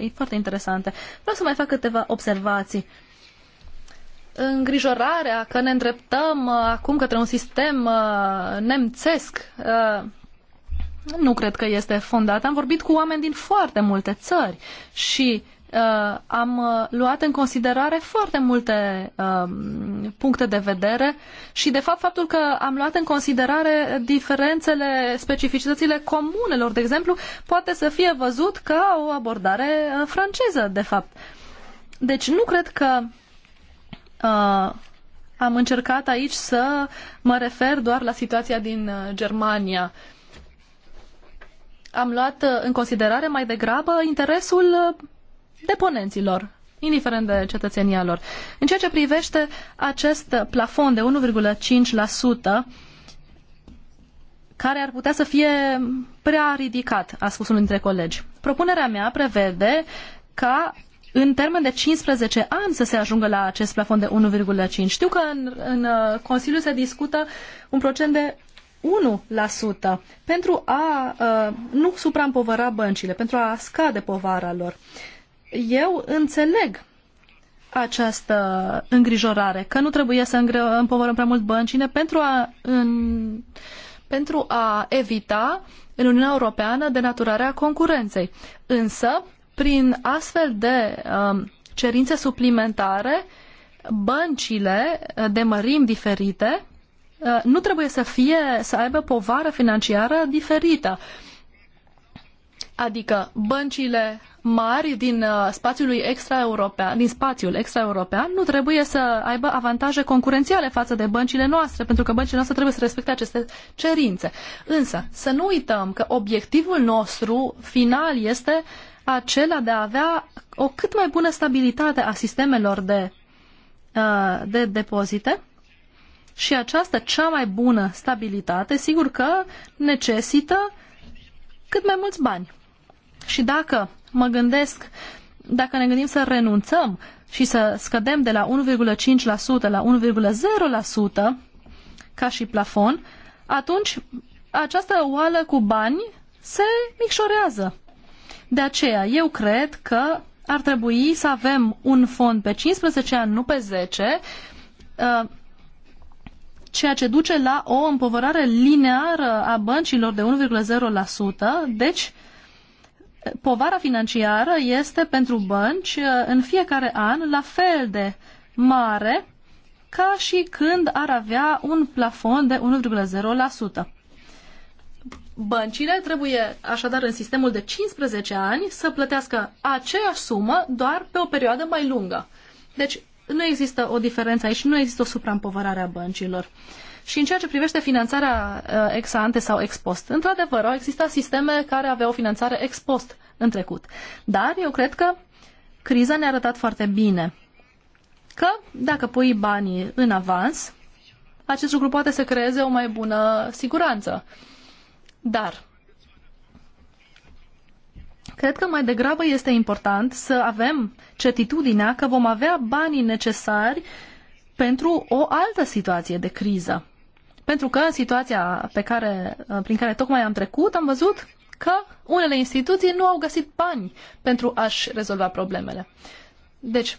uh, foarte interesante. Vreau să mai fac câteva observații. Îngrijorarea că ne îndreptăm uh, acum către un sistem uh, nemțesc uh, nu cred că este fondată. Am vorbit cu oameni din foarte multe țări și uh, uh, am uh, luat în considerare foarte multe uh, puncte de vedere și, de fapt, faptul că am luat în considerare diferențele, specificitățile comunelor, de exemplu, poate să fie văzut ca o abordare uh, franceză, de fapt. Deci nu cred că uh, am încercat aici să mă refer doar la situația din uh, Germania am luat în considerare mai degrabă interesul deponenților, indiferent de cetățenia lor. În ceea ce privește acest plafon de 1,5%, care ar putea să fie prea ridicat, a spus unul dintre colegi. Propunerea mea prevede ca în termen de 15 ani să se ajungă la acest plafon de 1,5. Știu că în, în uh, Consiliu se discută un procent de 1% pentru a uh, nu supraîmpovăra băncile, pentru a scade povara lor. Uh, eu înțeleg această îngrijorare, că nu trebuie să împovărăm prea mult băncine pentru a, în, pentru a evita în Uniunea Europeană denaturarea concurenței. Însă, prin astfel de um, cerințe suplimentare, băncile de mărimi diferite uh, nu trebuie să fie să aibă povară financiară diferită. Uh, adică băncile mari din uh, spațiul extraeuropean, din spațiul extraeuropean nu trebuie să aibă avantaje concurențiale față de băncile noastre, pentru că băncile noastre trebuie să respecte aceste cerințe. Însă, să nu uităm că obiectivul nostru final este acela de a avea o cât mai bună stabilitate a sistemelor de, uh, de depozite și această cea mai bună stabilitate, sigur că necesită cât mai mulți bani. Și dacă mă gândesc, dacă ne gândim să renunțăm și să scădem de la 1,5% la 1,0% ca și plafon, atunci această oală cu bani se micșorează. De aceea, eu cred că ar trebui să avem un fond pe 15 ani, nu pe 10, uh, ceea ce duce la o împovărare lineară a băncilor de 1,0%, deci povara financiară este pentru bănci uh, în fiecare an la fel de mare ca și când ar avea un plafon de 1,0%. Băncile trebuie așadar în sistemul de 15 ani să plătească aceeași sumă doar pe o perioadă mai lungă. Deci nu există o diferență aici, nu există o supraîmpovărare a băncilor. Uh, și în ceea ce privește finanțarea uh, ex ante sau ex post, într-adevăr, au existat sisteme care aveau finanțare ex post în trecut. Dar eu cred că criza ne-a arătat foarte bine că dacă pui banii în avans, acest lucru poate să creeze o mai bună siguranță. Dar cred că mai degrabă este important să avem certitudinea că vom avea banii necesari pentru o altă situație de criză. Pentru că în situația pe care, uh, prin care tocmai am trecut, am văzut că unele instituții nu au găsit bani pentru a-și rezolva problemele. Deci,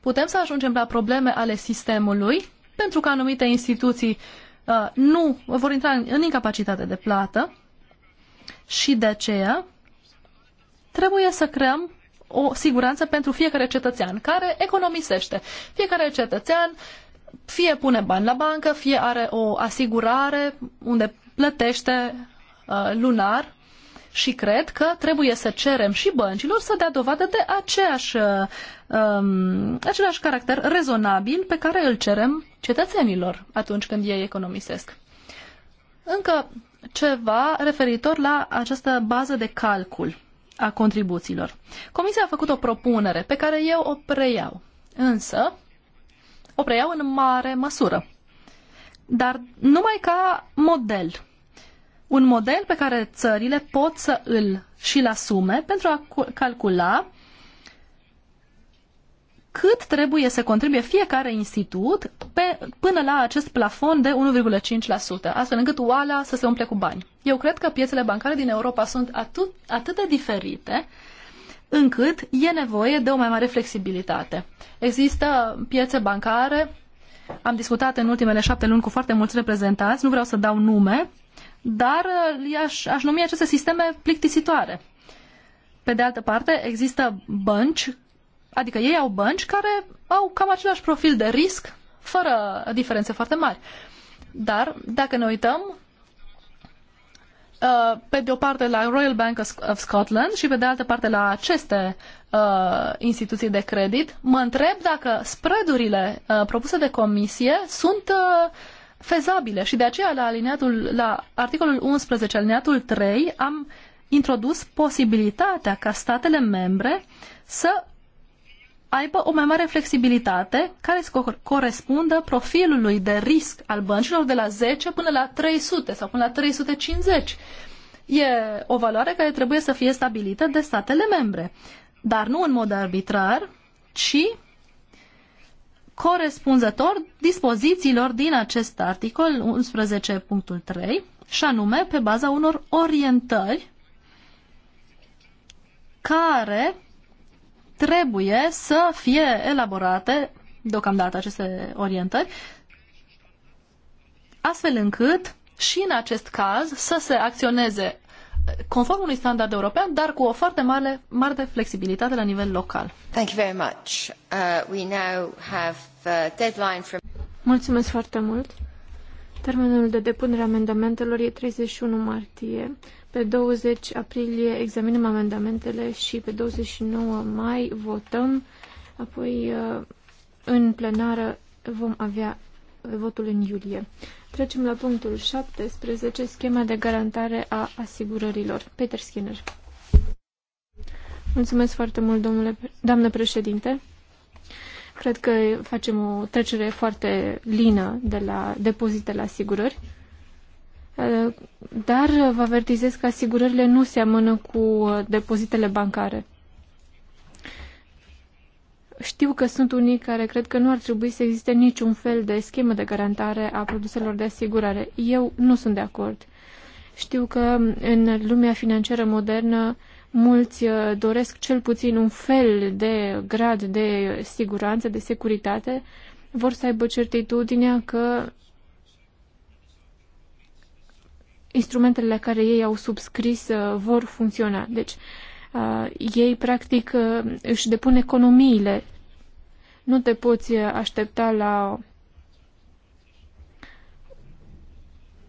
putem să ajungem la probleme ale sistemului, pentru că anumite instituții uh, nu vor intra în, în incapacitate de plată și de aceea trebuie să creăm o siguranță pentru fiecare cetățean care economisește. Fiecare cetățean fie pune bani la bancă, fie are o asigurare unde plătește uh, lunar și cred că trebuie să cerem și băncilor să dea dovadă de aceeași, uh, um, același caracter rezonabil pe care îl cerem cetățenilor atunci când ei economisesc. Încă ceva referitor la această bază de calcul a contribuțiilor. Comisia a făcut o propunere pe care eu o preiau, însă o preiau în mare măsură. Dar numai ca model. Un model pe care țările pot să îl și-l asume pentru a calcula cât trebuie să contribuie fiecare institut pe, până la acest plafon de 1,5%, astfel încât oala să se umple cu bani. Eu cred că piețele bancare din Europa sunt atât, atât de diferite încât e nevoie de o mai mare flexibilitate. Există piețe bancare, am discutat în ultimele șapte luni cu foarte mulți reprezentanți, nu vreau să dau nume, dar aș, aș numi aceste sisteme plictisitoare. Pe de altă parte, există bănci, adică ei au bănci care au cam același profil de risc, fără diferențe foarte mari. Dar, dacă ne uităm, Uh, pe de o parte la Royal Bank of Scotland și pe de altă parte la aceste uh, instituții de credit, mă întreb dacă spreadurile uh, propuse de comisie sunt uh, fezabile și de aceea la, alineatul, la articolul 11, alineatul 3, am introdus posibilitatea ca statele membre să aibă o mai mare flexibilitate care să corespundă profilului de risc al băncilor de la 10 până la 300 sau până la 350. E o valoare care trebuie să fie stabilită de statele membre, dar nu în mod arbitrar, ci corespunzător dispozițiilor din acest articol 11.3 și anume pe baza unor orientări care trebuie să fie elaborate deocamdată aceste orientări, astfel încât și în acest caz să se acționeze conform unui standard european, dar cu o foarte mare, mare flexibilitate la nivel local. Thank you very much. Uh, we now have uh, deadline from... Mulțumesc foarte mult. Termenul de depunere a amendamentelor e 31 martie. Pe 20 aprilie examinăm amendamentele și pe 29 mai votăm. Apoi, uh, în plenară, vom avea votul în iulie. Trecem la punctul 17, schema de garantare a asigurărilor. Peter Skinner. Mulțumesc foarte mult, domnule, doamnă președinte. Cred că facem o trecere foarte lină de la depozite la asigurări dar vă avertizez că asigurările nu seamănă cu uh, depozitele bancare. Știu că sunt unii care cred că nu ar trebui să existe niciun fel de schemă de garantare a produselor de asigurare. Eu nu sunt de acord. Știu că mm, în lumea financiară modernă mulți uh, doresc cel puțin un fel de grad de siguranță, de securitate, vor să aibă certitudinea că instrumentele la care ei au subscris uh, vor funcționa. Deci, uh, ei practic uh, își depun economiile. Nu te poți aștepta la.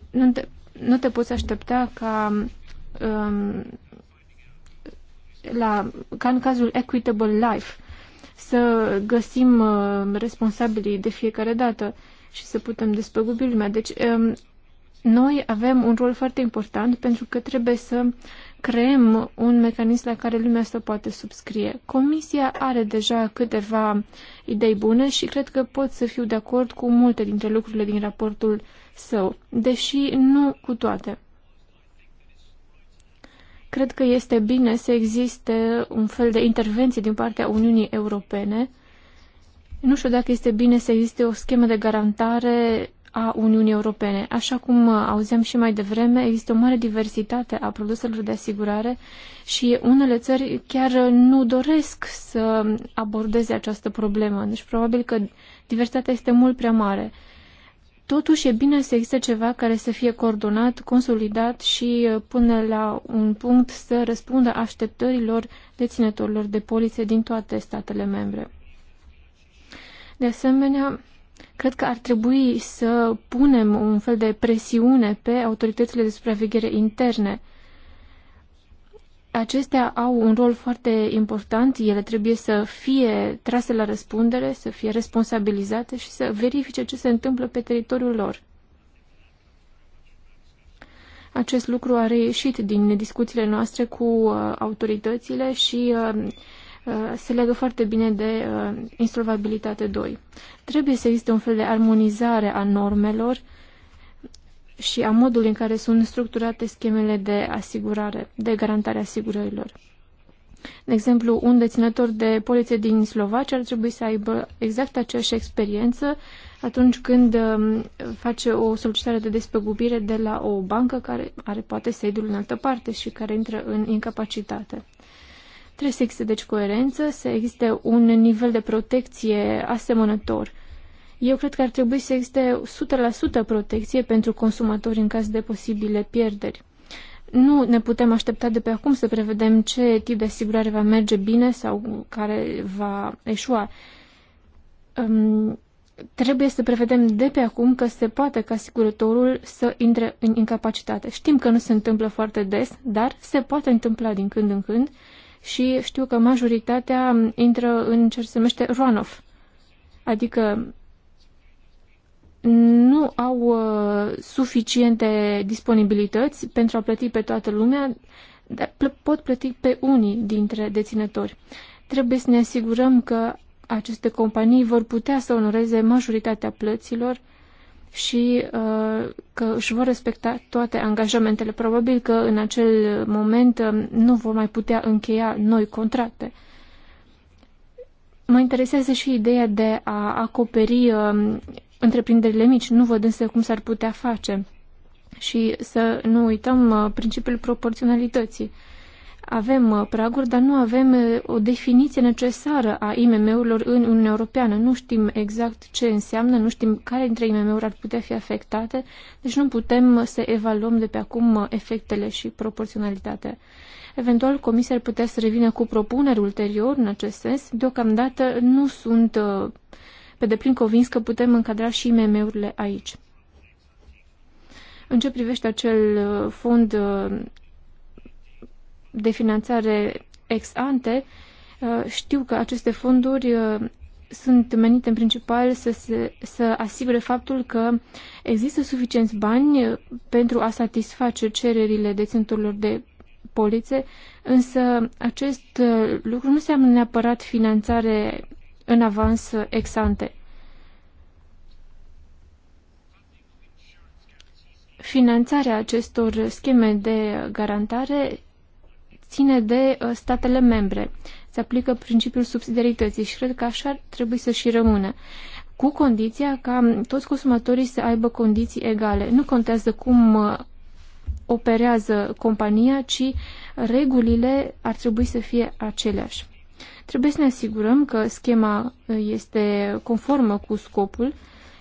Nu te, nu te poți aștepta ca. Um, la, ca în cazul Equitable Life, să găsim uh, responsabilii de fiecare dată și să putem despăgubi lumea. Deci, um, noi avem un rol foarte important pentru că trebuie să creăm un mecanism la care lumea să poate subscrie. Comisia are deja câteva idei bune și cred că pot să fiu de acord cu multe dintre lucrurile din raportul său, deși nu cu toate. Cred că este bine să existe un fel de intervenție din partea Uniunii Europene. Nu știu dacă este bine să existe o schemă de garantare a Uniunii Europene. Așa cum uh, auzeam și mai devreme, există o mare diversitate a produselor de asigurare și unele țări chiar uh, nu doresc să abordeze această problemă. Deci probabil că diversitatea este mult prea mare. Totuși e bine să existe ceva care să fie coordonat, consolidat și uh, până la un punct să răspundă așteptărilor deținătorilor de polițe din toate statele membre. De asemenea, Cred că ar trebui să punem un fel de presiune pe autoritățile de supraveghere interne. Acestea au un rol foarte important, ele trebuie să fie trase la răspundere, să fie responsabilizate și să verifice ce se întâmplă pe teritoriul lor. Acest lucru a reieșit din discuțiile noastre cu uh, autoritățile și uh, Uh, se leagă foarte bine de uh, insolvabilitate 2. Trebuie să existe un fel de armonizare a normelor și a modului în care sunt structurate schemele de asigurare, de garantare asigurărilor. De exemplu, un deținător de poliție din Slovacia ar trebui să aibă exact aceeași experiență atunci când um, face o solicitare de despăgubire de la o bancă care are poate sediul în altă parte și care intră în incapacitate. Trebuie să existe deci coerență, să existe un nivel de protecție asemănător. Eu cred că ar trebui să existe 100% protecție pentru consumatori în caz de posibile pierderi. Nu ne putem aștepta de pe acum să prevedem ce tip de asigurare va merge bine sau care va eșua. Um, trebuie să prevedem de pe acum că se poate ca asigurătorul să intre în incapacitate. Știm că nu se întâmplă foarte des, dar se poate întâmpla din când în când și știu că majoritatea intră în ce se numește runoff, adică nu au uh, suficiente disponibilități pentru a plăti pe toată lumea, dar pl- pot plăti pe unii dintre deținători. Trebuie să ne asigurăm că aceste companii vor putea să onoreze majoritatea plăților și uh, că își vor respecta toate angajamentele. Probabil că în acel moment uh, nu vor mai putea încheia noi contracte. Mă interesează și ideea de a acoperi uh, întreprinderile mici. Nu văd însă cum s-ar putea face. Și să nu uităm uh, principiul proporționalității. Uh, avem uh, praguri, dar nu avem uh, o definiție necesară a IMM-urilor în Uniunea Europeană. Nu știm exact ce înseamnă, nu știm care dintre IMM-uri ar putea fi afectate, deci nu putem uh, să evaluăm de pe acum efectele și proporționalitatea. Eventual, Comisia ar putea să revină cu propuneri ulterior în acest sens. Deocamdată nu sunt pe deplin convins că putem încadra și IMM-urile aici. În ce privește acel fond de finanțare ex ante, uh, știu că aceste fonduri uh, sunt menite în principal să, se, să asigure faptul că există suficienți bani uh, pentru a satisface cererile dețintorilor de polițe, însă acest lucru nu înseamnă neapărat finanțare în avans ex ante. Finanțarea acestor scheme de garantare ține de uh, statele membre. Se aplică principiul subsidiarității și cred că așa ar trebui să și rămână cu condiția ca toți consumatorii să aibă condiții egale. Nu contează cum uh, operează compania, ci regulile ar trebui să fie aceleași. Trebuie să ne asigurăm că schema uh, este conformă cu scopul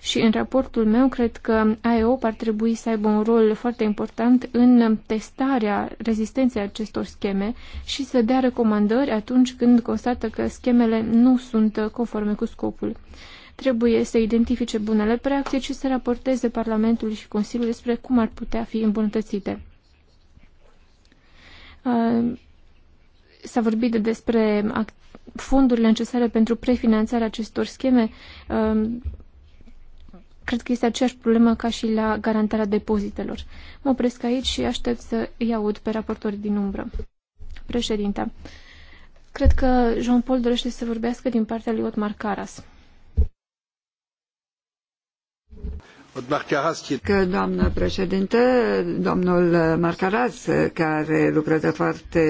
și în raportul meu cred că AEOP ar trebui să aibă un rol foarte important în testarea rezistenței acestor scheme și să dea recomandări atunci când constată că schemele nu sunt conforme cu scopul. Trebuie să identifice bunele practici și să raporteze Parlamentului și Consiliul despre cum ar putea fi îmbunătățite. S-a vorbit despre fondurile necesare pentru prefinanțarea acestor scheme. Cred că este aceeași problemă ca și la garantarea depozitelor. Mă opresc aici și aștept să îi aud pe raportori din umbră. Președinte, cred că Jean-Paul dorește să vorbească din partea lui Otmar Caras. Că, doamnă președinte, domnul Marcaraz, care lucrează foarte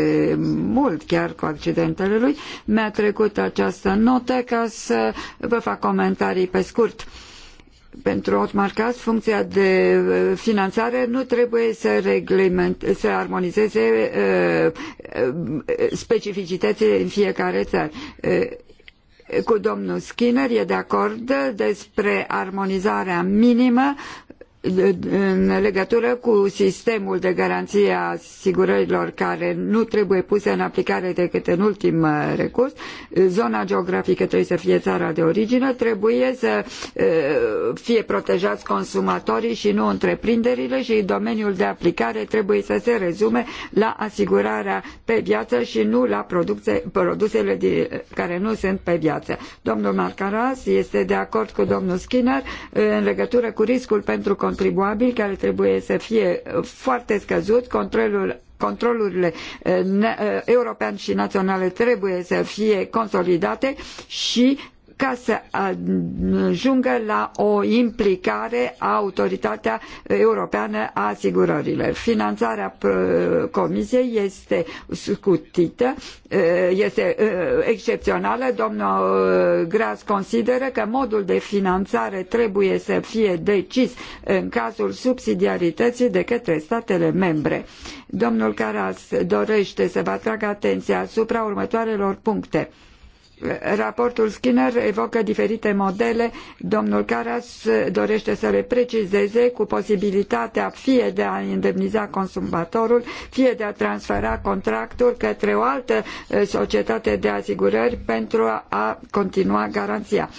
mult chiar cu accidentele lui, mi-a trecut această notă ca să vă fac comentarii pe scurt. Uh, pentru Otmar Cas, funcția de uh, finanțare nu trebuie să, reglement, să armonizeze uh, uh, specificitățile în fiecare țară cu domnul Skinner e de acord despre armonizarea minimă în legătură cu sistemul de garanție a asigurărilor care nu trebuie puse în aplicare decât în ultim uh, recurs, zona geografică trebuie să fie țara de origine, trebuie să uh, fie protejați consumatorii și nu întreprinderile și domeniul de aplicare trebuie să se rezume la asigurarea pe viață și nu la produse, produsele care nu sunt pe viață. Domnul Marcaras este de acord cu domnul Skinner în legătură cu riscul pentru consumatori contribuabili care trebuie să fie foarte scăzut, controlul controlurile eh, eh, european și naționale trebuie să fie consolidate și ca să ajungă la o implicare a Autoritatea Europeană a Asigurărilor. Finanțarea Comisiei este scutită, este excepțională. Domnul Gras consideră că modul de finanțare trebuie să fie decis în cazul subsidiarității de către statele membre. Domnul Caras dorește să vă atragă atenția asupra următoarelor puncte. Raportul Skinner evocă diferite modele. Domnul Caras dorește să le precizeze cu posibilitatea fie de a indemniza consumatorul, fie de a transfera contractul către o altă eh, societate de asigurări pentru a continua garanția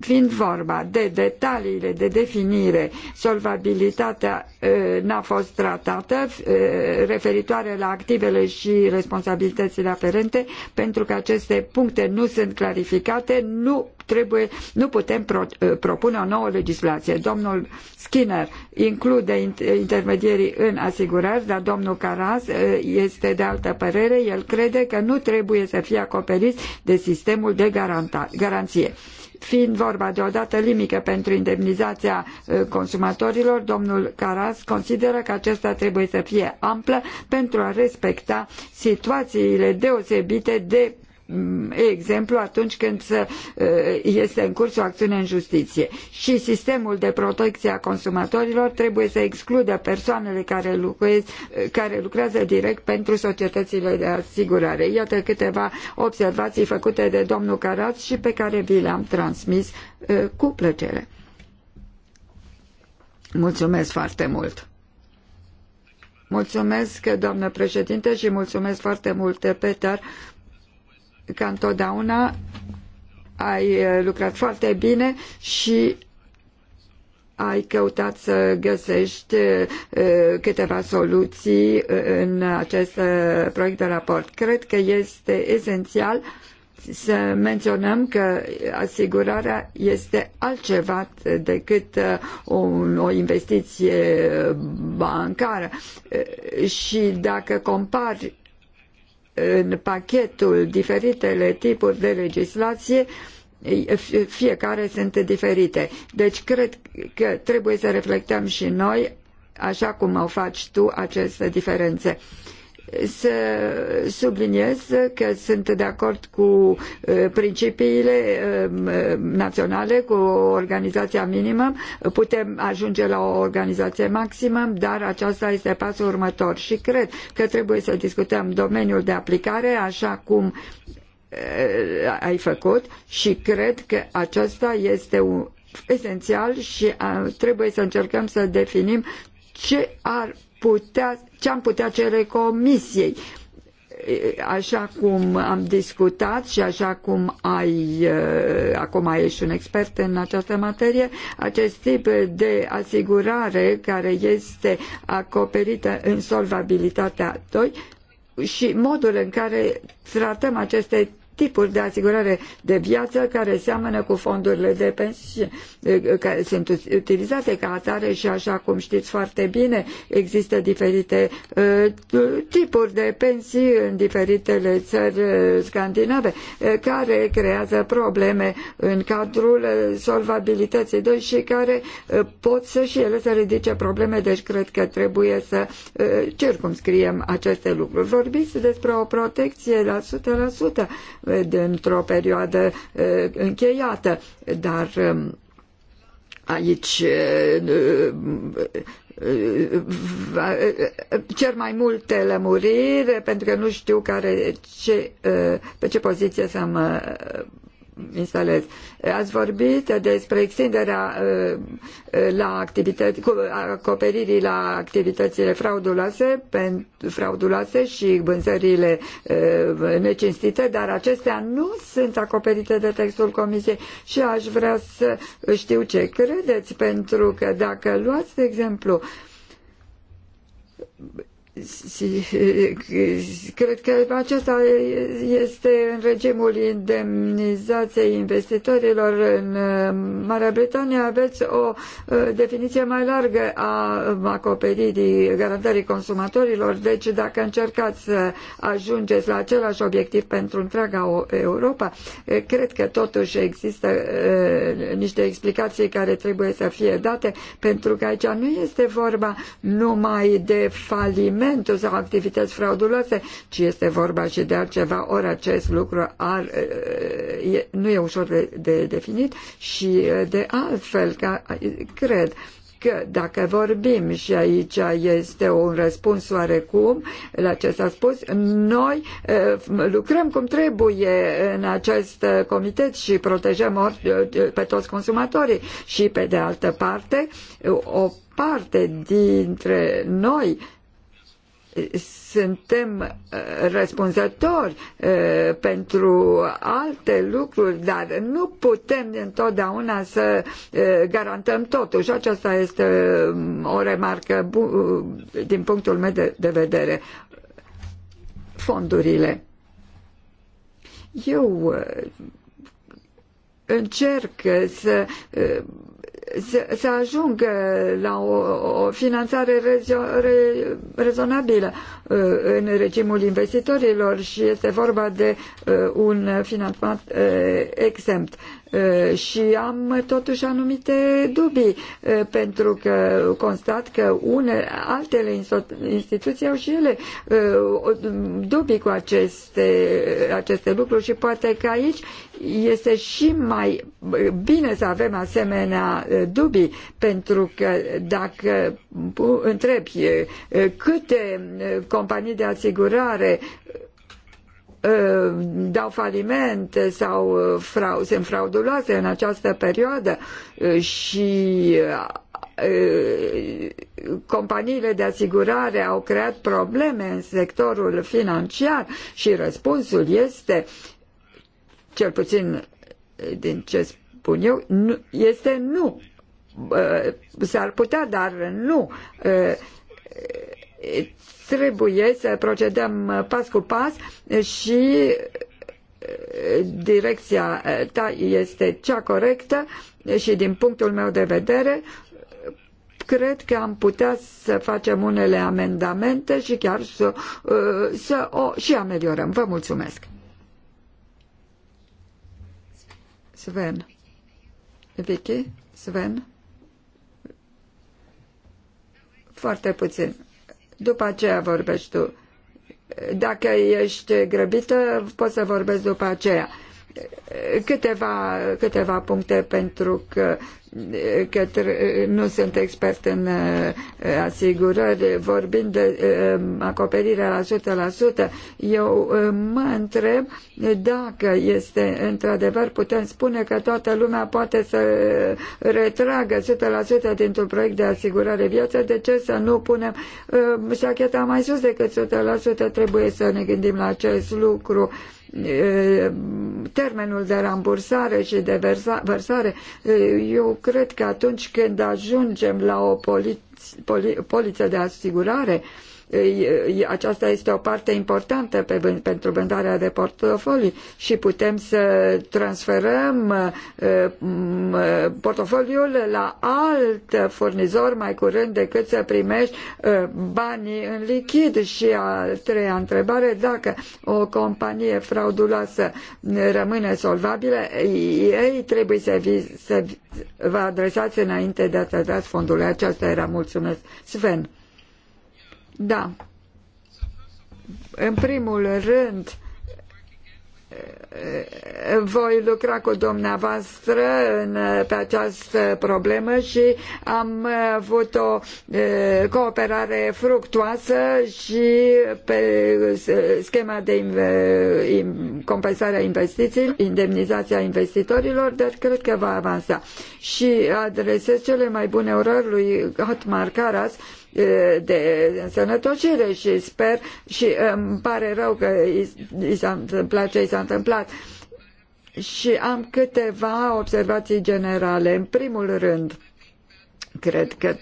fiind vorba de detaliile de definire, solvabilitatea n-a fost tratată referitoare la activele și responsabilitățile aferente, pentru că aceste puncte nu sunt clarificate, nu trebuie, nu putem pro, eh, propune o nouă legislație. Domnul Skinner include intermedierii în asigurări, dar domnul Caras eh, este de altă părere. El crede că nu trebuie să fie acoperit de sistemul de garanta, garanție fiind vorba de o dată limită pentru indemnizația eh, consumatorilor, domnul Caras consideră că aceasta trebuie să fie amplă pentru a respecta situațiile deosebite de Mm, exemplu atunci când eh, este în curs o acțiune în justiție. Și sistemul de protecție a consumatorilor trebuie să excludă persoanele care, lucrez, eh, care lucrează direct pentru societățile de asigurare. Iată câteva observații făcute de domnul Carat și pe care vi le-am transmis eh, cu plăcere. Mulțumesc foarte mult! Mulțumesc, doamnă președinte, și mulțumesc foarte mult, petar ca întotdeauna ai eh, lucrat foarte bine și ai căutat să găsești eh, câteva soluții eh, în acest proiect de raport. Cred că este esențial să menționăm că asigurarea este altceva decât o, o investiție bancară și dacă compari în pachetul diferitele tipuri de legislație fiecare sunt diferite. Deci cred că trebuie să reflectăm și noi, așa cum o faci tu, aceste diferențe. Uh, să subliniez că sunt de acord cu uh, principiile um, uh, naționale, cu organizația minimă. Putem ajunge la o organizație maximă, dar aceasta este pasul următor și cred că trebuie să discutăm domeniul de aplicare așa cum uh, ai făcut și cred că acesta este un esențial și trebuie să încercăm să definim ce ar putea ce am putea cere comisiei așa cum am discutat și așa cum ai, eh, acum ești un expert în această materie, acest tip de asigurare care este acoperită în solvabilitatea 2 și modul în care tratăm aceste tipuri de asigurare de viață care seamănă cu fondurile de pensii eh, care sunt utilizate ca atare și așa cum știți foarte bine există diferite eh, tipuri de pensii în diferitele țări eh, scandinave care creează probleme în cadrul solvabilității 2 și care pot să și ele să ridice probleme, deci cred că trebuie să circumscriem aceste lucruri. Vorbiți despre o protecție la 100% dintr-o perioadă eh, încheiată, dar eh, aici eh, cer mai multe lămuriri pentru că nu știu care, ce, pe ce poziție să mă instalez. Ați vorbit despre extinderea uh, uh, la activități, acoperirii la activitățile frauduloase, frauduloase și vânzările uh, necinstite, dar acestea nu sunt acoperite de textul Comisiei și aș vrea să știu ce credeți, pentru că dacă luați, de exemplu, și cred că aceasta este în regimul indemnizației investitorilor în uh, Marea Britanie aveți o uh, definiție mai largă a acoperirii garantării consumatorilor deci dacă încercați să ajungeți la același obiectiv pentru întreaga Europa uh, cred că totuși există niște explicații care trebuie să fie date pentru că aici nu este vorba numai de faliment evenimente sau activități frauduloase, ci este vorba și de altceva, ori acest lucru ar, e, nu e ușor de, de definit și de altfel, ca, cred, că dacă vorbim și aici este un răspuns oarecum la ce s-a spus, noi lucrăm cum trebuie în acest comitet și protejăm pe toți consumatorii și pe de altă parte o parte dintre noi suntem uh, răspunzători uh, pentru alte lucruri, dar nu putem întotdeauna să uh, garantăm totul. Și aceasta este um, o remarcă din punctul meu de vedere. Fondurile. Eu încerc să se ajungă uh, la o, finanțare rezonabilă uh, în regimul investitorilor și este vorba de uh, un finanțat exempt. Eh, și am totuși anumite dubii eh, pentru că constat că une, altele instituții au și ele eh, dubii cu aceste, aceste lucruri și poate că aici este și mai bine să avem asemenea dubii pentru că dacă întrebi câte companii de asigurare Uh, dau faliment sau uh, frau, sunt frauduloase în această perioadă uh, și companiile de asigurare au creat probleme în sectorul financiar și răspunsul este, cel puțin din ce spun eu, este nu. S-ar putea, dar nu Trebuie să procedăm uh, pas cu pas și uh, direcția uh, ta este cea corectă și din punctul meu de vedere cred că am putea să facem unele amendamente și chiar să, să o și ameliorăm. Vă mulțumesc! Sven. Vicky? Sven? Foarte puțin după aceea vorbești tu. Dacă ești grăbită, poți să vorbești după aceea câteva, câteva puncte pentru că, că nu sunt expert în uh, asigurări. Vorbind de uh, acoperirea la 100%, eu uh, mă întreb dacă este într-adevăr putem spune că toată lumea poate să retragă 100% dintr-un proiect de asigurare viață, de ce să nu punem șacheta mai sus decât 100%? Trebuie să ne gândim la acest lucru termenul de rambursare și de versa, versare, eu cred că atunci când ajungem la o poli, poli, poliță de asigurare, uh, aceasta este o parte importantă pe, pentru vândarea de portofolii și putem să transferăm uh, portofoliul la alt furnizor mai curând decât să primești uh, banii în lichid. Și a treia întrebare, dacă o companie frauduloasă rămâne solvabilă, ei trebuie să, vi, să vă adresați înainte de a dat fondurile Aceasta era mulțumesc. Sven. Da. În primul rând, voi lucra cu dumneavoastră în, pe această problemă și am avut o e, cooperare fructuoasă și pe schema de in, compensare a investițiilor, indemnizația investitorilor, dar cred că va avansa. Și adresez cele mai bune urări lui Hotmar Caras, de însănătocire și sper și îmi pare rău că i s-a întâmplat ce i s-a întâmplat. Și am câteva observații generale. În primul rând, cred că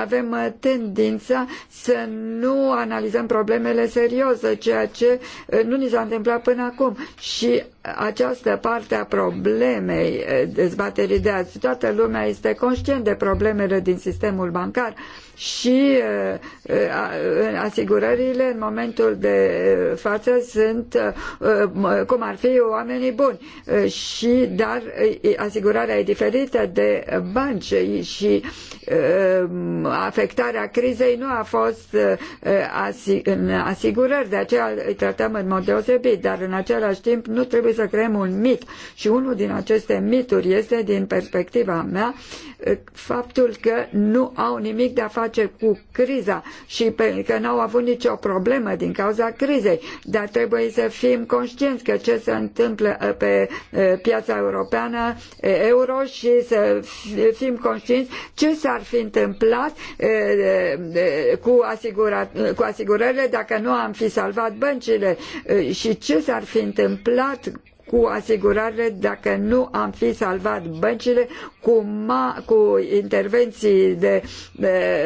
avem uh, tendința să nu analizăm problemele serioase, ceea ce uh, nu ni s-a întâmplat până acum. Și această parte a problemei uh, dezbaterii de azi, toată lumea este conștient de problemele din sistemul bancar și asigurările în momentul de față sunt cum ar fi oamenii buni și dar asigurarea e diferită de bănci și afectarea crizei nu a fost uh, uh, în asigurări, de aceea îi tratăm în mod deosebit, dar în același timp nu trebuie să creăm un mit și unul din aceste mituri este, din perspectiva mea, uh, faptul că nu au nimic de a face cu criza și că nu au avut nicio problemă din cauza crizei, dar trebuie să fim conștienți că ce se întâmplă pe piața europeană euro și să fim conștienți ce s-ar fi întâmplat cu, asigura, cu asigurările dacă nu am fi salvat băncile și ce s-ar fi întâmplat cu asigurare dacă nu am fi salvat băncile cu, ma, cu intervenții de, de,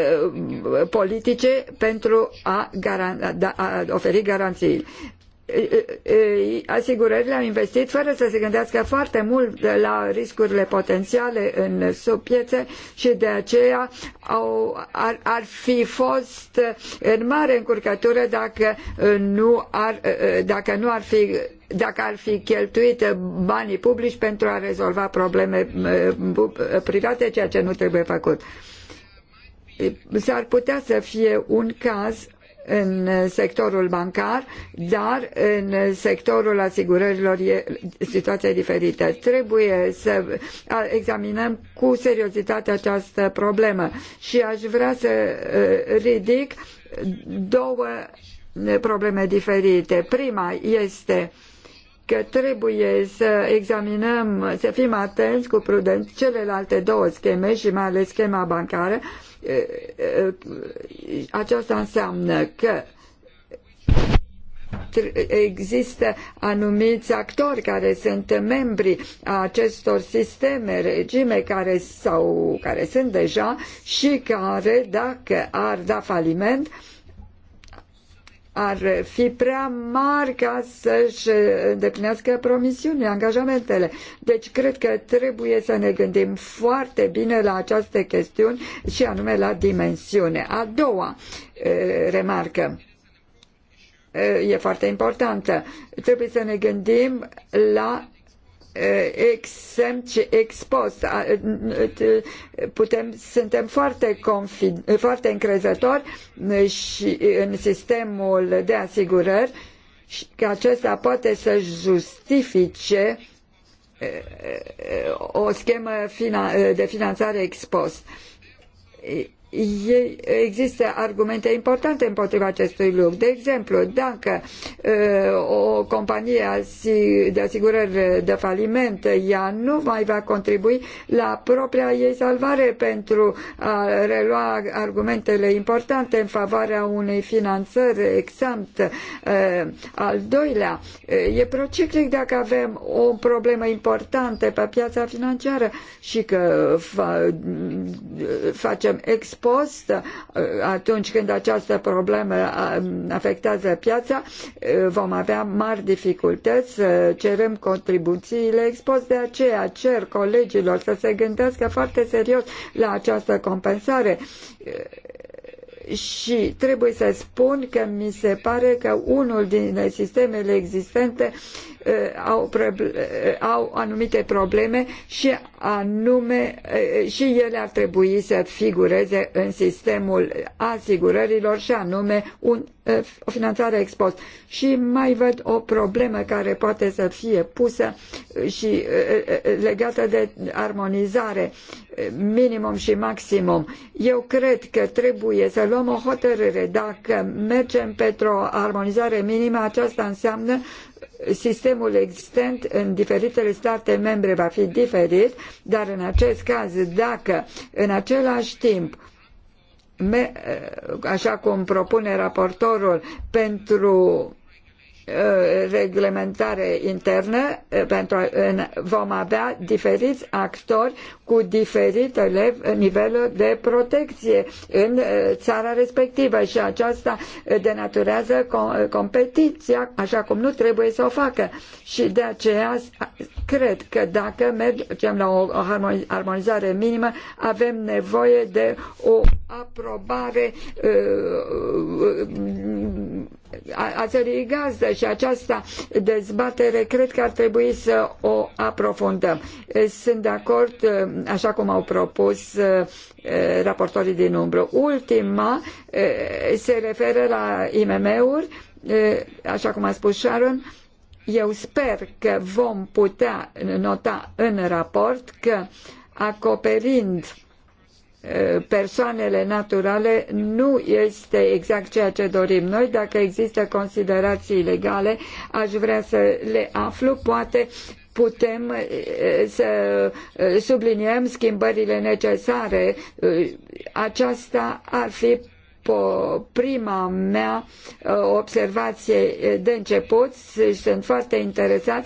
politice pentru a, garan, da, a oferi garanții asigurările au investit fără să se gândească foarte mult la riscurile potențiale în subpiețe și de aceea au, ar, ar fi fost în mare încurcătură dacă nu ar, dacă nu ar fi dacă ar fi cheltuit banii publici pentru a rezolva probleme private, ceea ce nu trebuie făcut s-ar putea să fie un caz în sectorul bancar, dar în sectorul asigurărilor e, situația e diferită. Trebuie să examinăm cu seriozitate această problemă și aș vrea să ridic două probleme diferite. Prima este că trebuie să examinăm, să fim atenți cu prudență celelalte două scheme și mai ales schema bancară, aceasta înseamnă că există anumiți actori care sunt membri a acestor sisteme, regime care, sau, care sunt deja și care, dacă ar da faliment, ar fi prea mari ca să-și îndeplinească promisiunile, angajamentele. Deci cred că trebuie să ne gândim foarte bine la aceste chestiuni și anume la dimensiune. A doua remarcă e foarte importantă. Trebuie să ne gândim la Eh, expost. Eh, eh, putem, suntem foarte, confid, foarte încrezători și în sistemul de asigurări și că acesta poate să justifice o schemă de finanțare ex post există argumente importante împotriva acestui lucru. De exemplu, dacă o companie de asigurări de faliment, ea nu mai va contribui la propria ei salvare pentru a relua argumentele importante în favoarea unei finanțări exempt. Al doilea, e prociclic dacă avem o problemă importantă pe piața financiară și că facem export post, uh, atunci când această problemă uh, afectează piața, uh, vom avea mari dificultăți, cerem contribuțiile expost, de aceea cer colegilor să se gândească foarte serios la această compensare și trebuie să spun că mi se pare că unul din sistemele existente uh, Eh, au, eh, au anumite probleme și anume eh, și ele ar trebui să figureze în sistemul asigurărilor și anume un, o finanțare ex post. Și mai văd o problemă care poate să fie pusă și legată de armonizare minimum și maximum. Eu cred că trebuie să luăm o hotărâre. Dacă mergem pentru o armonizare minimă, aceasta înseamnă sistemul existent în diferitele state membre va fi diferit, dar în acest caz, dacă în același timp așa cum propune raportorul pentru Uh, reglementare internă uh, pentru a, vom avea diferiți actori cu diferitele niveluri de protecție în uh, țara respectivă și aceasta denaturează competiția așa cum nu trebuie să o facă și de aceea cred că dacă mergem la o armonizare minimă avem nevoie de o aprobare a gazdă și această dezbatere cred că ar trebui să o aprofundăm. Sunt de acord, așa cum au propus eh, raportorii din umbră. Ultima eh, se referă la IMM-uri, eh, așa cum a spus Sharon, eu sper că vom putea nota în raport că acoperind persoanele naturale nu este exact ceea ce dorim noi. Dacă există considerații legale, aș vrea să le aflu. Poate putem eh, să eh, subliniem schimbările necesare. Eh, aceasta ar fi prima mea observație de început sunt foarte interesat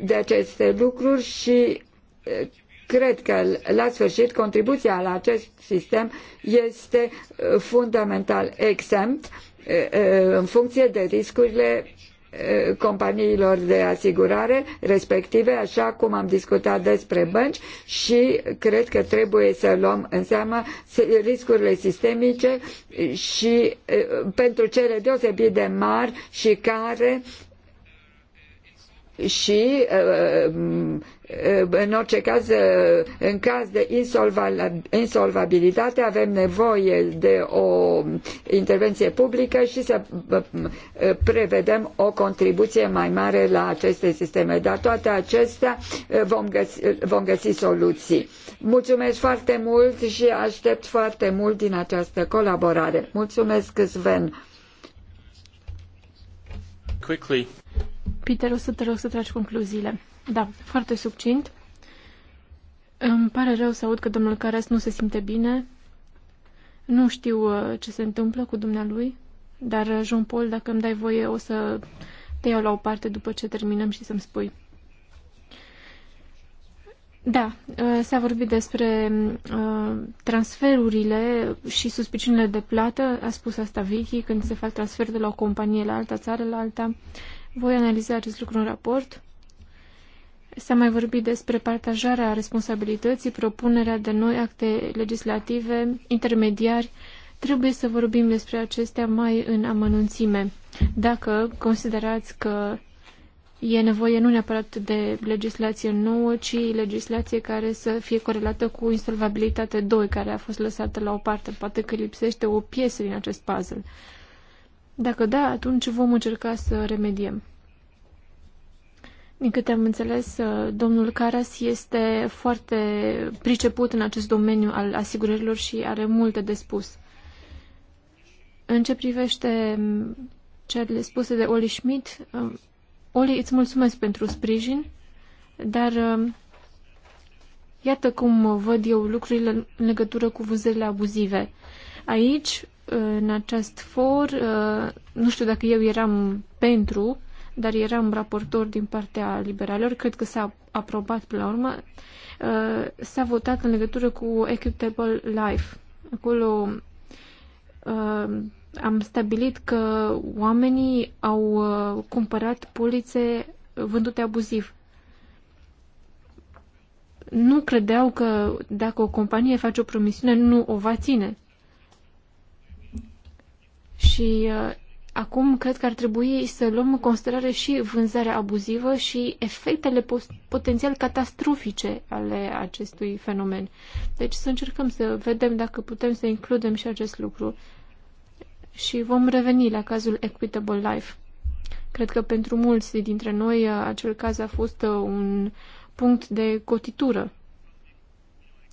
de aceste lucruri și cred că la sfârșit contribuția la acest sistem este uh, fundamental exempt uh, uh, în funcție de riscurile companiilor de asigurare respective, așa cum am discutat despre bănci și cred că trebuie să luăm în seamă riscurile sistemice și pentru cele deosebit de mari și care și în orice caz, în caz de insolvabilitate, avem nevoie de o intervenție publică și să prevedem o contribuție mai mare la aceste sisteme. Dar toate acestea vom găsi, vom găsi soluții. Mulțumesc foarte mult și aștept foarte mult din această colaborare. Mulțumesc, Sven. Quickly. Peter, o să te rog să tragi concluziile. Da, foarte succint. Îmi pare rău să aud că domnul Caras nu se simte bine. Nu știu uh, ce se întâmplă cu dumnealui, dar, uh, Jean-Paul, dacă îmi dai voie, o să te iau la o parte după ce terminăm și să-mi spui. Da, uh, s-a vorbit despre transferurile și suspiciunile de plată, a spus asta Vicky, când se fac transfer de la o companie la alta țară, la alta. Voi analiza acest lucru în raport. S-a mai vorbit despre partajarea responsabilității, propunerea de noi acte legislative, intermediari. Trebuie să vorbim despre acestea mai în amănunțime. Dacă considerați că e nevoie nu neapărat de legislație nouă, ci legislație care să fie corelată cu insolvabilitatea 2, care a fost lăsată la o parte. Poate că lipsește o piesă din acest puzzle. Dacă da, atunci vom încerca să remediem. Din câte am înțeles, uh, domnul Caras este foarte priceput în acest domeniu al asigurărilor și are multe de spus. În ce privește mm, cele spuse de Oli Schmidt, um, Oli, îți mulțumesc pentru sprijin, dar um, iată cum văd eu lucrurile în legătură cu vânzările abuzive. Aici, în acest for, uh, nu știu dacă eu eram pentru, dar eram raportor din partea liberalilor, cred că s-a aprobat până la urmă, uh, s-a votat în legătură cu Equitable Life. Acolo uh, am stabilit că oamenii au uh, cumpărat polițe vândute abuziv. Nu credeau că dacă o companie face o promisiune, nu o va ține. Și Acum cred că ar trebui să luăm în considerare și vânzarea abuzivă și efectele potențial catastrofice ale acestui fenomen. Deci să încercăm să vedem dacă putem să includem și acest lucru. Și vom reveni la cazul Equitable Life. Cred că pentru mulți dintre noi uh, acel caz a fost uh, un punct de cotitură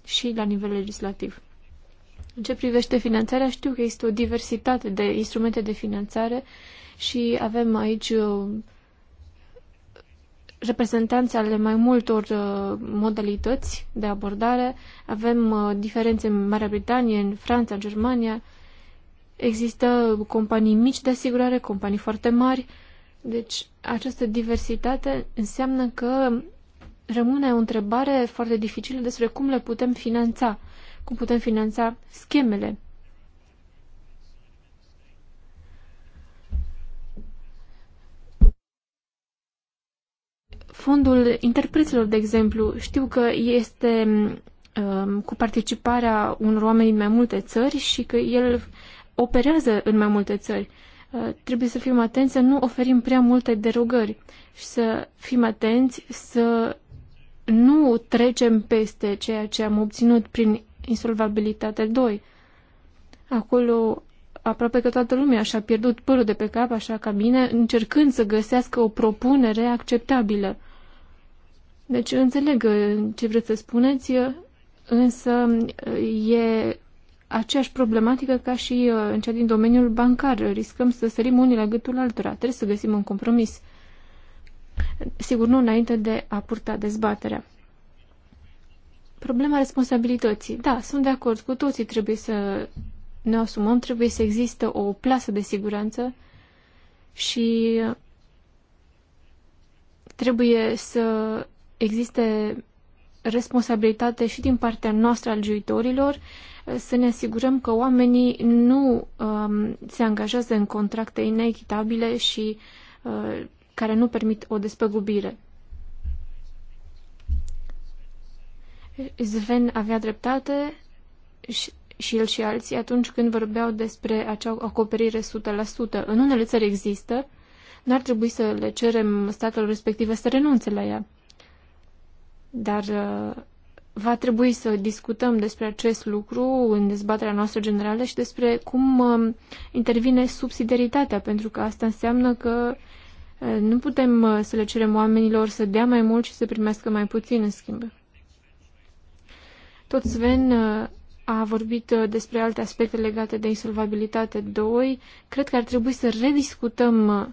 și la nivel legislativ. În ce privește finanțarea, știu că există o diversitate de instrumente de finanțare și avem aici uh, reprezentanți ale mai multor uh, modalități de abordare. Avem uh, diferențe în Marea Britanie, în Franța, în Germania. Există companii mici de asigurare, companii foarte mari. Deci această diversitate înseamnă că rămâne o întrebare foarte dificilă despre cum le putem finanța cum putem finanța schemele. Fondul interpreților, de exemplu, știu că este um, cu participarea unor oameni din mai multe țări și că el operează în mai multe țări. Uh, trebuie să fim atenți să nu oferim prea multe derogări și să fim atenți să nu trecem peste ceea ce am obținut prin Insolvabilitate 2. Acolo aproape că toată lumea și-a pierdut părul de pe cap, așa ca mine, încercând să găsească o propunere acceptabilă. Deci înțeleg uh, ce vreți să spuneți, uh, însă uh, e aceeași problematică ca și în cea din domeniul bancar. Riscăm să sărim unii la gâtul altora. Trebuie să găsim un compromis. Sigur, nu înainte de a purta dezbaterea. Problema responsabilității. Da, sunt de acord. Cu toții trebuie să ne asumăm, trebuie să există o plasă de siguranță și trebuie să existe responsabilitate și din partea noastră al juitorilor să ne asigurăm că oamenii nu um, se angajează în contracte inechitabile și uh, care nu permit o despăgubire. Sven avea dreptate și, și el și alții atunci când vorbeau despre acea acoperire 100%. În unele țări există, n-ar trebui să le cerem statelor respective să renunțe la ea. Dar uh, va trebui să discutăm despre acest lucru în dezbaterea noastră generală și despre cum um, intervine subsidiaritatea, pentru că asta înseamnă că uh, nu putem uh, să le cerem oamenilor să dea mai mult și să primească mai puțin în schimb. Tot Sven uh, a vorbit uh, despre alte aspecte legate de insolvabilitate 2. Cred că ar trebui să rediscutăm uh,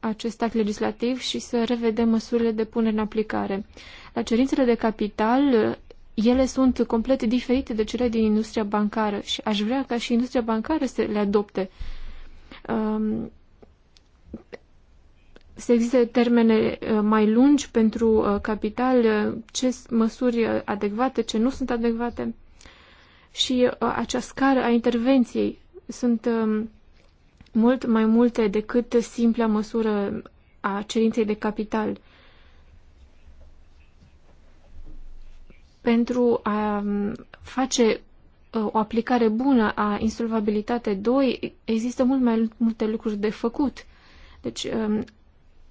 acest act legislativ și să revedem măsurile de punere în aplicare. La cerințele de capital, ele sunt complet diferite de cele din industria bancară și aș vrea ca și industria bancară să le adopte. Um, să existe termene uh, mai lungi pentru uh, capital, uh, ce măsuri adecvate, ce nu sunt adecvate și acea scară a intervenției sunt um, mult mai multe decât simpla măsură a cerinței de capital. Pentru a um, face o aplicare bună a insolvabilitate 2, există mult mai multe lucruri de făcut. Deci um,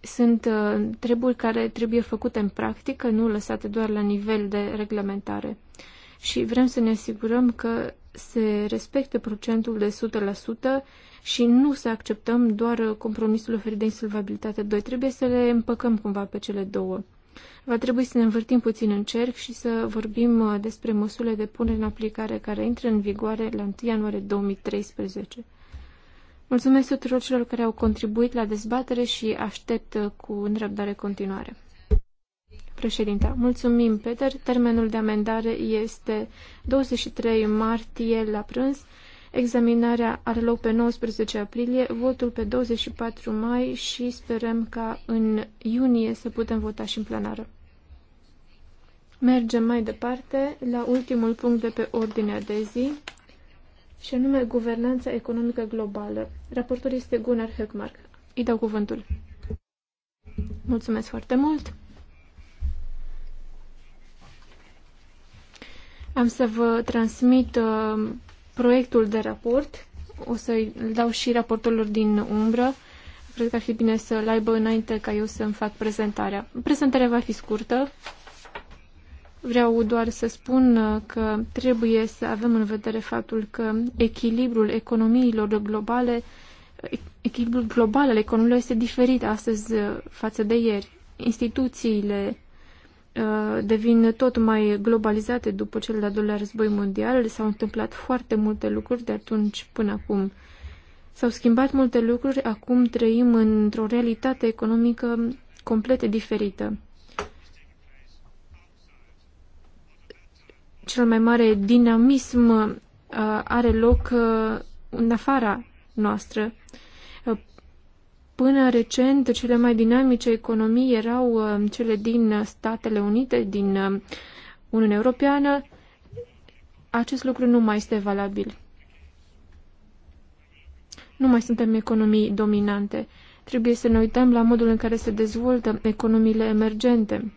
sunt uh, treburi care trebuie făcute în practică, nu lăsate doar la nivel de reglementare. Și vrem să ne asigurăm că se respecte procentul de 100% și nu să acceptăm doar compromisul oferit de insolvabilitate 2. Trebuie să le împăcăm cumva pe cele două. Va trebui să ne învârtim puțin în cerc și să vorbim uh, despre măsurile de punere în aplicare care intră în vigoare la 1 ianuarie 2013. Mulțumesc tuturor celor care au contribuit la dezbatere și aștept uh, cu nerăbdare continuare. Președinte, mulțumim, Peter. Termenul de amendare este 23 martie la prânz. Examinarea are loc pe 19 aprilie, votul pe 24 mai și sperăm ca în iunie să putem vota și în plenară. Mergem mai departe la ultimul punct de pe ordinea de zi, și anume guvernanța economică globală. Raportul este Gunnar Höckmark. Îi dau cuvântul. Mulțumesc foarte mult! Am să vă transmit uh, proiectul de raport. O să-i dau și raportelor din umbră. Cred că ar fi bine să-l aibă înainte ca eu să-mi fac prezentarea. Prezentarea va fi scurtă, Vreau doar să spun uh, că trebuie să avem în vedere faptul că echilibrul economiilor globale, echilibrul global al economiilor este diferit astăzi uh, față de ieri. Instituțiile uh, devin tot mai globalizate după cel de-al doilea război mondial. S-au întâmplat foarte multe lucruri de atunci până acum. S-au schimbat multe lucruri, acum trăim într-o realitate economică complet diferită. cel mai mare dinamism uh, are loc uh, în afara noastră. Uh, până recent, cele mai dinamice economii erau uh, cele din Statele Unite, din uh, Uniunea Europeană. Acest lucru nu mai este valabil. Nu mai suntem economii dominante. Trebuie să ne uităm la modul în care se dezvoltă economiile emergente.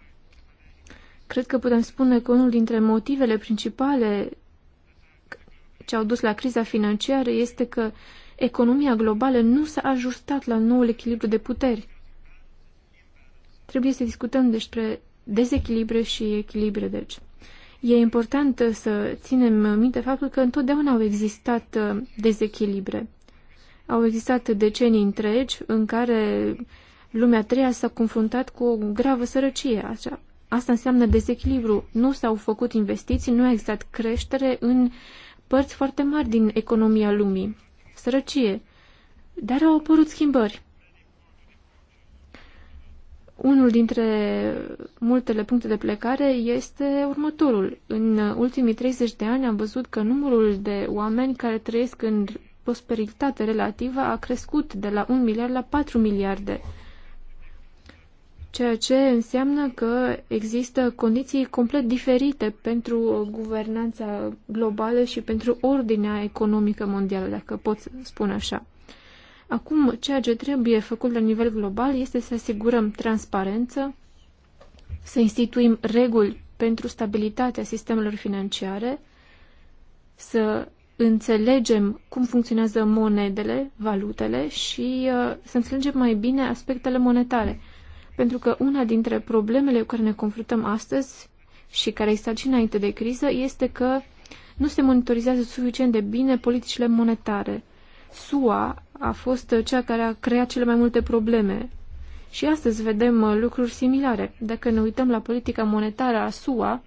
Cred că putem spune că unul dintre motivele principale ce au dus la criza financiară este că economia globală nu s-a ajustat la noul echilibru de puteri. Trebuie să discutăm despre dezechilibre și echilibre, deci. E important să ținem minte faptul că întotdeauna au existat uh, dezechilibre. Au existat decenii întregi în care lumea treia s-a confruntat cu o gravă sărăcie. Așa. Asta înseamnă dezechilibru. Nu s-au făcut investiții, nu a existat creștere în părți foarte mari din economia lumii. Sărăcie. Dar au apărut schimbări. Unul dintre multele puncte de plecare este următorul. În ultimii 30 de ani am văzut că numărul de oameni care trăiesc în prosperitate relativă a crescut de la 1 miliard la 4 miliarde ceea ce înseamnă că există condiții complet diferite pentru guvernanța globală și pentru ordinea economică mondială, dacă pot spune așa. Acum, ceea ce trebuie făcut la nivel global este să asigurăm transparență, să instituim reguli pentru stabilitatea sistemelor financiare, să înțelegem cum funcționează monedele, valutele și uh, să înțelegem mai bine aspectele monetare pentru că una dintre problemele cu care ne confruntăm astăzi și care existat și înainte de criză este că nu se monitorizează suficient de bine politicile monetare. SUA a fost cea care a creat cele mai multe probleme. Și astăzi vedem uh, lucruri similare. Dacă ne uităm la politica monetară a SUA,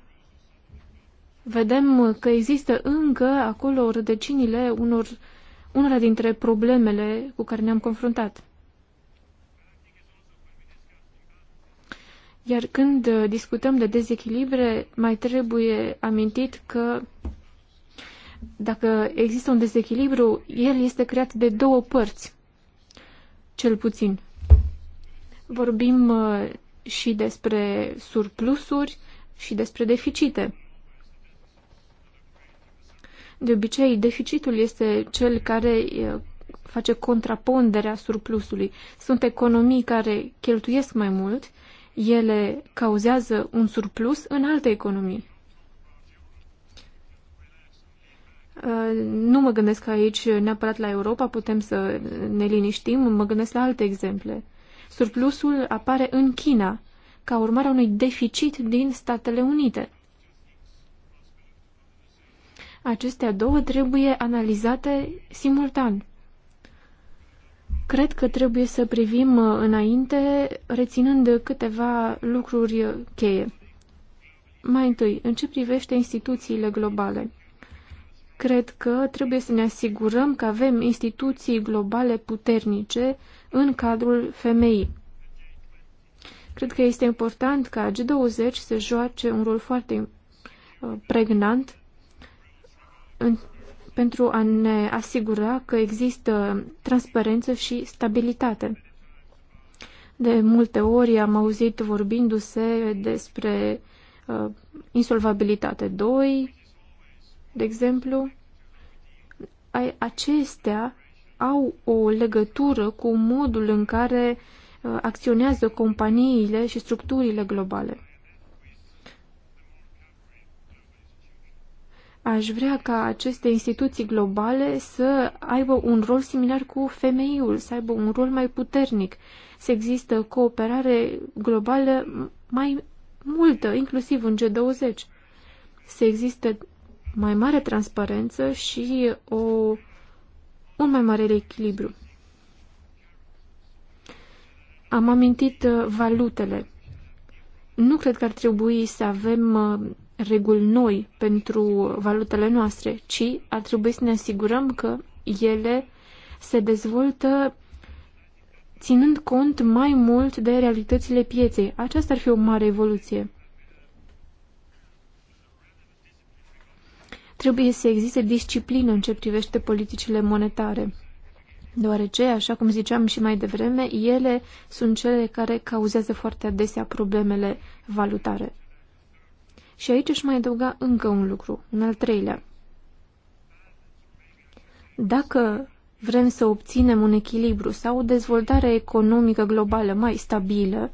vedem uh, că există încă acolo rădăcinile unor, unora dintre problemele cu care ne-am confruntat. Iar când uh, discutăm de dezechilibre, mai trebuie amintit că dacă există un dezechilibru, el este creat de două părți, cel puțin. Vorbim uh, și despre surplusuri și despre deficite. De obicei, deficitul este cel care uh, face contraponderea surplusului. Sunt economii care cheltuiesc mai mult, ele cauzează un surplus în alte economii. Uh, nu mă gândesc aici neapărat la Europa, putem să ne liniștim, mă gândesc la alte exemple. Surplusul apare în China, ca urmare a unui deficit din Statele Unite. Acestea două trebuie analizate simultan. Cred că trebuie să privim uh, înainte, reținând câteva lucruri uh, cheie. Mai întâi, în ce privește instituțiile globale? Cred că trebuie să ne asigurăm că avem instituții globale puternice în cadrul femeii. Cred că este important ca G20 să joace un rol foarte uh, pregnant în pentru a ne asigura că există transparență și stabilitate. De multe ori am auzit vorbindu-se despre uh, insolvabilitate 2, de exemplu. Acestea au o legătură cu modul în care uh, acționează companiile și structurile globale. Aș vrea ca aceste instituții globale să aibă un rol similar cu femeiul, să aibă un rol mai puternic, să există cooperare globală mai multă, inclusiv în G20, să există mai mare transparență și o, un mai mare echilibru. Am amintit uh, valutele. Nu cred că ar trebui să avem uh, reguli noi pentru valutele noastre, ci ar trebui să ne asigurăm că ele se dezvoltă ținând cont mai mult de realitățile pieței. Aceasta ar fi o mare evoluție. Trebuie să existe disciplină în ce privește politicile monetare, deoarece, așa cum ziceam și mai devreme, ele sunt cele care cauzează foarte adesea problemele valutare. Și aici își mai adăuga încă un lucru, un al treilea. Dacă vrem să obținem un echilibru sau o dezvoltare economică globală mai stabilă,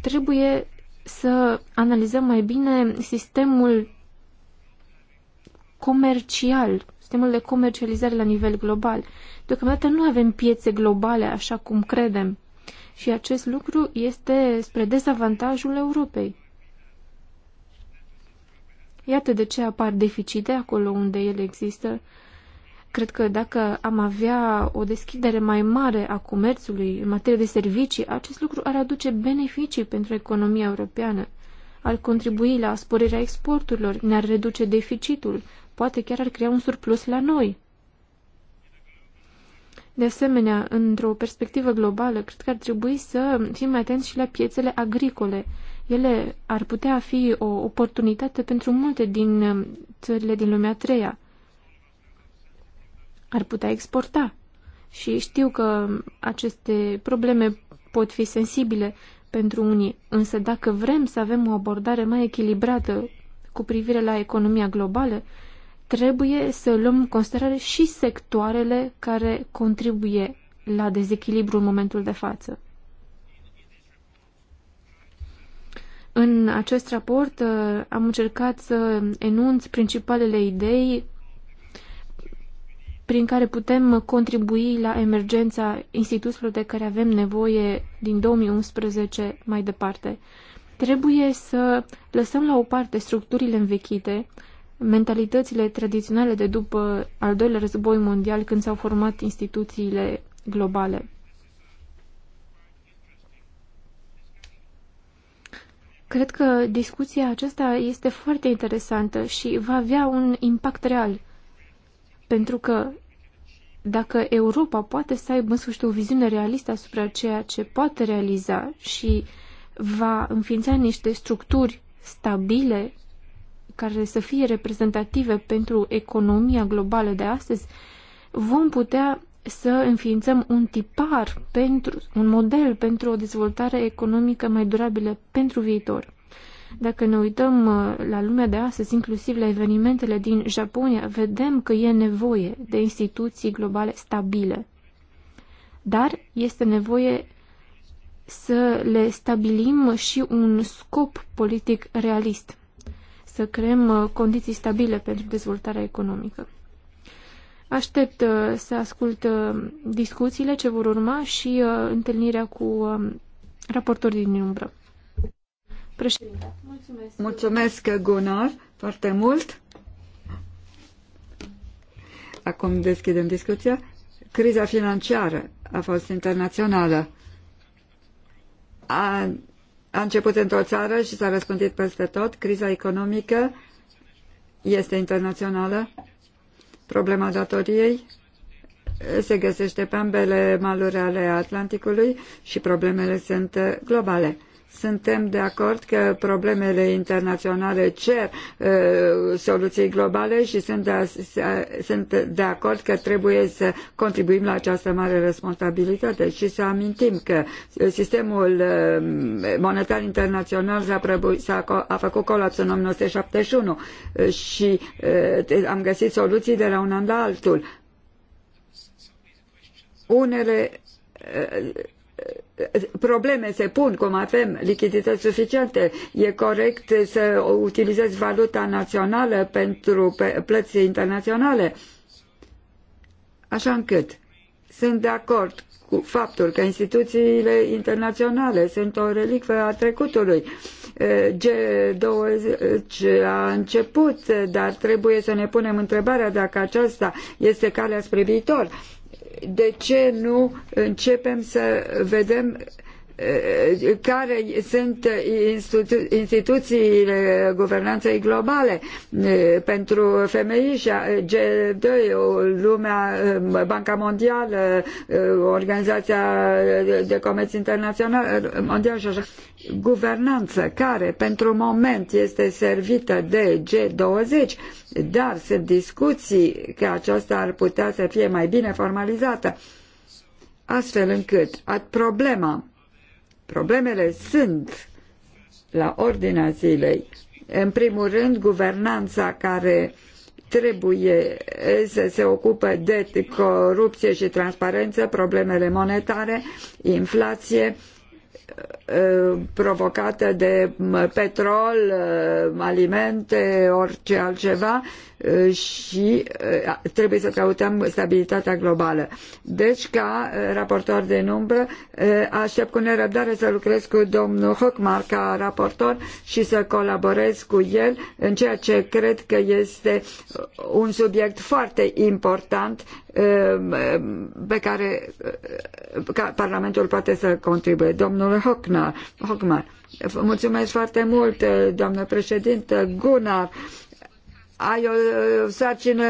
trebuie să analizăm mai bine sistemul comercial, sistemul de comercializare la nivel global. Deocamdată nu avem piețe globale așa cum credem și acest lucru este spre dezavantajul Europei. Iată de ce apar deficite acolo unde ele există. Cred că dacă am avea o deschidere mai mare a comerțului în materie de servicii, acest lucru ar aduce beneficii pentru economia europeană. Ar contribui la sporirea exporturilor, ne-ar reduce deficitul, poate chiar ar crea un surplus la noi. De asemenea, într-o perspectivă globală, cred că ar trebui să fim atenți și la piețele agricole. Ele ar putea fi o oportunitate pentru multe din um, țările din lumea treia. Ar putea exporta. Și știu că aceste probleme pot fi sensibile pentru unii, însă dacă vrem să avem o abordare mai echilibrată cu privire la economia globală, trebuie să luăm în considerare și sectoarele care contribuie la dezechilibru în momentul de față. În acest raport uh, am încercat să enunț principalele idei prin care putem contribui la emergența instituțiilor de care avem nevoie din 2011 mai departe. Trebuie să lăsăm la o parte structurile învechite mentalitățile tradiționale de după al doilea război mondial, când s-au format instituțiile globale. Cred că discuția aceasta este foarte interesantă și va avea un impact real. Pentru că dacă Europa poate să aibă în sfârșit o viziune realistă asupra ceea ce poate realiza și va înființa niște structuri stabile care să fie reprezentative pentru economia globală de astăzi, vom putea să înființăm un tipar, pentru, un model pentru o dezvoltare economică mai durabilă pentru viitor. Dacă ne uităm uh, la lumea de astăzi, inclusiv la evenimentele din Japonia, vedem că e nevoie de instituții globale stabile. Dar este nevoie să le stabilim și un scop politic realist să creăm uh, condiții stabile pentru dezvoltarea economică. Aștept uh, să ascult uh, discuțiile ce vor urma și întâlnirea cu raportorii din umbră. Președinte, mulțumesc. Mulțumesc, Gunnar, foarte mult. Acum deschidem discuția. Criza financiară a fost internațională. A a început într-o țară și s-a răspândit peste tot. Criza economică este internațională. Problema datoriei se găsește pe ambele maluri ale Atlanticului și problemele sunt globale. Suntem de acord că problemele internaționale cer uh, soluții globale și sunt de, sunt de acord că trebuie să contribuim la această mare responsabilitate și să amintim că sistemul uh, monetar internațional s-a, prăbu- s-a, a făcut colaps în 1971 uh, și uh, am găsit soluții de la un an la altul. Unele uh, probleme se pun, cum avem lichidități suficiente, e corect să utilizezi valuta națională pentru plăți internaționale. Așa încât sunt de acord cu faptul că instituțiile internaționale sunt o relicvă a trecutului. G20 a început, dar trebuie să ne punem întrebarea dacă aceasta este calea spre viitor de ce nu începem să vedem care sunt institu- instituțiile guvernanței globale pentru femei și G2, lumea, Banca Mondială, Organizația de Comerț Internațional Mondial și așa. Guvernanță care pentru moment este servită de G20, dar sunt discuții că aceasta ar putea să fie mai bine formalizată astfel încât problema Problemele sunt la ordinea zilei. În primul rând, guvernanța care trebuie să se ocupe de corupție și transparență, problemele monetare, inflație, Uh, provocate de petrol, uh, alimente, orice altceva uh, și trebuie să căutăm stabilitatea globală. Deci, ca raportor de numbră, aștept cu nerăbdare să lucrez cu domnul Huckmar ca raportor și să colaborez cu el în ceea ce cred că este un subiect foarte important pe care Parlamentul poate să contribuie. Domnul Hockner Gunnar Hogmar. Mulțumesc foarte mult, doamnă președintă Gunnar ai o sarcină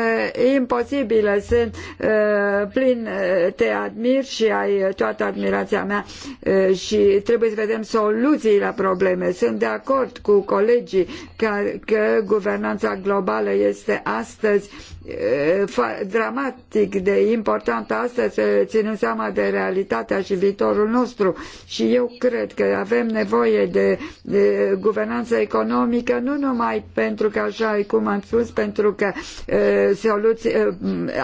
imposibilă, sunt uh, plin, uh, te admir și ai toată admirația mea uh, și trebuie să vedem soluții la probleme. Sunt de acord cu colegii că, că guvernanța globală este astăzi dramatic de importantă astăzi, ținând seama de realitatea și viitorul nostru. Și eu cred că avem nevoie de, de guvernanță economică, nu numai pentru că, așa cum am spus, spus, pentru că soluții,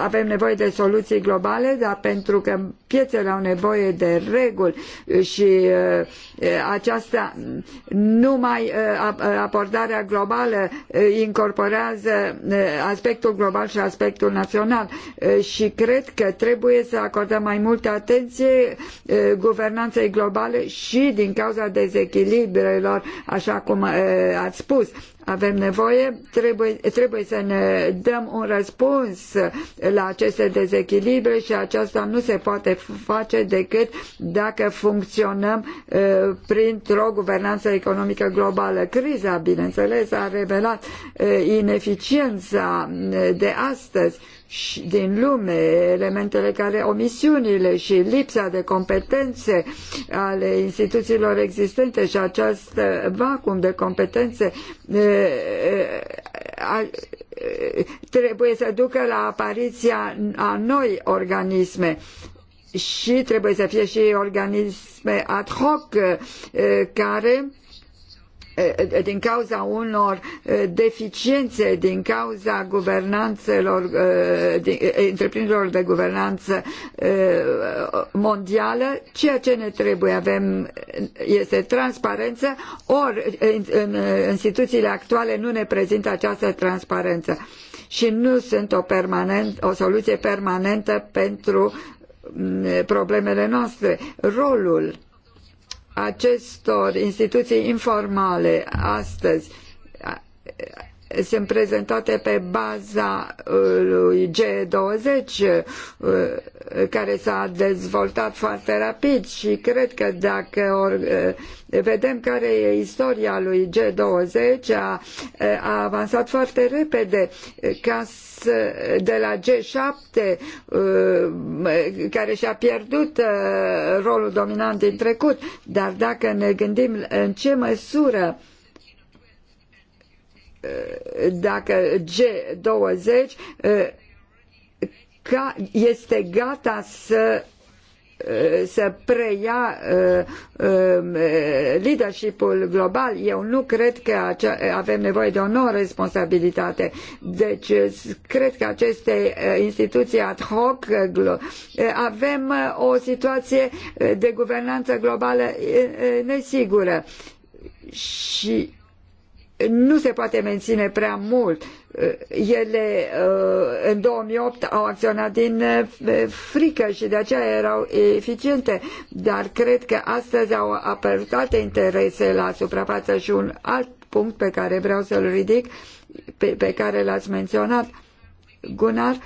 avem nevoie de soluții globale, dar pentru că piețele au nevoie de reguli și aceasta numai abordarea globală incorporează aspectul global și aspectul național și cred că trebuie să acordăm mai multă atenție guvernanței globale și din cauza dezechilibrelor, așa cum ați spus avem nevoie, trebuie, trebuie să ne dăm un răspuns la aceste dezechilibre și aceasta nu se poate face decât dacă funcționăm printr-o guvernanță economică globală. Criza, bineînțeles, a revelat ineficiența de astăzi și din lume, elementele care, omisiunile și lipsa de competențe ale instituțiilor existente și acest vacum de competențe trebuie să ducă la apariția a noi organisme și trebuie să fie și organisme ad hoc care Eh, din cauza unor eh, deficiențe, din cauza guvernanțelor, eh, întreprinderilor de guvernanță mondială, ceea ce ne trebuie avem este transparență, ori în instituțiile actuale nu ne prezintă această transparență și nu sunt o, permanent, o soluție permanentă pentru mm, problemele noastre. Rolul acestor instituții informale astăzi sunt prezentate pe baza uh, lui G20 uh, care s-a dezvoltat foarte rapid și cred că dacă or, uh, vedem care e istoria lui G20 a, a avansat foarte repede ca să, de la G7 care și-a pierdut rolul dominant din trecut, dar dacă ne gândim în ce măsură dacă G20 este gata să să preia uh, um, leadership-ul global. Eu nu cred că avem nevoie de o nouă responsabilitate. Deci, cred că aceste uh, instituții ad hoc uh, avem o situație de guvernanță globală nesigură. Și nu se poate menține prea mult. Ele uh, în 2008 au acționat din uh, frică și de aceea erau eficiente, dar cred că astăzi au apărut alte interese la suprafață și un alt punct pe care vreau să-l ridic, pe, pe care l-ați menționat, Gunnar,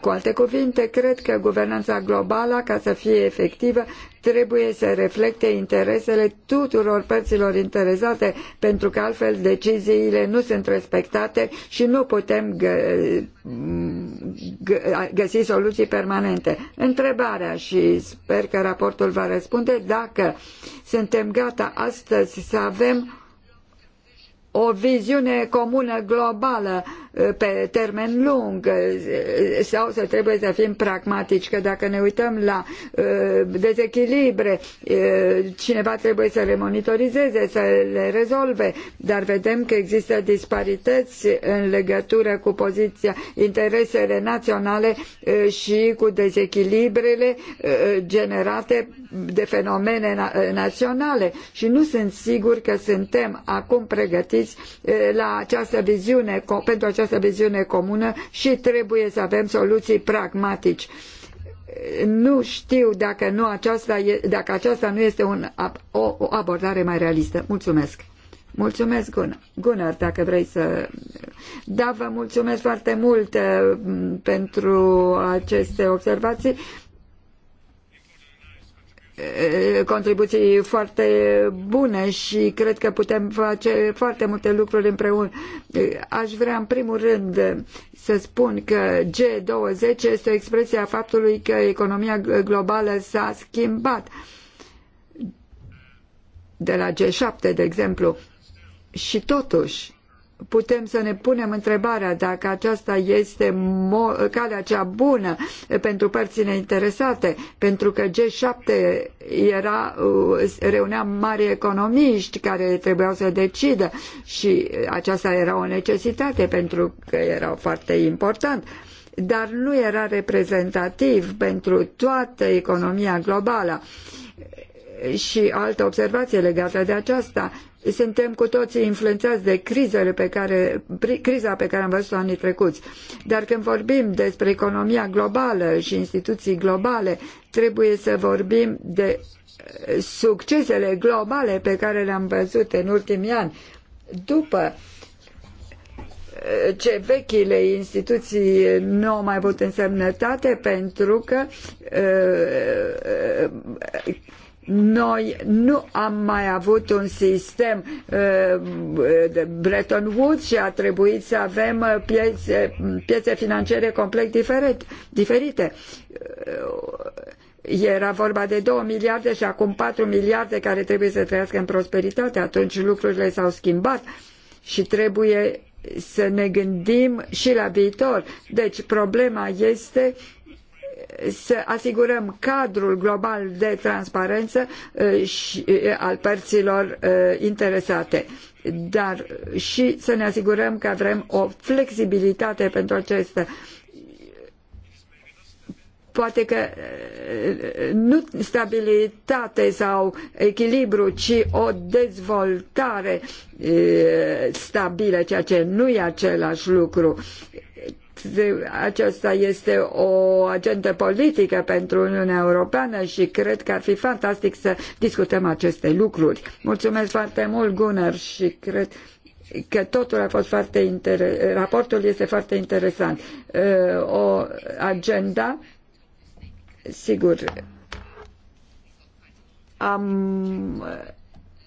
cu alte cuvinte, cred că guvernanța globală, ca să fie efectivă, trebuie să reflecte interesele tuturor părților interesate, pentru că altfel deciziile nu sunt respectate și nu putem gă, gă, găsi soluții permanente. Întrebarea și sper că raportul va răspunde dacă suntem gata astăzi să avem o viziune comună globală uh, pe termen lung uh, sau să trebuie să fim pragmatici că dacă ne uităm la uh, dezechilibre cineva trebuie să le monitorizeze, să le rezolve dar vedem că există disparități în legătură cu poziția interesele naționale și cu dezechilibrele generate de fenomene eh, naționale și nu sunt sigur că suntem acum pregătiți eh, la această viziune, pentru această viziune comună și trebuie să avem soluții pragmatici nu știu dacă, nu aceasta e, dacă aceasta nu este un, o, o abordare mai realistă. Mulțumesc! Mulțumesc, Gunnar. Gunnar, dacă vrei să... Da, vă mulțumesc foarte mult eh, pentru aceste observații. Eh, contribuții foarte bune și cred că putem face foarte multe lucruri împreună. Eh, aș vrea în primul rând să spun că G20 este o expresie a faptului că economia globală s-a schimbat de la G7, de exemplu. Și totuși, putem să ne punem întrebarea dacă aceasta este calea cea bună pentru părțile interesate, pentru că G7 era, uh, reunea mari economiști care trebuiau să decidă și aceasta era o necesitate pentru că era foarte important dar nu era reprezentativ pentru toată economia globală. Și altă observație legată de aceasta, suntem cu toții influențați de crizele pe care, criza pe care am văzut-o anii trecuți. Dar când vorbim despre economia globală și instituții globale, trebuie să vorbim de eh, succesele globale pe care le-am văzut în ultimii ani după eh, ce vechile instituții nu au mai avut însemnătate pentru că eh, noi nu am mai avut un sistem uh, uh Bretton Woods și a trebuit să avem uh, piețe, piețe financiare complet diferit, diferite. Uh, era vorba de 2 miliarde și acum 4 miliarde care trebuie să trăiască în prosperitate. Atunci lucrurile s-au schimbat și trebuie să ne gândim și la viitor. Deci problema este să asigurăm cadrul global de transparență uh, și uh, al părților uh, interesate dar și să ne asigurăm că avem o flexibilitate pentru acestea poate că nu stabilitate sau echilibru, ci o dezvoltare stabilă, ceea ce nu e același lucru aceasta este o agentă politică pentru Uniunea Europeană și cred că ar fi fantastic să discutăm aceste lucruri. Mulțumesc foarte mult, Gunnar, și cred că totul a fost foarte interesant. Raportul este foarte interesant. Uh, o agenda, sigur, am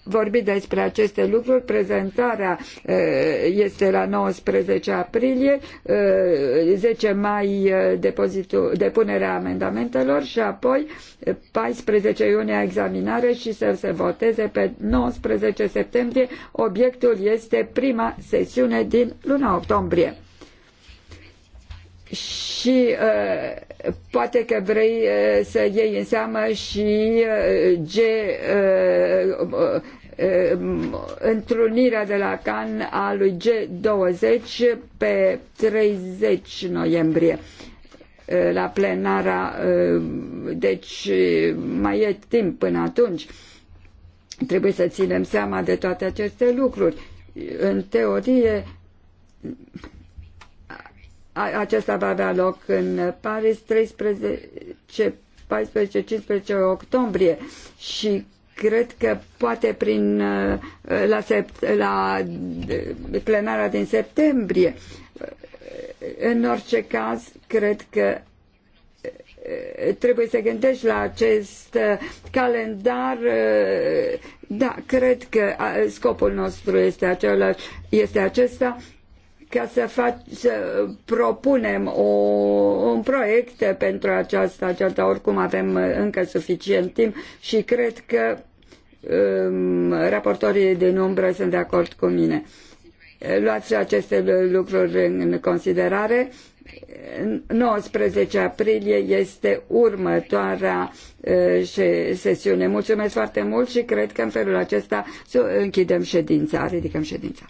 vorbit despre aceste lucruri. Prezentarea eh, este la 19 aprilie, 10 eh, mai eh, depozitul, depunerea amendamentelor și apoi 14 iunie examinare și să se voteze pe 19 septembrie. Obiectul este prima sesiune din luna octombrie. Și uh, poate că vrei eh, să iei în seamă și eh, G eh, întrunirea de la Cannes a lui G20 pe 30 noiembrie la plenara, deci mai e timp până atunci. Trebuie să ținem seama de toate aceste lucruri. În teorie, acesta va avea loc în Paris 13, 14, 15 octombrie și cred că poate prin uh, la, sept, la uh, plenarea din septembrie. Uh, în orice caz, cred că trebuie să gândești la acest calendar. Da, cred că scopul nostru este, același, este acesta ca să, fac, să propunem o, un proiect pentru aceasta, aceasta. Oricum avem încă suficient timp și cred că um, raportorii din umbră sunt de acord cu mine. Luați aceste lucruri în considerare. 19 aprilie este următoarea uh, sesiune. Mulțumesc foarte mult și cred că în felul acesta închidem ședința, ridicăm ședința.